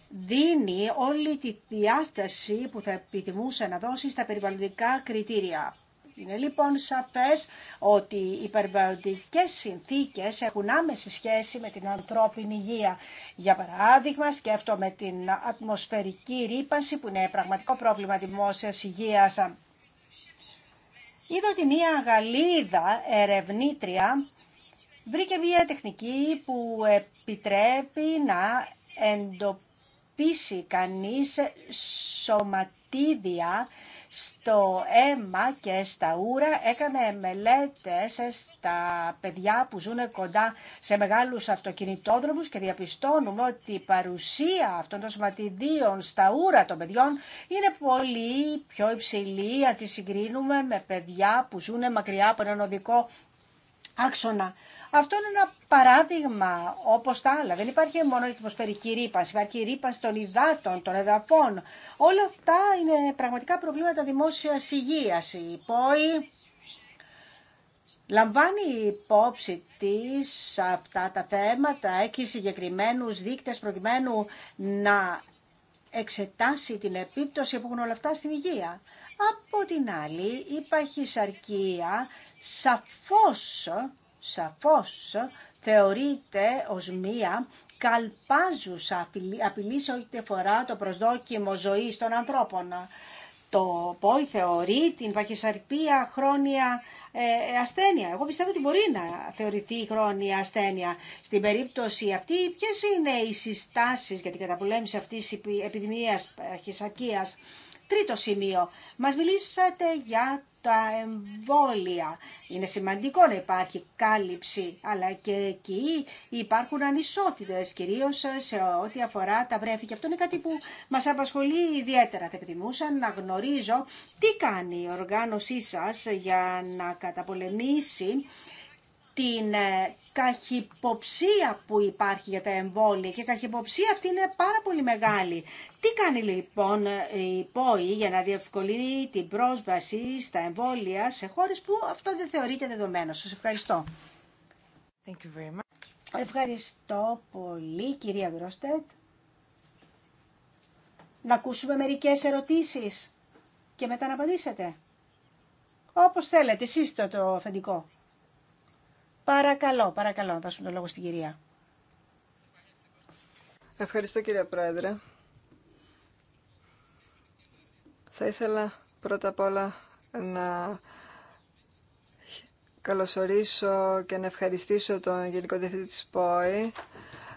δίνει όλη τη διάσταση που θα επιθυμούσε να δώσει στα περιβαλλοντικά κριτήρια. Είναι λοιπόν σαφές ότι οι περιβαλλοντικές συνθήκες έχουν άμεση σχέση με την ανθρώπινη υγεία. Για παράδειγμα, σκέφτομαι την ατμοσφαιρική ρήπανση που είναι πραγματικό πρόβλημα δημόσιας υγείας είδα ότι μία Γαλλίδα ερευνήτρια βρήκε μία τεχνική που επιτρέπει να εντοπίσει κανείς σωματίδια στο αίμα και στα ούρα, έκανε μελέτες στα παιδιά που ζουν κοντά σε μεγάλους αυτοκινητόδρομους και διαπιστώνουμε ότι η παρουσία αυτών των σωματιδίων στα ούρα των παιδιών είναι πολύ πιο υψηλή αν τη συγκρίνουμε με παιδιά που ζουν μακριά από έναν οδικό άξονα. Αυτό είναι ένα παράδειγμα όπω τα άλλα. Δεν υπάρχει μόνο η ατμοσφαιρική ρήπανση, υπάρχει η ρήπανση των υδάτων, των εδαφών. Όλα αυτά είναι πραγματικά προβλήματα δημόσια υγεία. Η ΠΟΗ λαμβάνει υπόψη τη αυτά τα θέματα, έχει συγκεκριμένου δείκτε προκειμένου να εξετάσει την επίπτωση που έχουν όλα αυτά στην υγεία. Από την άλλη, η παχυσαρκία σαφώς, σαφώς θεωρείται ως μία καλπάζουσα απειλή σε ό,τι φορά το προσδόκιμο ζωής των ανθρώπων. Το ΠΟΗ θεωρεί την παχυσαρπία χρόνια ε, ασθένεια. Εγώ πιστεύω ότι μπορεί να θεωρηθεί χρόνια ασθένεια. Στην περίπτωση αυτή, ποιε είναι οι συστάσεις για την καταπολέμηση αυτής της επιδημίας παχυσαρκία. Τρίτο σημείο, μας μιλήσατε για τα εμβόλια. Είναι σημαντικό να υπάρχει κάλυψη, αλλά και εκεί υπάρχουν ανισότητες, κυρίως σε ό,τι αφορά τα βρέφη. Και αυτό είναι κάτι που μας απασχολεί ιδιαίτερα. Θα επιθυμούσα να γνωρίζω τι κάνει η οργάνωσή σας για να καταπολεμήσει την ε, καχυποψία που υπάρχει για τα εμβόλια και η καχυποψία αυτή είναι πάρα πολύ μεγάλη. Τι κάνει λοιπόν ε, η ΠΟΗ για να διευκολύνει την πρόσβαση στα εμβόλια σε χώρες που αυτό δεν θεωρείται δεδομένο. Σας ευχαριστώ. Thank you very Ευχαριστώ πολύ κυρία Γκρόστετ. Να ακούσουμε μερικές ερωτήσεις και μετά να απαντήσετε. Όπως θέλετε, εσείς το, το αφεντικό. Παρακαλώ, παρακαλώ, να δώσουμε το λόγο στην κυρία. Ευχαριστώ κύριε Πρόεδρε. Θα ήθελα πρώτα απ' όλα να καλωσορίσω και να ευχαριστήσω τον Γενικό Διευθυντή της ΠΟΗ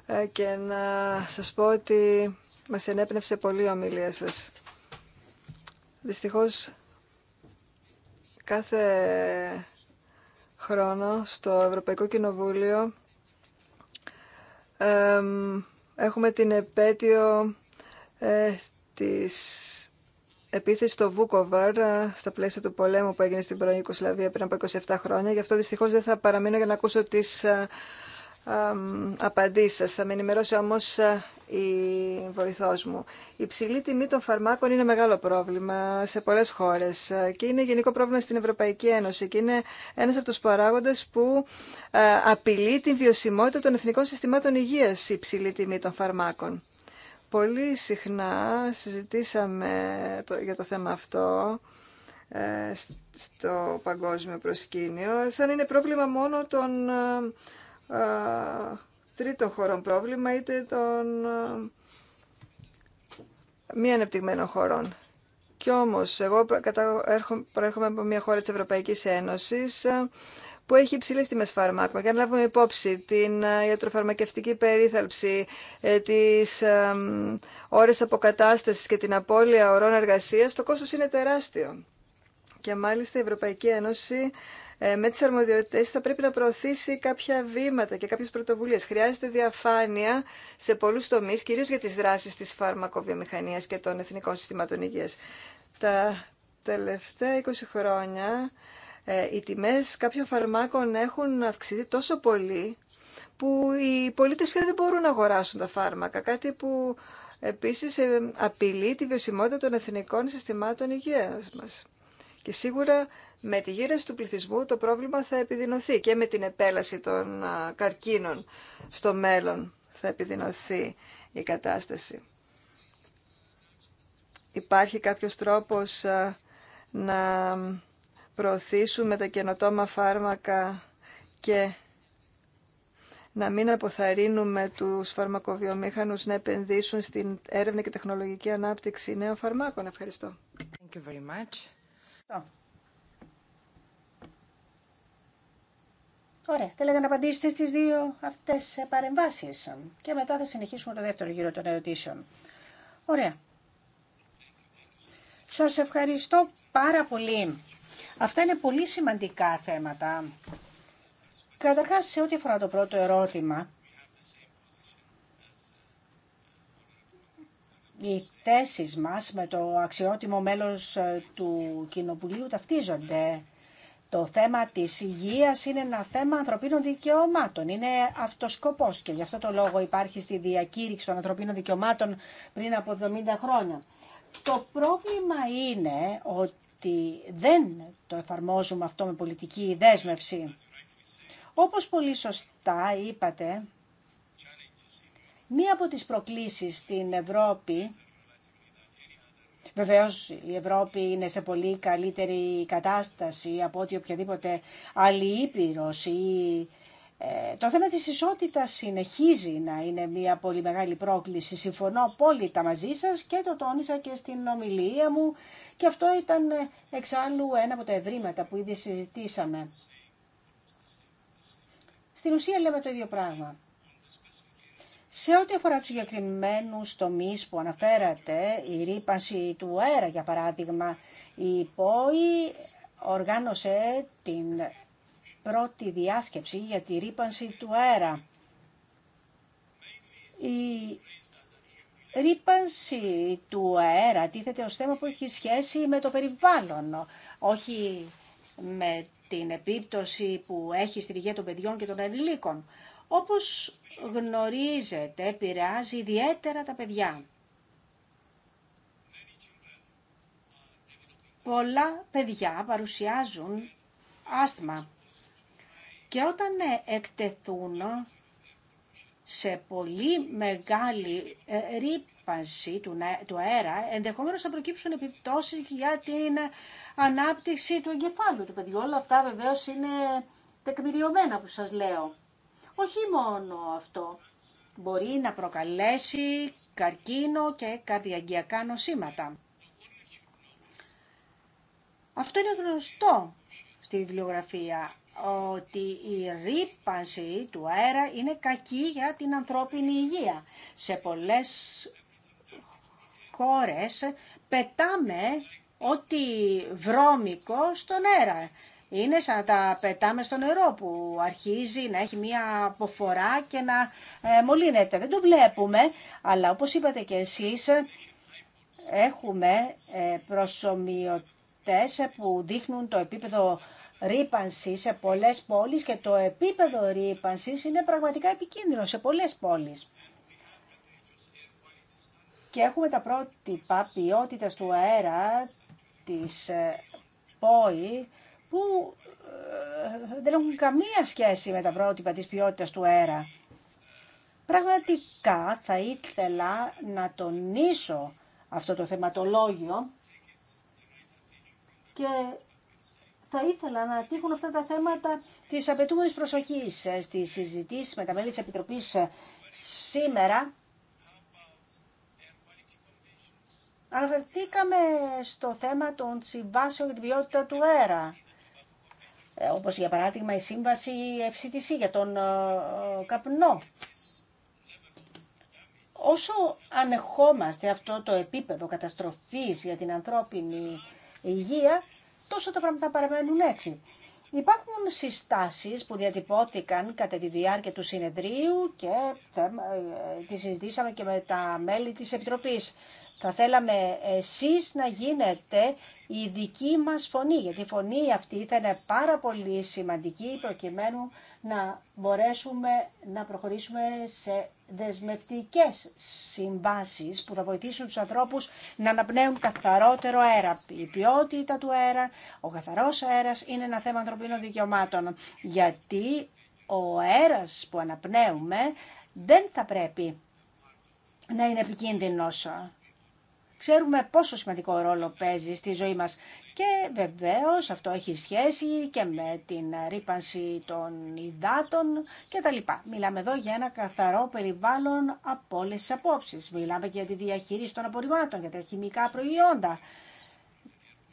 ε, και να σας πω ότι μας ενέπνευσε πολύ η ομιλία σας. Δυστυχώς κάθε χρόνο στο Ευρωπαϊκό Κοινοβούλιο έχουμε την επέτειο ε, της επίθεση στο Βούκοβαρ ε, στα πλαίσια του πολέμου που έγινε στην πρώην Ιουκοσλαβία πριν από 27 χρόνια. Γι' αυτό δυστυχώς δεν θα παραμείνω για να ακούσω τι ε, απαντήσεις Θα με ενημερώσει όμως ε, η βοηθός μου. Η ψηλή τιμή των φαρμάκων είναι μεγάλο πρόβλημα σε πολλές χώρες ε, και είναι γενικό πρόβλημα στην Ευρωπαϊκή Ένωση και είναι ένας από τους παράγοντες που ε, απειλεί την βιωσιμότητα των εθνικών συστημάτων υγείας η ψηλή τιμή των φαρμάκων. Πολύ συχνά συζητήσαμε για το θέμα αυτό στο παγκόσμιο προσκήνιο, σαν είναι πρόβλημα μόνο των τρίτο ήταν μία ενεπτυγμένων πρόβλημα, είτε των μη ανεπτυγμένων χωρών. Κι όμως, εγώ προέρχομαι από μια χώρα της Ευρωπαϊκής Ένωσης που έχει υψηλές τιμές φαρμάκων. Και αν λάβουμε υπόψη την ιατροφαρμακευτική περίθαλψη, ε, τις ώρες αποκατάστασης και την απώλεια ωρών εργασίας, το κόστος είναι τεράστιο. Και μάλιστα η Ευρωπαϊκή Ένωση ε, με τις αρμοδιότητες θα πρέπει να προωθήσει κάποια βήματα και κάποιες πρωτοβουλίες. Χρειάζεται διαφάνεια σε πολλούς τομείς, κυρίως για τις δράσεις της φαρμακοβιομηχανίας και των εθνικών συστημάτων υγείας. Τα τελευταία 20 χρόνια ε, οι τιμές κάποιων φαρμάκων έχουν αυξηθεί τόσο πολύ που οι πολίτες πια δεν μπορούν να αγοράσουν τα φάρμακα, κάτι που επίσης ε, απειλεί τη βιωσιμότητα των εθνικών συστημάτων υγείας μας. Και σίγουρα με τη γύρεση του πληθυσμού το πρόβλημα θα επιδεινωθεί και με την επέλαση των καρκίνων στο μέλλον θα επιδεινωθεί η κατάσταση. Υπάρχει κάποιος τρόπος να προωθήσουμε τα καινοτόμα φάρμακα και να μην αποθαρρύνουμε τους φαρμακοβιομήχανους να επενδύσουν στην έρευνα και τεχνολογική ανάπτυξη νέων φαρμάκων. Ευχαριστώ. Thank you Ωραία. Θέλετε να απαντήσετε στι δύο αυτές παρεμβάσει. και μετά θα συνεχίσουμε το δεύτερο γύρο των ερωτήσεων. Ωραία. Σας ευχαριστώ πάρα πολύ. Αυτά είναι πολύ σημαντικά θέματα. Καταρχά, σε ό,τι αφορά το πρώτο ερώτημα, οι θέσει μας με το αξιότιμο μέλος του Κοινοβουλίου ταυτίζονται. Το θέμα της υγείας είναι ένα θέμα ανθρωπίνων δικαιωμάτων. Είναι αυτοσκοπός και γι' αυτό το λόγο υπάρχει στη διακήρυξη των ανθρωπίνων δικαιωμάτων πριν από 70 χρόνια. Το πρόβλημα είναι ότι δεν το εφαρμόζουμε αυτό με πολιτική δέσμευση. Όπως πολύ σωστά είπατε, μία από τις προκλήσεις στην Ευρώπη Βεβαίω, η Ευρώπη είναι σε πολύ καλύτερη κατάσταση από ότι οποιαδήποτε άλλη ήπειρο. Ε, το θέμα της ισότητας συνεχίζει να είναι μια πολύ μεγάλη πρόκληση. Συμφωνώ απόλυτα μαζί σα και το τόνισα και στην ομιλία μου και αυτό ήταν ε, εξάλλου ένα από τα ευρήματα που ήδη συζητήσαμε. Στην ουσία λέμε το ίδιο πράγμα. Σε ό,τι αφορά τους συγκεκριμένου τομεί που αναφέρατε, η ρήπανση του αέρα για παράδειγμα, η ΠΟΗ οργάνωσε την πρώτη διάσκεψη για τη ρήπανση του αέρα. Η ρήπανση του αέρα τίθεται ως θέμα που έχει σχέση με το περιβάλλον, όχι με την επίπτωση που έχει στη υγεία των παιδιών και των ελληνικών. Όπως γνωρίζετε, επηρεάζει ιδιαίτερα τα παιδιά. Πολλά παιδιά παρουσιάζουν άσθμα και όταν εκτεθούν σε πολύ μεγάλη ε, ρήπανση του αέρα, ενδεχομένως θα προκύψουν επιπτώσεις για την ανάπτυξη του εγκεφάλου του παιδιού. Όλα αυτά βεβαίως είναι τεκμηριωμένα που σας λέω. Όχι μόνο αυτό. Μπορεί να προκαλέσει καρκίνο και καρδιαγκιακά νοσήματα. Αυτό είναι γνωστό στη βιβλιογραφία ότι η ρήπανση του αέρα είναι κακή για την ανθρώπινη υγεία. Σε πολλές χώρες πετάμε ό,τι βρώμικο στον αέρα. Είναι σαν να τα πετάμε στο νερό που αρχίζει να έχει μία αποφορά και να ε, μολύνεται. Δεν το βλέπουμε, αλλά όπως είπατε και εσείς, έχουμε ε, προσωμιωτές που δείχνουν το επίπεδο ρήπανση σε πολλές πόλεις και το επίπεδο ρήπανση είναι πραγματικά επικίνδυνο σε πολλές πόλεις. Και έχουμε τα πρότυπα ποιότητα του αέρα της ε, ΠΟΗ που ε, δεν έχουν καμία σχέση με τα πρότυπα της ποιότητας του αέρα. Πραγματικά θα ήθελα να τονίσω αυτό το θεματολόγιο και θα ήθελα να τύχουν αυτά τα θέματα της απαιτούμενης προσοχής ε, στις συζητήσεις με τα μέλη της Επιτροπής ε, σήμερα. Αναφερθήκαμε στο θέμα των συμβάσεων για την ποιότητα του αέρα ε, όπως για παράδειγμα η σύμβαση FCTC για τον ε, ε, καπνό. Όσο ανεχόμαστε αυτό το επίπεδο καταστροφής για την ανθρώπινη υγεία, τόσο τα πράγματα παραμένουν έτσι. Υπάρχουν συστάσεις που διατυπώθηκαν κατά τη διάρκεια του συνεδρίου και τις συζητήσαμε και με τα μέλη της Επιτροπής. Θα θέλαμε εσείς να γίνετε η δική μας φωνή. Γιατί η φωνή αυτή θα είναι πάρα πολύ σημαντική προκειμένου να μπορέσουμε να προχωρήσουμε σε δεσμευτικές συμβάσεις που θα βοηθήσουν τους ανθρώπους να αναπνέουν καθαρότερο αέρα. Η ποιότητα του αέρα, ο καθαρός αέρας είναι ένα θέμα ανθρωπίνων δικαιωμάτων. Γιατί ο αέρας που αναπνέουμε δεν θα πρέπει να είναι επικίνδυνος. Ξέρουμε πόσο σημαντικό ρόλο παίζει στη ζωή μας. Και βεβαίως αυτό έχει σχέση και με την ρήπανση των υδάτων λοιπά. Μιλάμε εδώ για ένα καθαρό περιβάλλον από όλε τι απόψει. Μιλάμε και για τη διαχείριση των απορριμμάτων, για τα χημικά προϊόντα.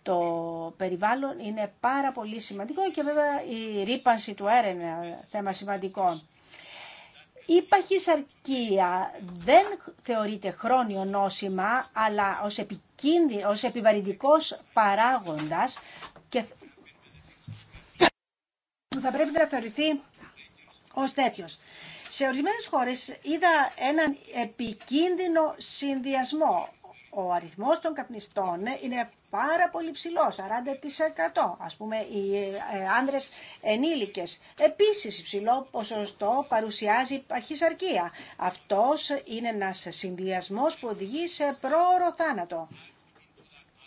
Το περιβάλλον είναι πάρα πολύ σημαντικό και βέβαια η ρήπανση του αέρα είναι θέμα σημαντικό. Η παχυσαρκία δεν θεωρείται χρόνιο νόσημα, αλλά ως, επικίνδυ, ως επιβαρυντικός παράγοντας και θα πρέπει να θεωρηθεί ως τέτοιος. Σε ορισμένες χώρες είδα έναν επικίνδυνο συνδυασμό. Ο αριθμός των καπνιστών είναι πάρα πολύ ψηλό, 40%. Ας πούμε οι ε, ε, άνδρες ενήλικες. Επίσης ψηλό ποσοστό παρουσιάζει παχυσαρκία. Αυτός είναι ένας συνδυασμός που οδηγεί σε πρόωρο θάνατο.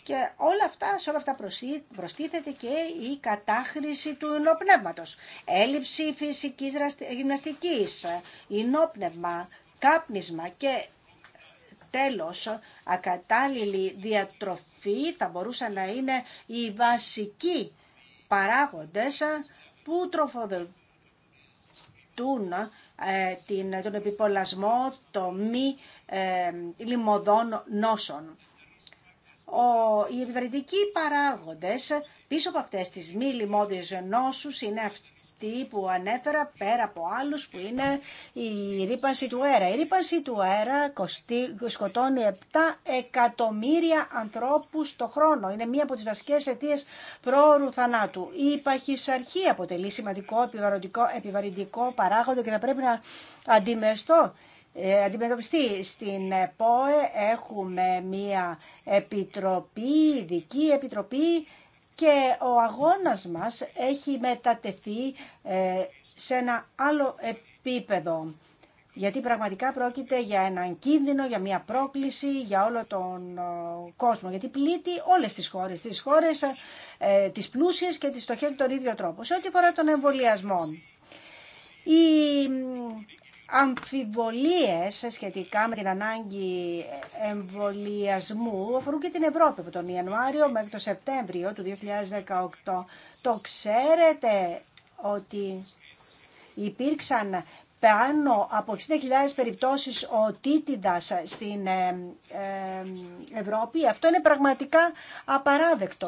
Και όλα αυτά, σε όλα αυτά προστίθεται και η κατάχρηση του ινοπνεύματος. Έλλειψη φυσικής γυμναστικής, υνοπνεύμα, ε, κάπνισμα και Τέλος, ακατάλληλη διατροφή θα μπορούσε να είναι οι βασικοί παράγοντες που τροφοδοτούν ε, την, τον επιπολασμό των το μη ε, λιμωδών νόσων. Ο, οι επιβαρυντικοί παράγοντες πίσω από αυτές τις μη λιμώδεις νόσους είναι αυτοί αυτή που ανέφερα πέρα από άλλους που είναι η ρήπανση του αέρα. Η ρήπανση του αέρα σκοτώνει 7 εκατομμύρια ανθρώπους το χρόνο. Είναι μία από τις βασικές αιτίε πρόωρου θανάτου. Η υπαχυσαρχή αποτελεί σημαντικό επιβαρυντικό παράγοντο και θα πρέπει να αντιμεστώ ε, αντιμετωπιστεί. Στην ΠΟΕ έχουμε μία επιτροπή, ειδική επιτροπή και ο αγώνας μας έχει μετατεθεί ε, σε ένα άλλο επίπεδο. Γιατί πραγματικά πρόκειται για έναν κίνδυνο, για μια πρόκληση για όλο τον ε, κόσμο. Γιατί πλήττει όλες τις χώρες, τις χώρες ε, τις πλούσιες και τις στοχεύει τον ίδιο τρόπο. Σε ό,τι αφορά τον εμβολιασμό αμφιβολίες σχετικά με την ανάγκη εμβολιασμού αφορούν και την Ευρώπη από τον Ιανουάριο μέχρι τον Σεπτέμβριο του 2018. Το ξέρετε ότι υπήρξαν πάνω από 60.000 περιπτώσεις οτίτιδας στην ε, ε, Ευρώπη. Αυτό είναι πραγματικά απαράδεκτο.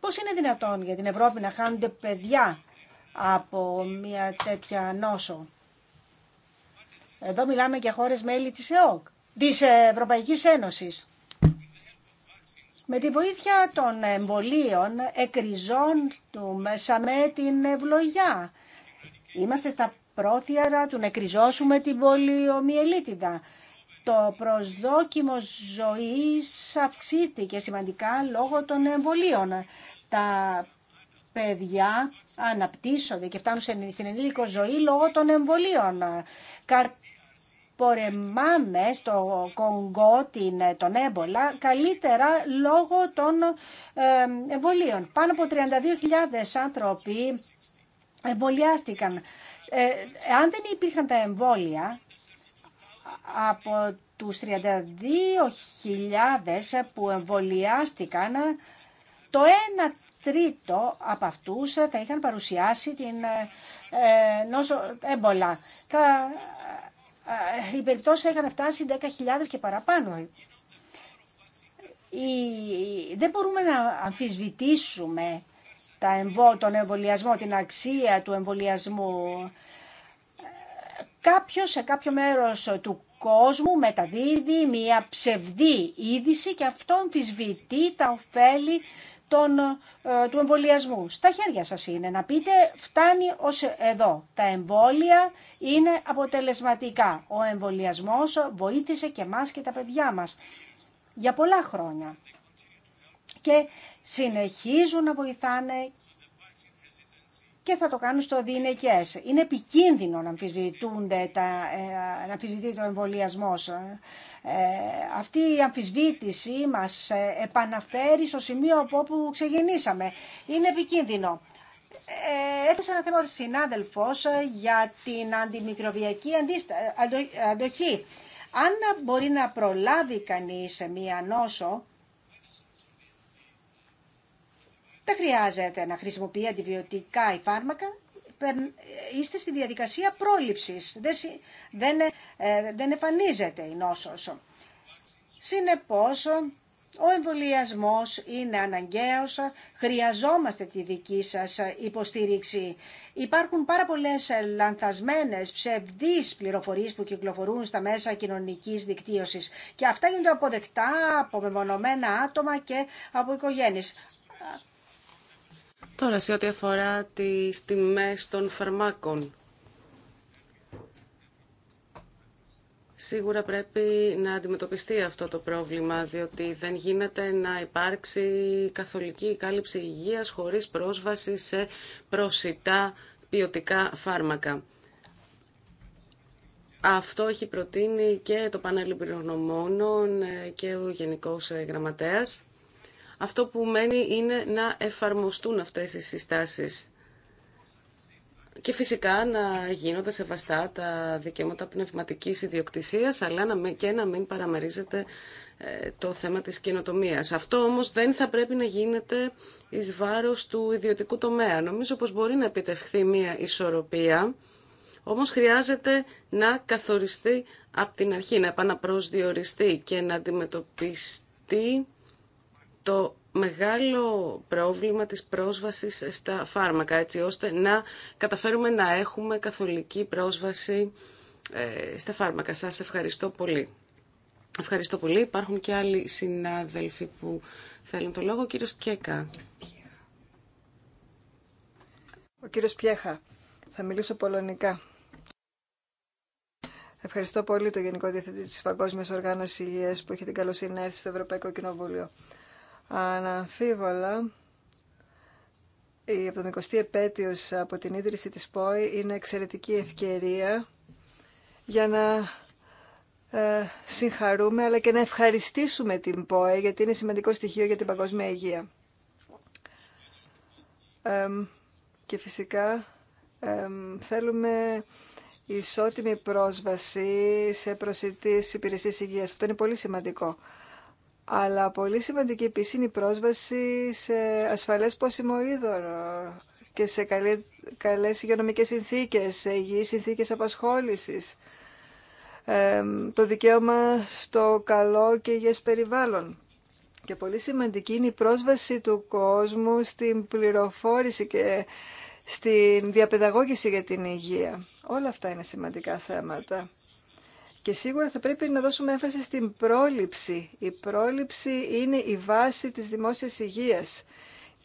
Πώς είναι δυνατόν για την Ευρώπη να χάνονται παιδιά από μια τέτοια νόσο. Εδώ μιλάμε για χώρες μέλη της ΕΟΚ, της Ευρωπαϊκής Ένωσης. Με τη βοήθεια των εμβολίων με την ευλογιά. Είμαστε στα πρόθυρα του να εκριζώσουμε την πολιομιελίτιδα. Το προσδόκιμο ζωής αυξήθηκε σημαντικά λόγω των εμβολίων. Τα παιδιά αναπτύσσονται και φτάνουν στην ενήλικο ζωή λόγω των εμβολίων. Καρπορεμάμε στο Κονγκό την, τον έμπολα καλύτερα λόγω των εμβολίων. Πάνω από 32.000 άνθρωποι εμβολιάστηκαν. Ε, αν δεν υπήρχαν τα εμβόλια, από τους 32.000 που εμβολιάστηκαν, το ένα τρίτο από αυτούς θα είχαν παρουσιάσει την ε, ε, νόσο έμπολα. Τα, ε, οι περιπτώσεις θα είχαν φτάσει 10.000 και παραπάνω. Η, δεν μπορούμε να αμφισβητήσουμε τα εμβό, τον εμβολιασμό, την αξία του εμβολιασμού. Κάποιος σε κάποιο μέρος του κόσμου μεταδίδει μια ψευδή είδηση και αυτό αμφισβητεί τα ωφέλη τον ε, του εμβολιασμού. Στα χέρια σας είναι να πείτε φτάνει ως εδώ. Τα εμβόλια είναι αποτελεσματικά. Ο εμβολιασμός βοήθησε και μας και τα παιδιά μας για πολλά χρόνια. Και συνεχίζουν να βοηθάνε και θα το κάνουν στο Δινεκές. Είναι επικίνδυνο να αμφισβητούνται τα, ε, να αμφισβητεί το εμβολιασμό. Ε, αυτή η αμφισβήτηση μας ε, επαναφέρει στο σημείο από όπου ξεκινήσαμε. Είναι επικίνδυνο. Ε, έθεσε ένα θέμα ο συνάδελφος ε, για την αντιμικροβιακή αντοχή. Αν μπορεί να προλάβει κανείς μία νόσο, δεν χρειάζεται να χρησιμοποιεί αντιβιωτικά ή φάρμακα, είστε στη διαδικασία πρόληψης. Δεν, ε, ε, δεν εμφανίζεται η νόσος. Συνεπώς, ο εμβολιασμός είναι αναγκαίος, χρειαζόμαστε τη δική σας υποστήριξη. Υπάρχουν πάρα πολλές λανθασμένες ψευδείς πληροφορίες που κυκλοφορούν στα μέσα κοινωνικής δικτύωσης και αυτά γίνονται αποδεκτά από μεμονωμένα άτομα και από οικογένειες. Τώρα, σε ό,τι αφορά τις τιμές των φαρμάκων, σίγουρα πρέπει να αντιμετωπιστεί αυτό το πρόβλημα, διότι δεν γίνεται να υπάρξει καθολική κάλυψη υγείας χωρίς πρόσβαση σε προσιτά ποιοτικά φάρμακα. Αυτό έχει προτείνει και το πάνελ και ο Γενικός ε, Γραμματέας. Αυτό που μένει είναι να εφαρμοστούν αυτές οι συστάσεις. Και φυσικά να γίνονται σεβαστά τα δικαιώματα πνευματικής ιδιοκτησίας, αλλά και να μην παραμερίζεται ε, το θέμα της καινοτομία. Αυτό όμως δεν θα πρέπει να γίνεται εις βάρος του ιδιωτικού τομέα. Νομίζω πως μπορεί να επιτευχθεί μια ισορροπία, όμως χρειάζεται να καθοριστεί από την αρχή, να επαναπροσδιοριστεί και να αντιμετωπιστεί το μεγάλο πρόβλημα της πρόσβασης στα φάρμακα, έτσι ώστε να καταφέρουμε να έχουμε καθολική πρόσβαση ε, στα φάρμακα. Σας ευχαριστώ πολύ. Ευχαριστώ πολύ. Υπάρχουν και άλλοι συνάδελφοι που θέλουν το λόγο. Ο κύριος Κέκα. Ο κύριος Πιέχα. Θα μιλήσω πολωνικά. Ευχαριστώ πολύ το Γενικό Διευθυντή της Παγκόσμιας Οργάνωσης Υγείας που έχει την καλοσύνη να έρθει στο Ευρωπαϊκό Κοινοβούλιο. Αναμφίβολα, η 70η επέτειος από την ίδρυση της ΠΟΗ είναι εξαιρετική ευκαιρία για να ε, συγχαρούμε αλλά και να ευχαριστήσουμε την ΠΟΕ γιατί είναι σημαντικό στοιχείο για την παγκόσμια υγεία. και φυσικά θέλουμε ισότιμη πρόσβαση σε προσιτής υπηρεσίες υγείας. Αυτό είναι πολύ σημαντικό. Αλλά πολύ σημαντική επίση είναι η πρόσβαση σε ασφαλές πόσιμο είδωρο και σε καλέ, καλές υγειονομικές συνθήκες, σε υγιείς συνθήκες απασχόλησης. το δικαίωμα στο καλό και υγιές περιβάλλον. Και πολύ σημαντική είναι η πρόσβαση του κόσμου στην πληροφόρηση και στην διαπαιδαγώγηση για την υγεία. Όλα αυτά είναι σημαντικά θέματα. Και σίγουρα θα πρέπει να δώσουμε έμφαση στην πρόληψη. Η πρόληψη είναι η βάση της δημόσιας υγείας.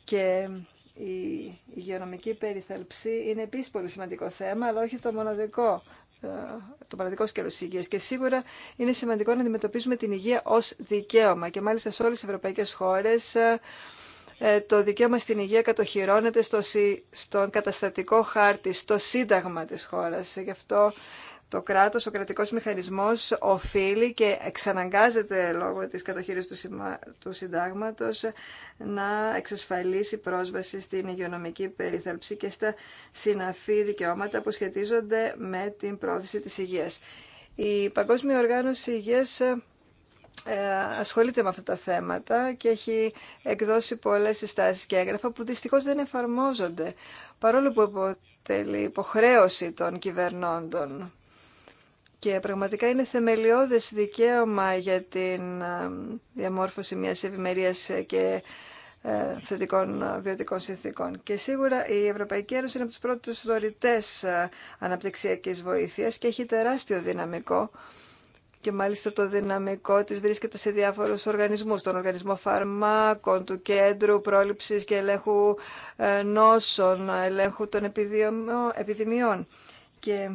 Και η υγειονομική περιθαλψή είναι επίσης πολύ σημαντικό θέμα, αλλά όχι το μοναδικό ε, το παραδικό σκέλος υγείας και σίγουρα είναι σημαντικό να αντιμετωπίζουμε την υγεία ως δικαίωμα και μάλιστα σε όλες τις ευρωπαϊκές χώρες ε, ε, το δικαίωμα στην υγεία κατοχυρώνεται στον καταστατικό χάρτη, στο σύνταγμα της χώρας. Γι' αυτό το κράτος, ο κρατικός μηχανισμός οφείλει και εξαναγκάζεται λόγω της κατοχήρησης του συντάγματος να εξασφαλίσει πρόσβαση στην υγειονομική περίθαλψη και στα συναφή δικαιώματα που σχετίζονται με την πρόθεση της υγείας. Η Παγκόσμια Οργάνωση Υγείας ε, ασχολείται με αυτά τα θέματα και έχει εκδώσει πολλές συστάσεις και έγγραφα που δυστυχώς δεν εφαρμόζονται παρόλο που αποτελεί υποχρέωση των κυβερνώντων και πραγματικά είναι θεμελιώδες δικαίωμα για την ε, διαμόρφωση μιας ευημερία και ε, θετικών ε, βιωτικών συνθήκων. Και σίγουρα η Ευρωπαϊκή Ένωση είναι από τους πρώτους δωρητές αναπτυξιακής βοήθειας και έχει τεράστιο δυναμικό και μάλιστα το δυναμικό της βρίσκεται σε διάφορους οργανισμούς, τον Οργανισμό Φαρμάκων, του Κέντρου Πρόληψης και Ελέγχου Νόσων, Ελέγχου των Επιδημιών. Και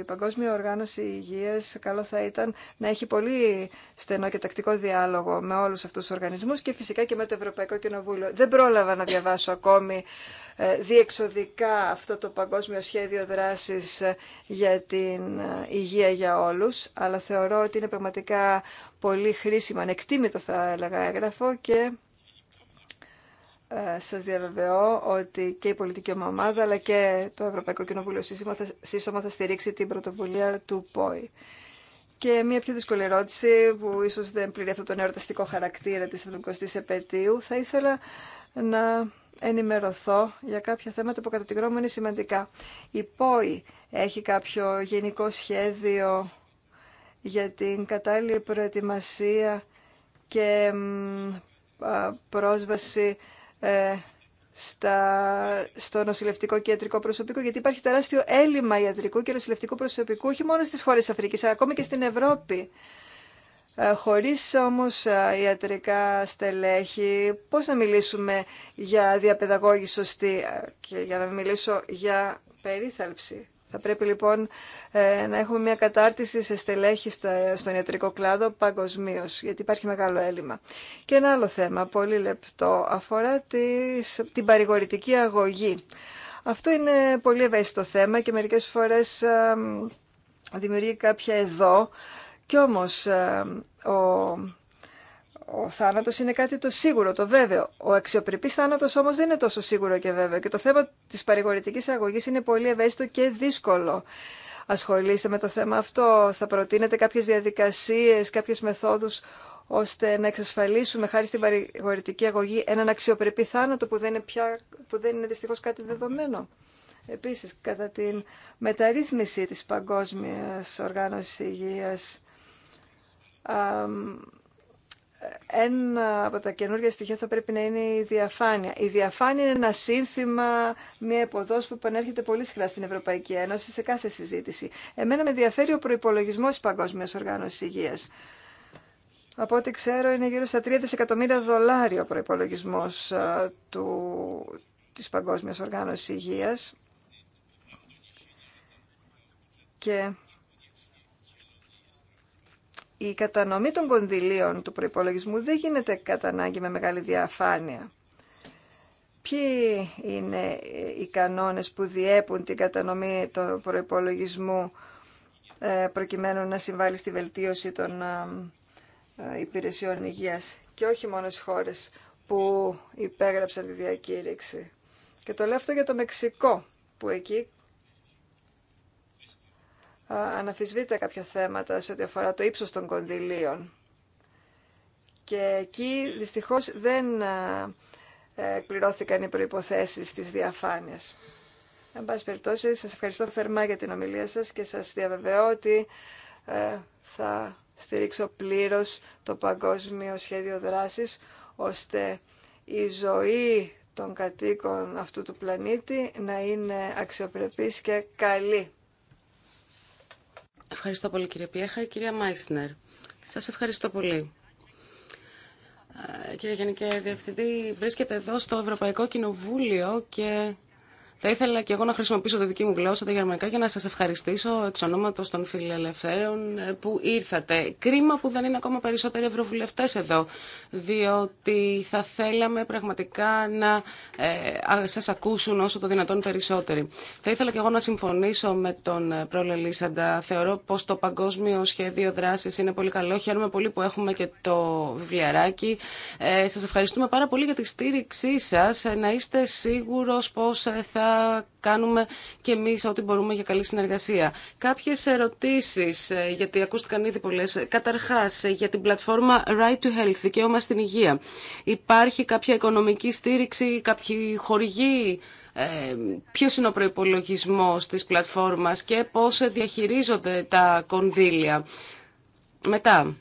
η Παγκόσμια Οργάνωση Υγείας καλό θα ήταν να έχει πολύ στενό και τακτικό διάλογο με όλους αυτούς τους οργανισμούς και φυσικά και με το Ευρωπαϊκό Κοινοβούλιο. Δεν πρόλαβα να διαβάσω ακόμη ε, διεξοδικά αυτό το παγκόσμιο σχέδιο δράσης ε, για την ε, υγεία για όλους, αλλά θεωρώ ότι είναι πραγματικά πολύ χρήσιμο, ανεκτήμητο θα έλεγα έγγραφο και ε, σας διαβεβαιώ ότι και η πολιτική ομάδα αλλά και το Ευρωπαϊκό Κοινοβούλιο σύσσωμα θα στηρίξει την πρωτοβουλία του ΠΟΗ. Και μια πιο δύσκολη ερώτηση που ίσως δεν πληρεί αυτόν τον ερωταστικό χαρακτήρα της 70ης επαιτίου. Θα ήθελα να ενημερωθώ για κάποια θέματα που κατά τη γνώμη είναι σημαντικά. Η ΠΟΗ έχει κάποιο γενικό σχέδιο για την κατάλληλη προετοιμασία και πρόσβαση ε, στα, στο νοσηλευτικό και ιατρικό προσωπικό, γιατί υπάρχει τεράστιο έλλειμμα ιατρικού και νοσηλευτικού προσωπικού, όχι μόνο στις χώρες Αφρικής, αλλά ακόμη και στην Ευρώπη. Ε, χωρίς όμως ε, ιατρικά στελέχη, πώς να μιλήσουμε για διαπαιδαγώγη σωστή και για να μιλήσω για περίθαλψη. Θα πρέπει λοιπόν ε, να έχουμε μια κατάρτιση σε στελέχη στον ιατρικό κλάδο παγκοσμίω, γιατί υπάρχει μεγάλο έλλειμμα. Και ένα άλλο θέμα, πολύ λεπτό, αφορά την παρηγορητική αγωγή. Αυτό είναι πολύ ευαίσθητο θέμα και μερικές φορές δημιουργεί κάποια εδώ. Κι όμως ο θάνατο είναι κάτι το σίγουρο, το βέβαιο. Ο αξιοπρεπή θάνατο όμω δεν είναι τόσο σίγουρο και βέβαιο. Και το θέμα τη παρηγορητικής αγωγή είναι πολύ ευαίσθητο και δύσκολο. Ασχολείστε με το θέμα αυτό, θα προτείνετε κάποιε διαδικασίε, κάποιε μεθόδου, ώστε να εξασφαλίσουμε χάρη στην παρηγορητική αγωγή έναν αξιοπρεπή θάνατο που δεν είναι, πια, που δεν είναι δυστυχώς κάτι δεδομένο. Επίσης, κατά την μεταρρύθμιση της Παγκόσμιας Οργάνωσης Υγείας, ένα από τα καινούργια στοιχεία θα πρέπει να είναι η διαφάνεια. Η διαφάνεια είναι ένα σύνθημα, μια εποδός που επανέρχεται πολύ συχνά στην Ευρωπαϊκή Ένωση σε κάθε συζήτηση. Εμένα με ενδιαφέρει ο προπολογισμό τη Παγκόσμια Οργάνωση Υγεία. Από ό,τι ξέρω είναι γύρω στα 3 δισεκατομμύρια δολάρια ο προπολογισμό ε, τη Παγκόσμιας Οργάνωσης Υγεία. Και η κατανομή των κονδυλίων του προϋπολογισμού δεν γίνεται κατά ανάγκη με μεγάλη διαφάνεια. Ποιοι είναι οι κανόνες που διέπουν την κατανομή του προϋπολογισμού ε, προκειμένου να συμβάλλει στη βελτίωση των ε, ε, υπηρεσιών υγείας και όχι μόνο στις χώρες που υπέγραψαν τη διακήρυξη. Και το λέω αυτό για το Μεξικό, που εκεί αναφυσβήτητα κάποια θέματα σε ό,τι αφορά το ύψος των κονδυλίων. Και εκεί δυστυχώς δεν ε, πληρώθηκαν οι προϋποθέσεις της διαφάνειας. Εν πάση περιπτώσει, σας ευχαριστώ θερμά για την ομιλία σας και σας διαβεβαιώ ότι ε, θα στηρίξω πλήρως το παγκόσμιο σχέδιο δράσης, ώστε η ζωή των κατοίκων αυτού του πλανήτη να είναι αξιοπρεπής και καλή. Ευχαριστώ πολύ κύριε Πιέχα. Κυρία Μάισνερ, σας ευχαριστώ πολύ. Ε, κύριε Γενική Διευθυντή, βρίσκεται εδώ στο Ευρωπαϊκό Κοινοβούλιο και θα ήθελα και εγώ να χρησιμοποιήσω τη δική μου γλώσσα, τα γερμανικά, για να σα ευχαριστήσω εξ ονόματο των φιλελευθέρων ε, που ήρθατε. Κρίμα που δεν είναι ακόμα περισσότεροι ευρωβουλευτέ εδώ, διότι θα θέλαμε πραγματικά να ε, σας ακούσουν όσο το δυνατόν περισσότεροι. Θα ήθελα και εγώ να συμφωνήσω με τον ε, Λίσαντα. Θεωρώ πω το παγκόσμιο σχέδιο δράση είναι πολύ καλό. Χαίρομαι πολύ που έχουμε και το βιβλιαράκι. Ε, ευχαριστούμε πάρα πολύ για τη στήριξή σας. Ε, να είστε σίγουρος πως θα κάνουμε και εμείς ό,τι μπορούμε για καλή συνεργασία. Κάποιες ερωτήσεις, ε, γιατί ακούστηκαν ήδη πολλέ, Καταρχάς, ε, για την πλατφόρμα Right to Health, δικαίωμα στην υγεία. Υπάρχει κάποια οικονομική στήριξη, κάποιοι χορηγοί ε, ποιος είναι ο προϋπολογισμός της πλατφόρμας και πώς διαχειρίζονται τα κονδύλια. Μετά,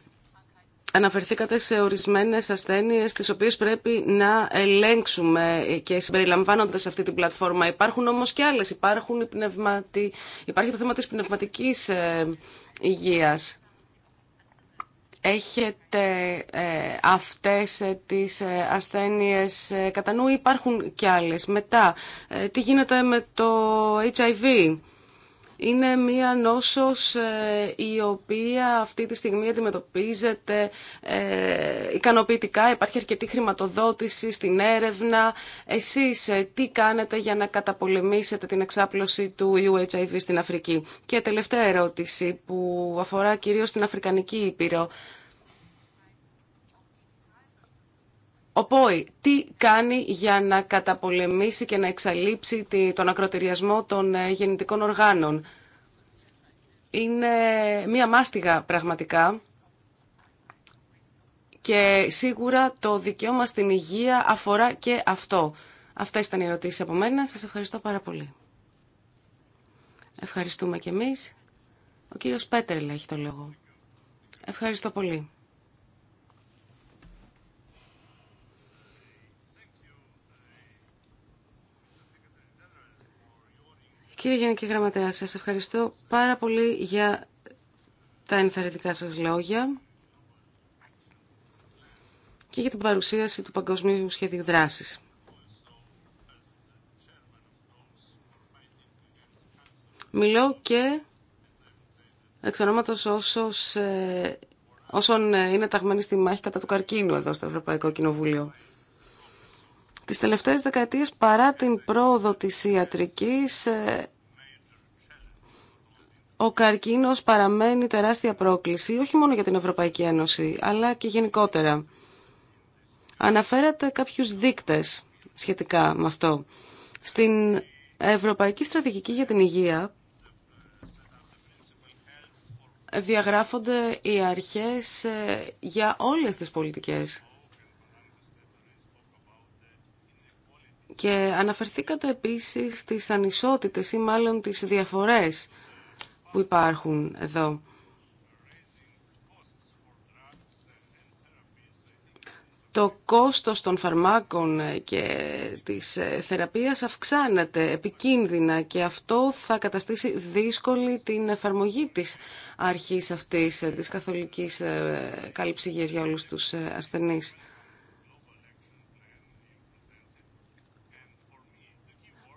Αναφερθήκατε σε ορισμένες ασθένειες τις οποίες πρέπει να ελέγξουμε και συμπεριλαμβάνονται σε αυτή την πλατφόρμα. Υπάρχουν όμως και άλλες. Υπάρχουν πνευματι... Υπάρχει το θέμα της πνευματικής ε, υγείας. Έχετε ε, αυτές ε, τις ασθένειες κατά νου. Υπάρχουν και άλλες. Μετά, τι γίνεται με το HIV είναι μία νόσος ε, η οποία αυτή τη στιγμή αντιμετωπίζεται ε, ικανοποιητικά. Υπάρχει αρκετή χρηματοδότηση στην έρευνα. Εσείς ε, τι κάνετε για να καταπολεμήσετε την εξάπλωση του UHIV στην Αφρική. Και τελευταία ερώτηση που αφορά κυρίως την Αφρικανική Ήπειρο. Ο τι κάνει για να καταπολεμήσει και να εξαλείψει τον ακροτηριασμό των ε, γεννητικών οργάνων. Είναι μία μάστιγα πραγματικά και σίγουρα το δικαίωμα στην υγεία αφορά και αυτό. Αυτά ήταν οι ερωτήσεις από μένα. Σας ευχαριστώ πάρα πολύ. Ευχαριστούμε και εμείς. Ο κύριος Πέτερλα έχει το λόγο. Ευχαριστώ πολύ. Κύριε Γενική Γραμματέα, σας ευχαριστώ πάρα πολύ για τα ενθαρρυντικά σας λόγια και για την παρουσίαση του Παγκοσμίου Σχεδίου Δράσης. Μιλώ και εξ ονόματος ε, όσων είναι ταγμένοι στη μάχη κατά του καρκίνου εδώ στο Ευρωπαϊκό Κοινοβούλιο. Τις τελευταίες δεκαετίες παρά την πρόοδο της ιατρικής ε, ο καρκίνος παραμένει τεράστια πρόκληση όχι μόνο για την Ευρωπαϊκή Ένωση αλλά και γενικότερα. Αναφέρατε κάποιους δείκτες σχετικά με αυτό. Στην Ευρωπαϊκή Στρατηγική για την Υγεία διαγράφονται οι αρχές ε, για όλες τις πολιτικές. Και αναφερθήκατε επίσης στις ανισότητες ή μάλλον τις διαφορές που υπάρχουν εδώ. Το κόστος των φαρμάκων και της ε, θεραπείας αυξάνεται επικίνδυνα και αυτό θα καταστήσει δύσκολη την εφαρμογή της αρχής αυτής ε, της καθολικής ε, κάλυψης για όλους τους ασθενείς.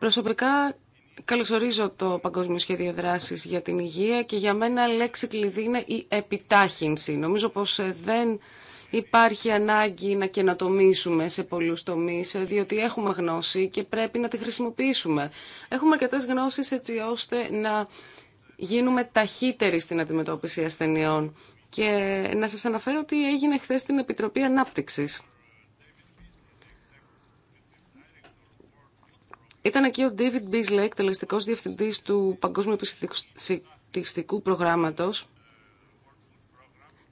Προσωπικά καλωσορίζω το Παγκόσμιο Σχέδιο Δράσης για την Υγεία και για μένα λέξη κλειδί είναι η επιτάχυνση. Νομίζω πως ε, δεν υπάρχει ανάγκη να καινοτομήσουμε σε πολλούς τομείς, ε, διότι έχουμε γνώση και πρέπει να τη χρησιμοποιήσουμε. Έχουμε αρκετέ γνώσεις έτσι ώστε να γίνουμε ταχύτεροι στην αντιμετώπιση ασθενειών. Και ε, να σας αναφέρω ότι έγινε χθε στην Επιτροπή Ανάπτυξης. Ήταν εκεί ο David Beasley, εκτελεστικό Διευθυντή του Παγκόσμιου Επιστημιστικού Προγράμματος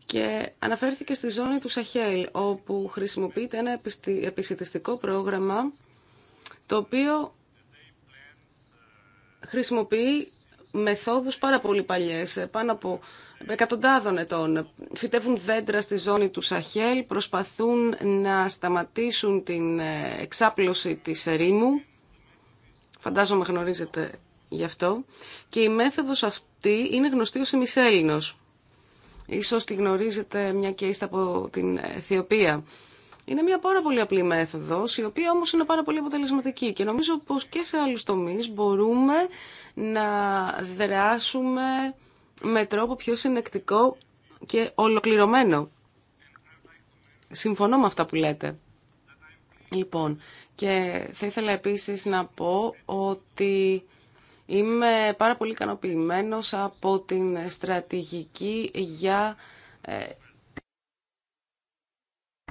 και αναφέρθηκε στη ζώνη του Σαχέλ, όπου χρησιμοποιείται ένα επιστημιστικό πρόγραμμα το οποίο χρησιμοποιεί μεθόδους πάρα πολύ παλιές, πάνω από εκατοντάδων ετών. Φυτεύουν δέντρα στη ζώνη του Σαχέλ, προσπαθούν να σταματήσουν την ε, εξάπλωση της ερήμου Φαντάζομαι γνωρίζετε γι' αυτό. Και η μέθοδος αυτή είναι γνωστή ως ημισέλληνος. Ίσως τη γνωρίζετε μια και είστε από την Αιθιοπία. Είναι μια πάρα πολύ απλή μέθοδος, η οποία όμως είναι πάρα πολύ αποτελεσματική και νομίζω πως και σε άλλους τομείς μπορούμε να δράσουμε με τρόπο πιο συνεκτικό και ολοκληρωμένο. Συμφωνώ με αυτά που λέτε. Λοιπόν, και θα ήθελα επίσης να πω ότι είμαι πάρα πολύ ικανοποιημένο από την στρατηγική για ε,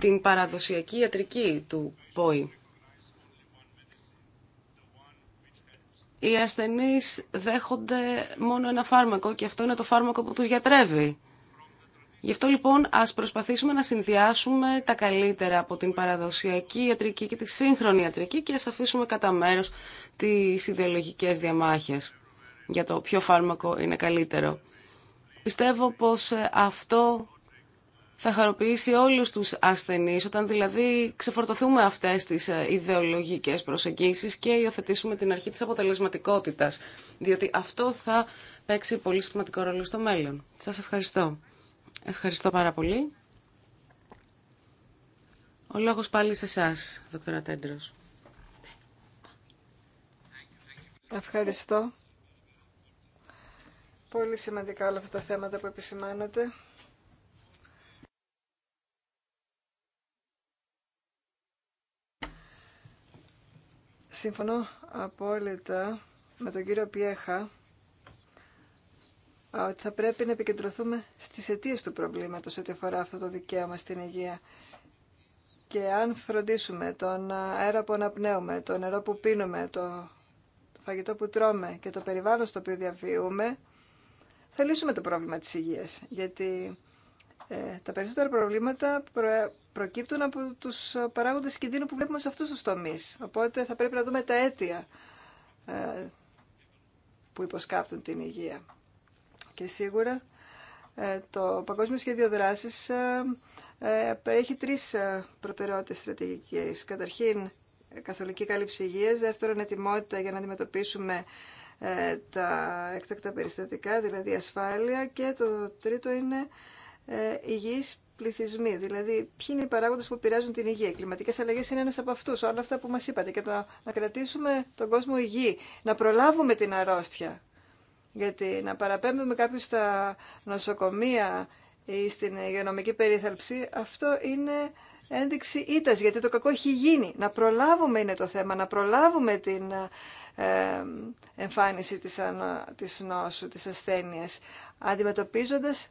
την παραδοσιακή ιατρική του ΠΟΗ. Οι ασθενείς δέχονται μόνο ένα φάρμακο και αυτό είναι το φάρμακο που τους γιατρεύει. Γι' αυτό λοιπόν ας προσπαθήσουμε να συνδυάσουμε τα καλύτερα από την παραδοσιακή ιατρική και τη σύγχρονη ιατρική και ας αφήσουμε κατά μέρος τις ιδεολογικές διαμάχες για το ποιο φάρμακο είναι καλύτερο. Πιστεύω πως ε, αυτό θα χαροποιήσει όλους τους ασθενείς, όταν δηλαδή ξεφορτωθούμε αυτές τις ε, ιδεολογικές προσεγγίσεις και υιοθετήσουμε την αρχή της αποτελεσματικότητας, διότι αυτό θα παίξει πολύ σημαντικό ρόλο στο μέλλον. Σας ευχαριστώ. Ευχαριστώ πάρα πολύ. Ο λόγος πάλι σε εσά, δόκτωρα Τέντρος. Ευχαριστώ. Πολύ σημαντικά όλα αυτά τα θέματα που επισημάνατε. Συμφωνώ απόλυτα με τον κύριο Πιέχα ότι θα πρέπει να επικεντρωθούμε στις αιτίε του προβλήματος ό,τι αφορά αυτό το δικαίωμα στην υγεία. Και αν φροντίσουμε τον αέρα που αναπνέουμε, το νερό που πίνουμε, το φαγητό που τρώμε και το περιβάλλον στο οποίο διαβιούμε, θα λύσουμε το πρόβλημα της υγείας. Γιατί ε, τα περισσότερα προβλήματα προκύπτουν από τους παράγοντες κινδύνου που βλέπουμε σε αυτούς τους τομείς. Οπότε θα πρέπει να δούμε τα αίτια ε, που υποσκάπτουν την υγεία. Και σίγουρα ε, το Παγκόσμιο Σχέδιο Δράσης περιέχει ε, τρεις ε, προτεραιότητες στρατηγικές. Καταρχήν, καθολική κάλυψη υγείας. Δεύτερον, ετοιμότητα για να αντιμετωπίσουμε τα έκτακτα περιστατικά, δηλαδή ασφάλεια. Και το τρίτο είναι υγιής πληθυσμοί, δηλαδή ποιοι είναι οι παράγοντες που πειράζουν την υγεία. Οι κλιματικές αλλαγές είναι ένας από αυτούς, όλα αυτά που μας είπατε. Και το να κρατήσουμε τον κόσμο υγιή, να προλάβουμε την αρρώστια. Γιατί να παραπέμπουμε κάποιους στα νοσοκομεία ή στην υγειονομική περίθαλψη, αυτό είναι ένδειξη ήτας, γιατί το κακό έχει γίνει. Να προλάβουμε είναι το θέμα, να προλάβουμε την ε, εμφάνιση της, της νόσου, της ασθένειας, αντιμετωπίζοντας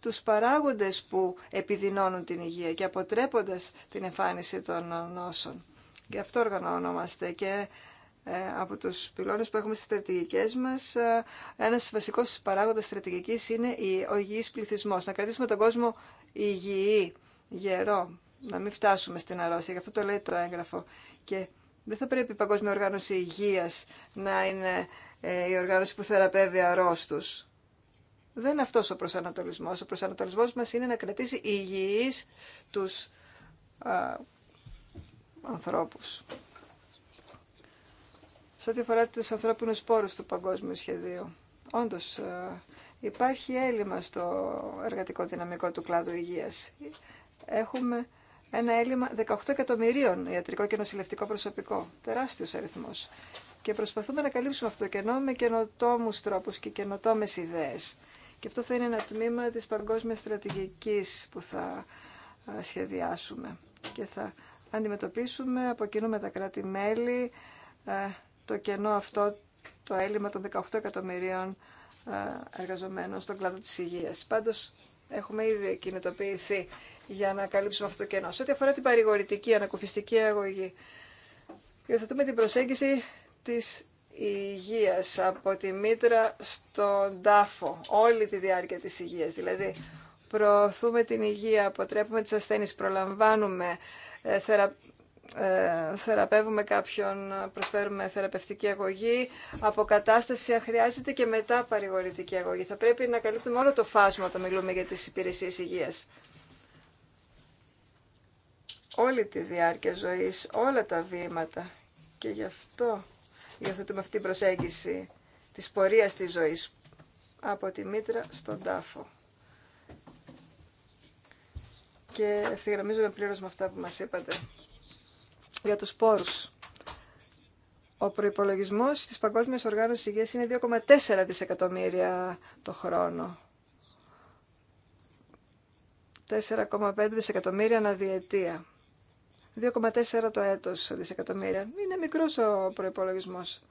τους παράγοντες που επιδεινώνουν την υγεία και αποτρέποντας την εμφάνιση των νόσων. Και αυτό οργανώνομαστε και ε, από τους πυλώνες που έχουμε στις στρατηγικές μας, ε, ένας βασικός παράγοντας στρατηγικής είναι ο υγιής πληθυσμός. Να κρατήσουμε τον κόσμο υγιή, γερό, να μην φτάσουμε στην αρρώστια. Γι' αυτό το λέει το έγγραφο. Και δεν θα πρέπει η Παγκόσμια Οργάνωση Υγείας να είναι ε, η οργάνωση που θεραπεύει αρρώστους. Δεν είναι αυτός ο προσανατολισμός. Ο προσανατολισμός μας είναι να κρατήσει υγιείς τους ανθρώπους σε ό,τι αφορά τους ανθρώπινους πόρου του παγκόσμιου σχεδίου. Όντως, ε, υπάρχει έλλειμμα στο εργατικό δυναμικό του κλάδου υγείας. Έχουμε ένα έλλειμμα 18 εκατομμυρίων ιατρικό και νοσηλευτικό προσωπικό. Τεράστιος αριθμός. Και προσπαθούμε να καλύψουμε αυτό το κενό με καινοτόμου τρόπου και καινοτόμε ιδέε. Και αυτό θα είναι ένα τμήμα τη Παγκόσμια Στρατηγική που θα ε, σχεδιάσουμε και θα αντιμετωπίσουμε από κοινού με τα κράτη-μέλη ε, το κενό αυτό, το έλλειμμα των 18 εκατομμυρίων ε, εργαζομένων στον κλάδο της υγείας. Πάντως, έχουμε ήδη κινητοποιηθεί για να καλύψουμε αυτό το κενό. Σε ό,τι αφορά την παρηγορητική, ανακουφιστική αγωγή, υιοθετούμε την προσέγγιση της υγείας από τη μήτρα στον τάφο, όλη τη διάρκεια της υγείας. Δηλαδή, προωθούμε την υγεία, αποτρέπουμε τις ασθένειες, προλαμβάνουμε, ε, θεραπεύουμε, ε, θεραπεύουμε κάποιον, προσφέρουμε θεραπευτική αγωγή, αποκατάσταση αν χρειάζεται και μετά παρηγορητική αγωγή. Θα πρέπει να καλύπτουμε όλο το φάσμα όταν μιλούμε για τις υπηρεσίες υγείας. Όλη τη διάρκεια ζωής, όλα τα βήματα και γι' αυτό υιοθετούμε αυτή την προσέγγιση της πορείας της ζωής από τη μήτρα στον τάφο. Και ευθυγραμμίζομαι πλήρως με αυτά που μας είπατε για τους πόρους. Ο προϋπολογισμός της Παγκόσμιας Οργάνωσης Υγείας είναι 2,4 δισεκατομμύρια το χρόνο. 4,5 δισεκατομμύρια διετία. 2,4 το έτος δισεκατομμύρια. Είναι μικρός ο προϋπολογισμός.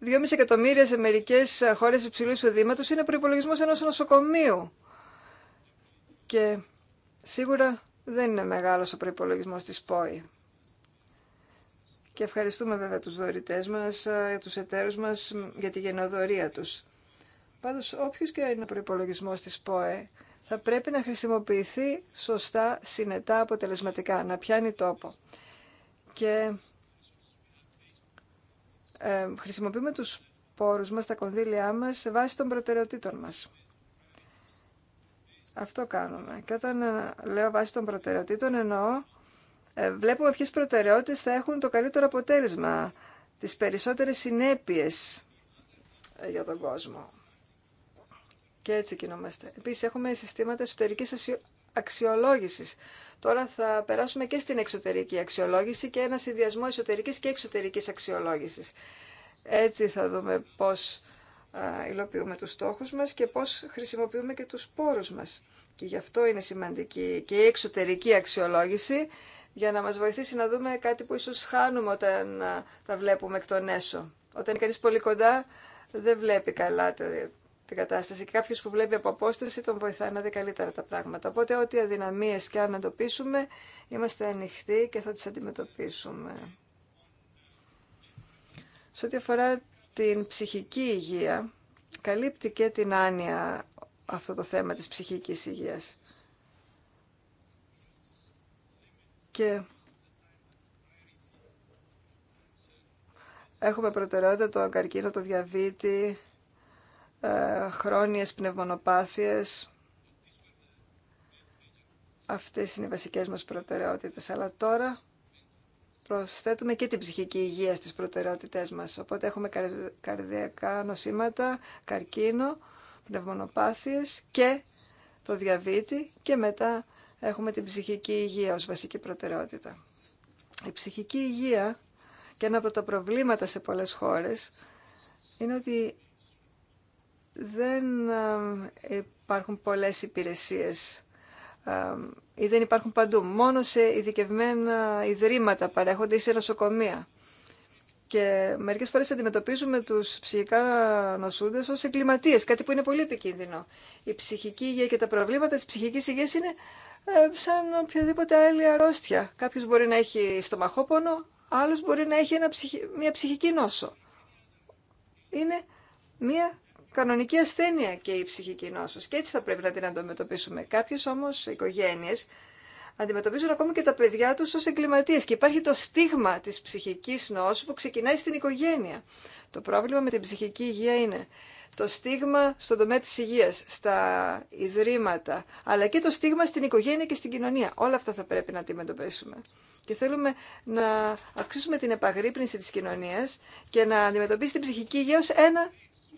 2,5 εκατομμύρια σε μερικές χώρες υψηλού εισοδήματος είναι προϋπολογισμός ενός νοσοκομείου. Και σίγουρα δεν είναι μεγάλος ο προϋπολογισμός της ΠΟΗ και ευχαριστούμε βέβαια τους δωρητές μας, ε, τους εταίρους μας για τη γενοδορία τους. Πάντως όποιος και είναι ο προπολογισμό της ΠΟΕ θα πρέπει να χρησιμοποιηθεί σωστά, συνετά, αποτελεσματικά, να πιάνει τόπο. Και ε, χρησιμοποιούμε τους πόρους μας, τα κονδύλια μας, σε βάση των προτεραιοτήτων μας. Αυτό κάνουμε. Και όταν ε, λέω βάση των προτεραιοτήτων εννοώ ε, βλέπουμε ποιες προτεραιότητες θα έχουν το καλύτερο αποτέλεσμα, τις περισσότερες συνέπειες ε, για τον κόσμο. Και έτσι κινούμαστε. Επίσης έχουμε συστήματα εσωτερικής αξιολόγησης. Τώρα θα περάσουμε και στην εξωτερική αξιολόγηση και ένα συνδυασμό εσωτερικής και εξωτερικής αξιολόγησης. Έτσι θα δούμε πώς υλοποιούμε τους στόχους μας και πώς χρησιμοποιούμε και τους πόρους μας. Και γι' αυτό είναι σημαντική και η εξωτερική αξιολόγηση για να μας βοηθήσει να δούμε κάτι που ίσως χάνουμε όταν τα βλέπουμε εκ των έσω. Όταν είναι κανείς πολύ κοντά δεν βλέπει καλά την κατάσταση και κάποιος που βλέπει από απόσταση τον βοηθάει να δει καλύτερα τα πράγματα. Οπότε ό,τι αδυναμίες και αν αντοπίσουμε, είμαστε ανοιχτοί και θα τις αντιμετωπίσουμε. Σε ό,τι αφορά την ψυχική υγεία, καλύπτει και την άνοια αυτό το θέμα της ψυχικής υγείας. και έχουμε προτεραιότητα το καρκίνο, το διαβήτη, ε, χρόνιες πνευμονοπάθειες. Αυτές είναι οι βασικές μας προτεραιότητες. Αλλά τώρα προσθέτουμε και την ψυχική υγεία στις προτεραιότητές μας. Οπότε έχουμε καρδιακά νοσήματα, καρκίνο, πνευμονοπάθειες και το διαβήτη και μετά έχουμε την ψυχική υγεία ως βασική προτεραιότητα. Η ψυχική υγεία και ένα από τα προβλήματα σε πολλές χώρες είναι ότι δεν υπάρχουν πολλές υπηρεσίες ή δεν υπάρχουν παντού. Μόνο σε ειδικευμένα ιδρύματα παρέχονται ή σε νοσοκομεία. Και μερικέ φορέ αντιμετωπίζουμε του ψυχικά νοσούντε ω εγκληματίε, κάτι που είναι πολύ επικίνδυνο. Η ψυχική υγεία και τα προβλήματα τη ψυχική υγεία είναι ε, σαν οποιαδήποτε άλλη αρρώστια. Κάποιο μπορεί να έχει στομαχόπονο, άλλο μπορεί να έχει μια ψυχική νόσο. Είναι μια κανονική ασθένεια και η ψυχική νόσος και έτσι θα πρέπει να την αντιμετωπίσουμε. Κάποιες όμως οικογένειες αντιμετωπίζουν ακόμα και τα παιδιά τους ως εγκληματίες και υπάρχει το στίγμα της ψυχικής νόσου που ξεκινάει στην οικογένεια. Το πρόβλημα με την ψυχική υγεία είναι το στίγμα στον τομέα της υγείας, στα ιδρύματα, αλλά και το στίγμα στην οικογένεια και στην κοινωνία. Όλα αυτά θα πρέπει να αντιμετωπίσουμε. Και θέλουμε να αυξήσουμε την επαγρύπνηση της κοινωνίας και να αντιμετωπίσει την ψυχική υγεία ως ένα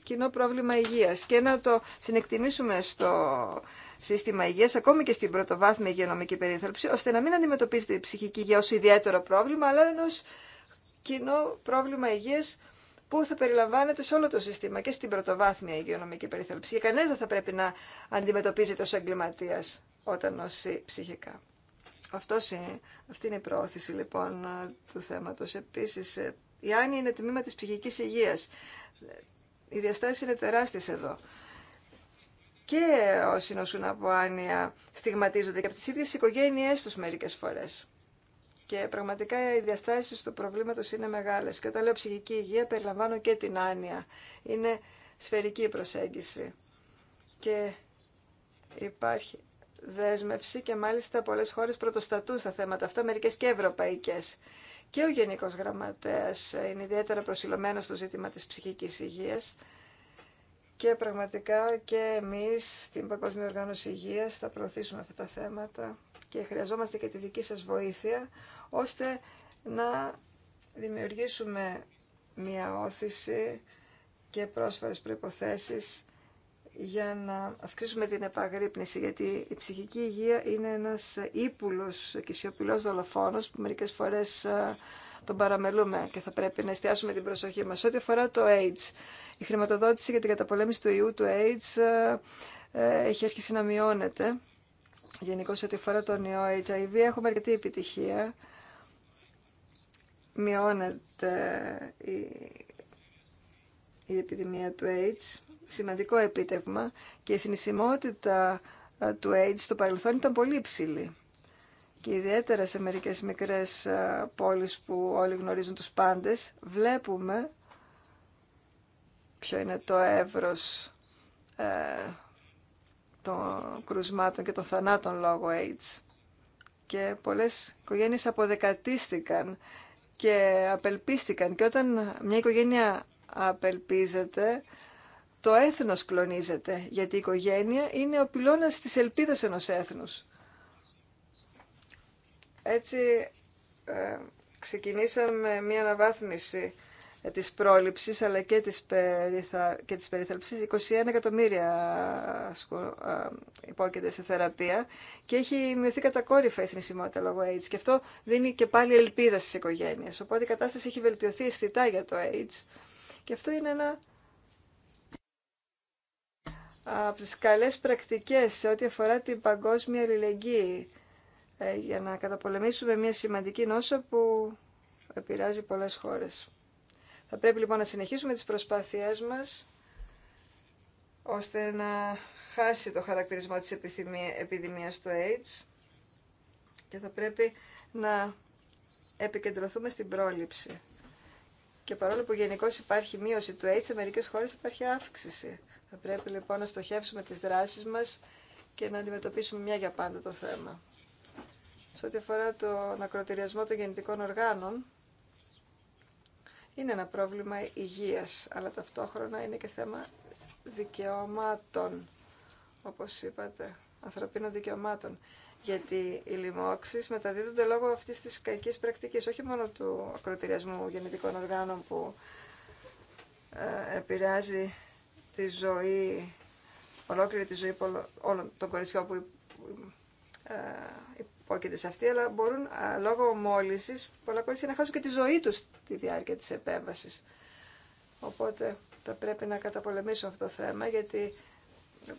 κοινό πρόβλημα υγείας και να το συνεκτιμήσουμε στο σύστημα υγείας, ακόμη και στην πρωτοβάθμια υγειονομική περίθαλψη, ώστε να μην αντιμετωπίζεται η ψυχική υγεία ως ιδιαίτερο πρόβλημα, αλλά ενό κοινό πρόβλημα υγείας που θα περιλαμβάνεται σε όλο το σύστημα και στην πρωτοβάθμια υγειονομική περίθαλψη. Και κανένα δεν θα πρέπει να αντιμετωπίζεται ως εγκληματία όταν νοσεί ψυχικά. Αυτός αυτή είναι η προώθηση λοιπόν του θέματος. Επίσης, ε, η Άννη είναι τμήμα της ψυχικής υγείας οι διαστάσεις είναι τεράστιες εδώ. Και όσοι νοσούν από άνοια στιγματίζονται και από τις ίδιες οικογένειές τους μερικές φορές. Και πραγματικά οι διαστάσει του προβλήματο είναι μεγάλες. Και όταν λέω ψυχική υγεία περιλαμβάνω και την άνοια. Είναι σφαιρική η προσέγγιση. Και υπάρχει δέσμευση και μάλιστα πολλές χώρες πρωτοστατούν στα θέματα αυτά, μερικές και ευρωπαϊκές και ο Γενικός Γραμματέας είναι ιδιαίτερα προσιλωμένος στο ζήτημα της ψυχικής υγείας και πραγματικά και εμείς στην Παγκόσμια Οργάνωση Υγείας θα προωθήσουμε αυτά τα θέματα και χρειαζόμαστε και τη δική σας βοήθεια ώστε να δημιουργήσουμε μια όθηση και πρόσφαρες προϋποθέσεις για να αυξήσουμε την επαγρύπνηση, γιατί η ψυχική υγεία είναι ένας ύπουλος και σιωπηλός δολοφόνος που μερικές φορές ε, τον παραμελούμε και θα πρέπει να εστιάσουμε την προσοχή μας. Ό,τι αφορά το AIDS, η χρηματοδότηση για την καταπολέμηση του ιού του AIDS ε, ε, έχει αρχίσει να μειώνεται. Γενικώ ό,τι αφορά τον ιό HIV έχουμε αρκετή επιτυχία. Μειώνεται η, η επιδημία του AIDS σημαντικό επίτευγμα και η θνησιμότητα ε, του AIDS στο παρελθόν ήταν πολύ υψηλή. Και ιδιαίτερα σε μερικές μικρές ε, πόλεις που όλοι γνωρίζουν τους πάντες, βλέπουμε ποιο είναι το εύρος ε, των κρουσμάτων και των θανάτων λόγω AIDS. Και πολλές οικογένειες αποδεκατίστηκαν και απελπίστηκαν. Και όταν μια οικογένεια απελπίζεται, το έθνος κλονίζεται, γιατί η οικογένεια είναι ο πυλώνας της ελπίδας ενός έθνους. Έτσι ε, ξεκινήσαμε μία αναβάθμιση της πρόληψης αλλά και της, περιθα... και της περιθαλψής 21 εκατομμύρια ε, ε, υπόκειται σε θεραπεία και έχει μειωθεί κατακόρυφα η θνησιμότητα λόγω AIDS και αυτό δίνει και πάλι ελπίδα στις οικογένειες οπότε η κατάσταση έχει βελτιωθεί αισθητά για το AIDS και αυτό είναι ένα από τις καλές πρακτικές σε ό,τι αφορά την παγκόσμια αλληλεγγύη ε, για να καταπολεμήσουμε μια σημαντική νόσο που επηρεάζει πολλές χώρες. Θα πρέπει λοιπόν να συνεχίσουμε τις προσπάθειές μας ώστε να χάσει το χαρακτηρισμό της επιδημίας του AIDS και θα πρέπει να επικεντρωθούμε στην πρόληψη. Και παρόλο που γενικώ υπάρχει μείωση του AIDS, σε μερικές χώρες υπάρχει αύξηση. Θα πρέπει λοιπόν να στοχεύσουμε τις δράσεις μας και να αντιμετωπίσουμε μια για πάντα το θέμα. Σε ό,τι αφορά τον ακροτηριασμό των γεννητικών οργάνων, είναι ένα πρόβλημα υγείας, αλλά ταυτόχρονα είναι και θέμα δικαιωμάτων, όπως είπατε, ανθρωπίνων δικαιωμάτων. Γιατί οι λοιμώξεις μεταδίδονται λόγω αυτής της κακής πρακτικής, όχι μόνο του ακροτηριασμού γεννητικών οργάνων που ε, επηρεάζει τη ζωή, ολόκληρη τη ζωή όλων των κορισιών που ε, υπόκειται σε αυτή, αλλά μπορούν λόγω μόλυνση πολλά κορίτσια να χάσουν και τη ζωή τους τη διάρκεια της επέμβαση. Οπότε θα πρέπει να καταπολεμήσουμε αυτό το θέμα, γιατί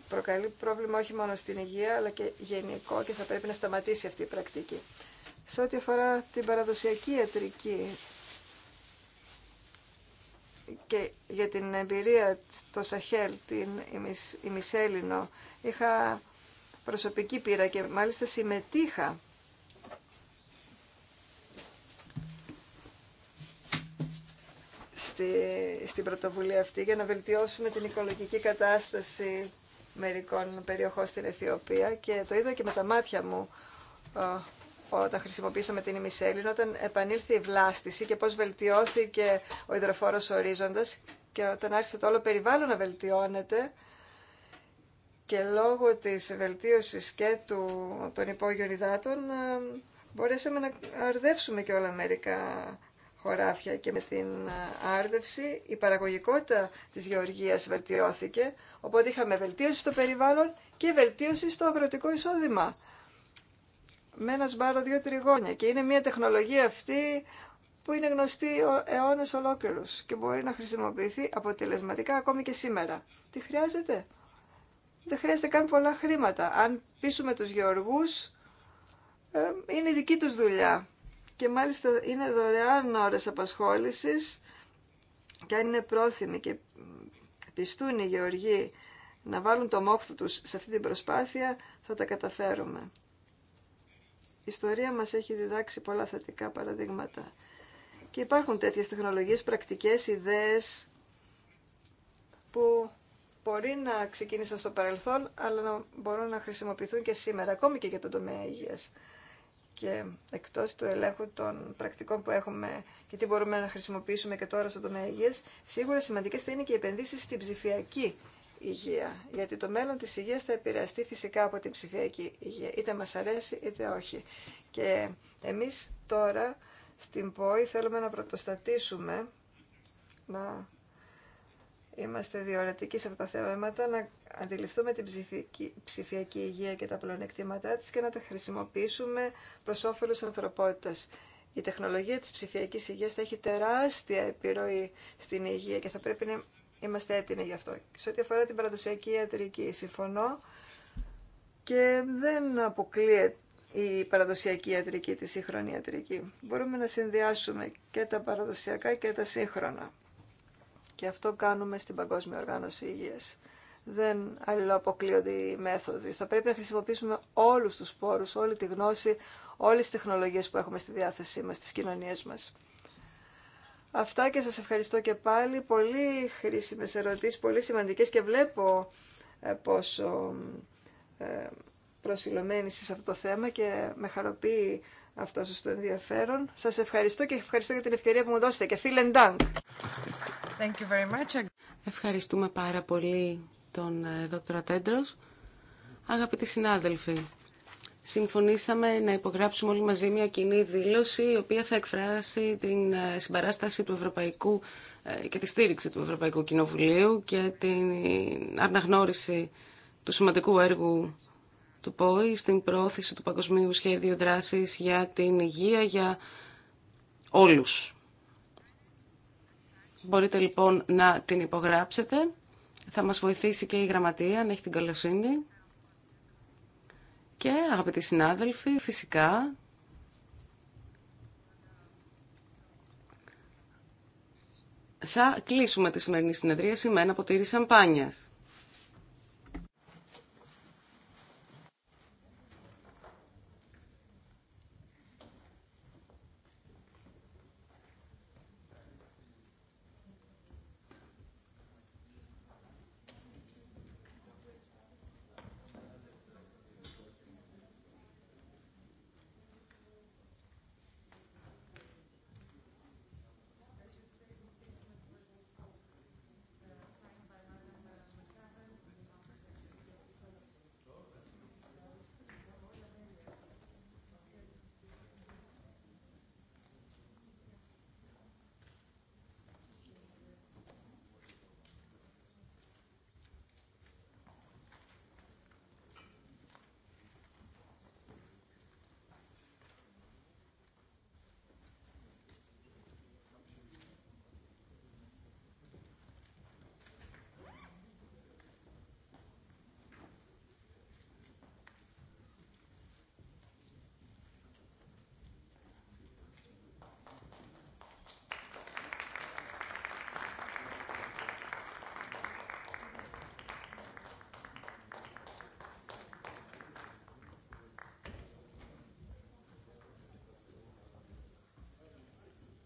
προκαλεί πρόβλημα όχι μόνο στην υγεία, αλλά και γενικό και θα πρέπει να σταματήσει αυτή η πρακτική. Σε ό,τι αφορά την παραδοσιακή ιατρική, και για την εμπειρία στο Σαχέλ, την ημισέλινο, είχα προσωπική πείρα και μάλιστα συμμετείχα στη, στην πρωτοβουλία αυτή για να βελτιώσουμε την οικολογική κατάσταση μερικών περιοχών στην Αιθιοπία και το είδα και με τα μάτια μου ε, όταν χρησιμοποίησαμε την ημισέλη, όταν επανήλθε η βλάστηση και πώς βελτιώθηκε ο υδροφόρος ορίζοντας και όταν άρχισε το όλο περιβάλλον να βελτιώνεται και λόγω της βελτίωσης και του, των υπόγειων υδάτων ε, μπορέσαμε να αρδεύσουμε και όλα μερικά χωράφια και με την ε, άρδευση η παραγωγικότητα της γεωργίας βελτιώθηκε, οπότε είχαμε βελτίωση στο περιβάλλον και βελτίωση στο αγροτικό εισόδημα με ένα σμπάρο δύο τριγώνια και είναι μια τεχνολογία αυτή που είναι γνωστή αιώνε ολόκληρου και μπορεί να χρησιμοποιηθεί αποτελεσματικά ακόμη και σήμερα. Τι χρειάζεται? Δεν χρειάζεται καν πολλά χρήματα. Αν πείσουμε τους γεωργούς, ε, είναι δική τους δουλειά. Και μάλιστα είναι δωρεάν ώρες απασχόλησης και αν είναι πρόθυμοι και πιστούν οι γεωργοί να βάλουν το μόχθο τους σε αυτή την προσπάθεια, θα τα καταφέρουμε. Η ιστορία μας έχει διδάξει πολλά θετικά παραδείγματα. Και υπάρχουν τέτοιες τεχνολογίες, πρακτικές, ιδέες που μπορεί να ξεκίνησαν στο παρελθόν, αλλά να μπορούν να χρησιμοποιηθούν και σήμερα, ακόμη και για τον τομέα υγείας. Και εκτός του ελέγχου των πρακτικών που έχουμε και τι μπορούμε να χρησιμοποιήσουμε και τώρα στον τομέα υγείας, σίγουρα σημαντικές θα είναι και οι επενδύσεις στην ψηφιακή υγεία. Γιατί το μέλλον της υγείας θα επηρεαστεί φυσικά από την ψηφιακή υγεία. Είτε μας αρέσει είτε όχι. Και εμείς τώρα στην ΠΟΗ θέλουμε να πρωτοστατήσουμε, να είμαστε διορατικοί σε αυτά τα θέματα, να αντιληφθούμε την ψηφιακή, υγεία και τα πλονεκτήματά της και να τα χρησιμοποιήσουμε προς όφελος ανθρωπότητας. Η τεχνολογία της ψηφιακής υγείας θα έχει τεράστια επιρροή στην υγεία και θα πρέπει να είμαστε έτοιμοι γι' αυτό. Σε ό,τι αφορά την παραδοσιακή ιατρική, συμφωνώ και δεν αποκλείεται η παραδοσιακή ιατρική, τη σύγχρονη ιατρική. Μπορούμε να συνδυάσουμε και τα παραδοσιακά και τα σύγχρονα. Και αυτό κάνουμε στην Παγκόσμια Οργάνωση Υγείας. Δεν αλληλοαποκλείονται οι μέθοδοι. Θα πρέπει να χρησιμοποιήσουμε όλους τους πόρους, όλη τη γνώση, όλες τις τεχνολογίες που έχουμε στη διάθεσή μας, στις κοινωνίες μας. Αυτά και σας ευχαριστώ και πάλι. Πολύ χρήσιμες ερωτήσεις, πολύ σημαντικές και βλέπω ε, πόσο ε, προσιλωμένη είστε σε αυτό το θέμα και με χαροποιεί αυτό σας το ενδιαφέρον. Σας ευχαριστώ και ευχαριστώ για την ευκαιρία που μου δώσετε και φίλεν Ντάνκ. Ευχαριστούμε πάρα πολύ τον ε, Δόκτωρα Τέντρος. Αγαπητοί συνάδελφοι, συμφωνήσαμε να υπογράψουμε όλοι μαζί μια κοινή δήλωση η οποία θα εκφράσει την ε, συμπαράσταση του Ευρωπαϊκού ε, και τη στήριξη του Ευρωπαϊκού Κοινοβουλίου και την αναγνώριση του σημαντικού έργου του ΠΟΗ στην πρόθεση του Παγκοσμίου Σχέδιου Δράσης για την υγεία για όλους. Μπορείτε λοιπόν να την υπογράψετε. Θα μας βοηθήσει και η γραμματεία να έχει την καλοσύνη. Και αγαπητοί συνάδελφοι, φυσικά θα κλείσουμε τη σημερινή συνεδρίαση με ένα ποτήρι σαμπάνιας.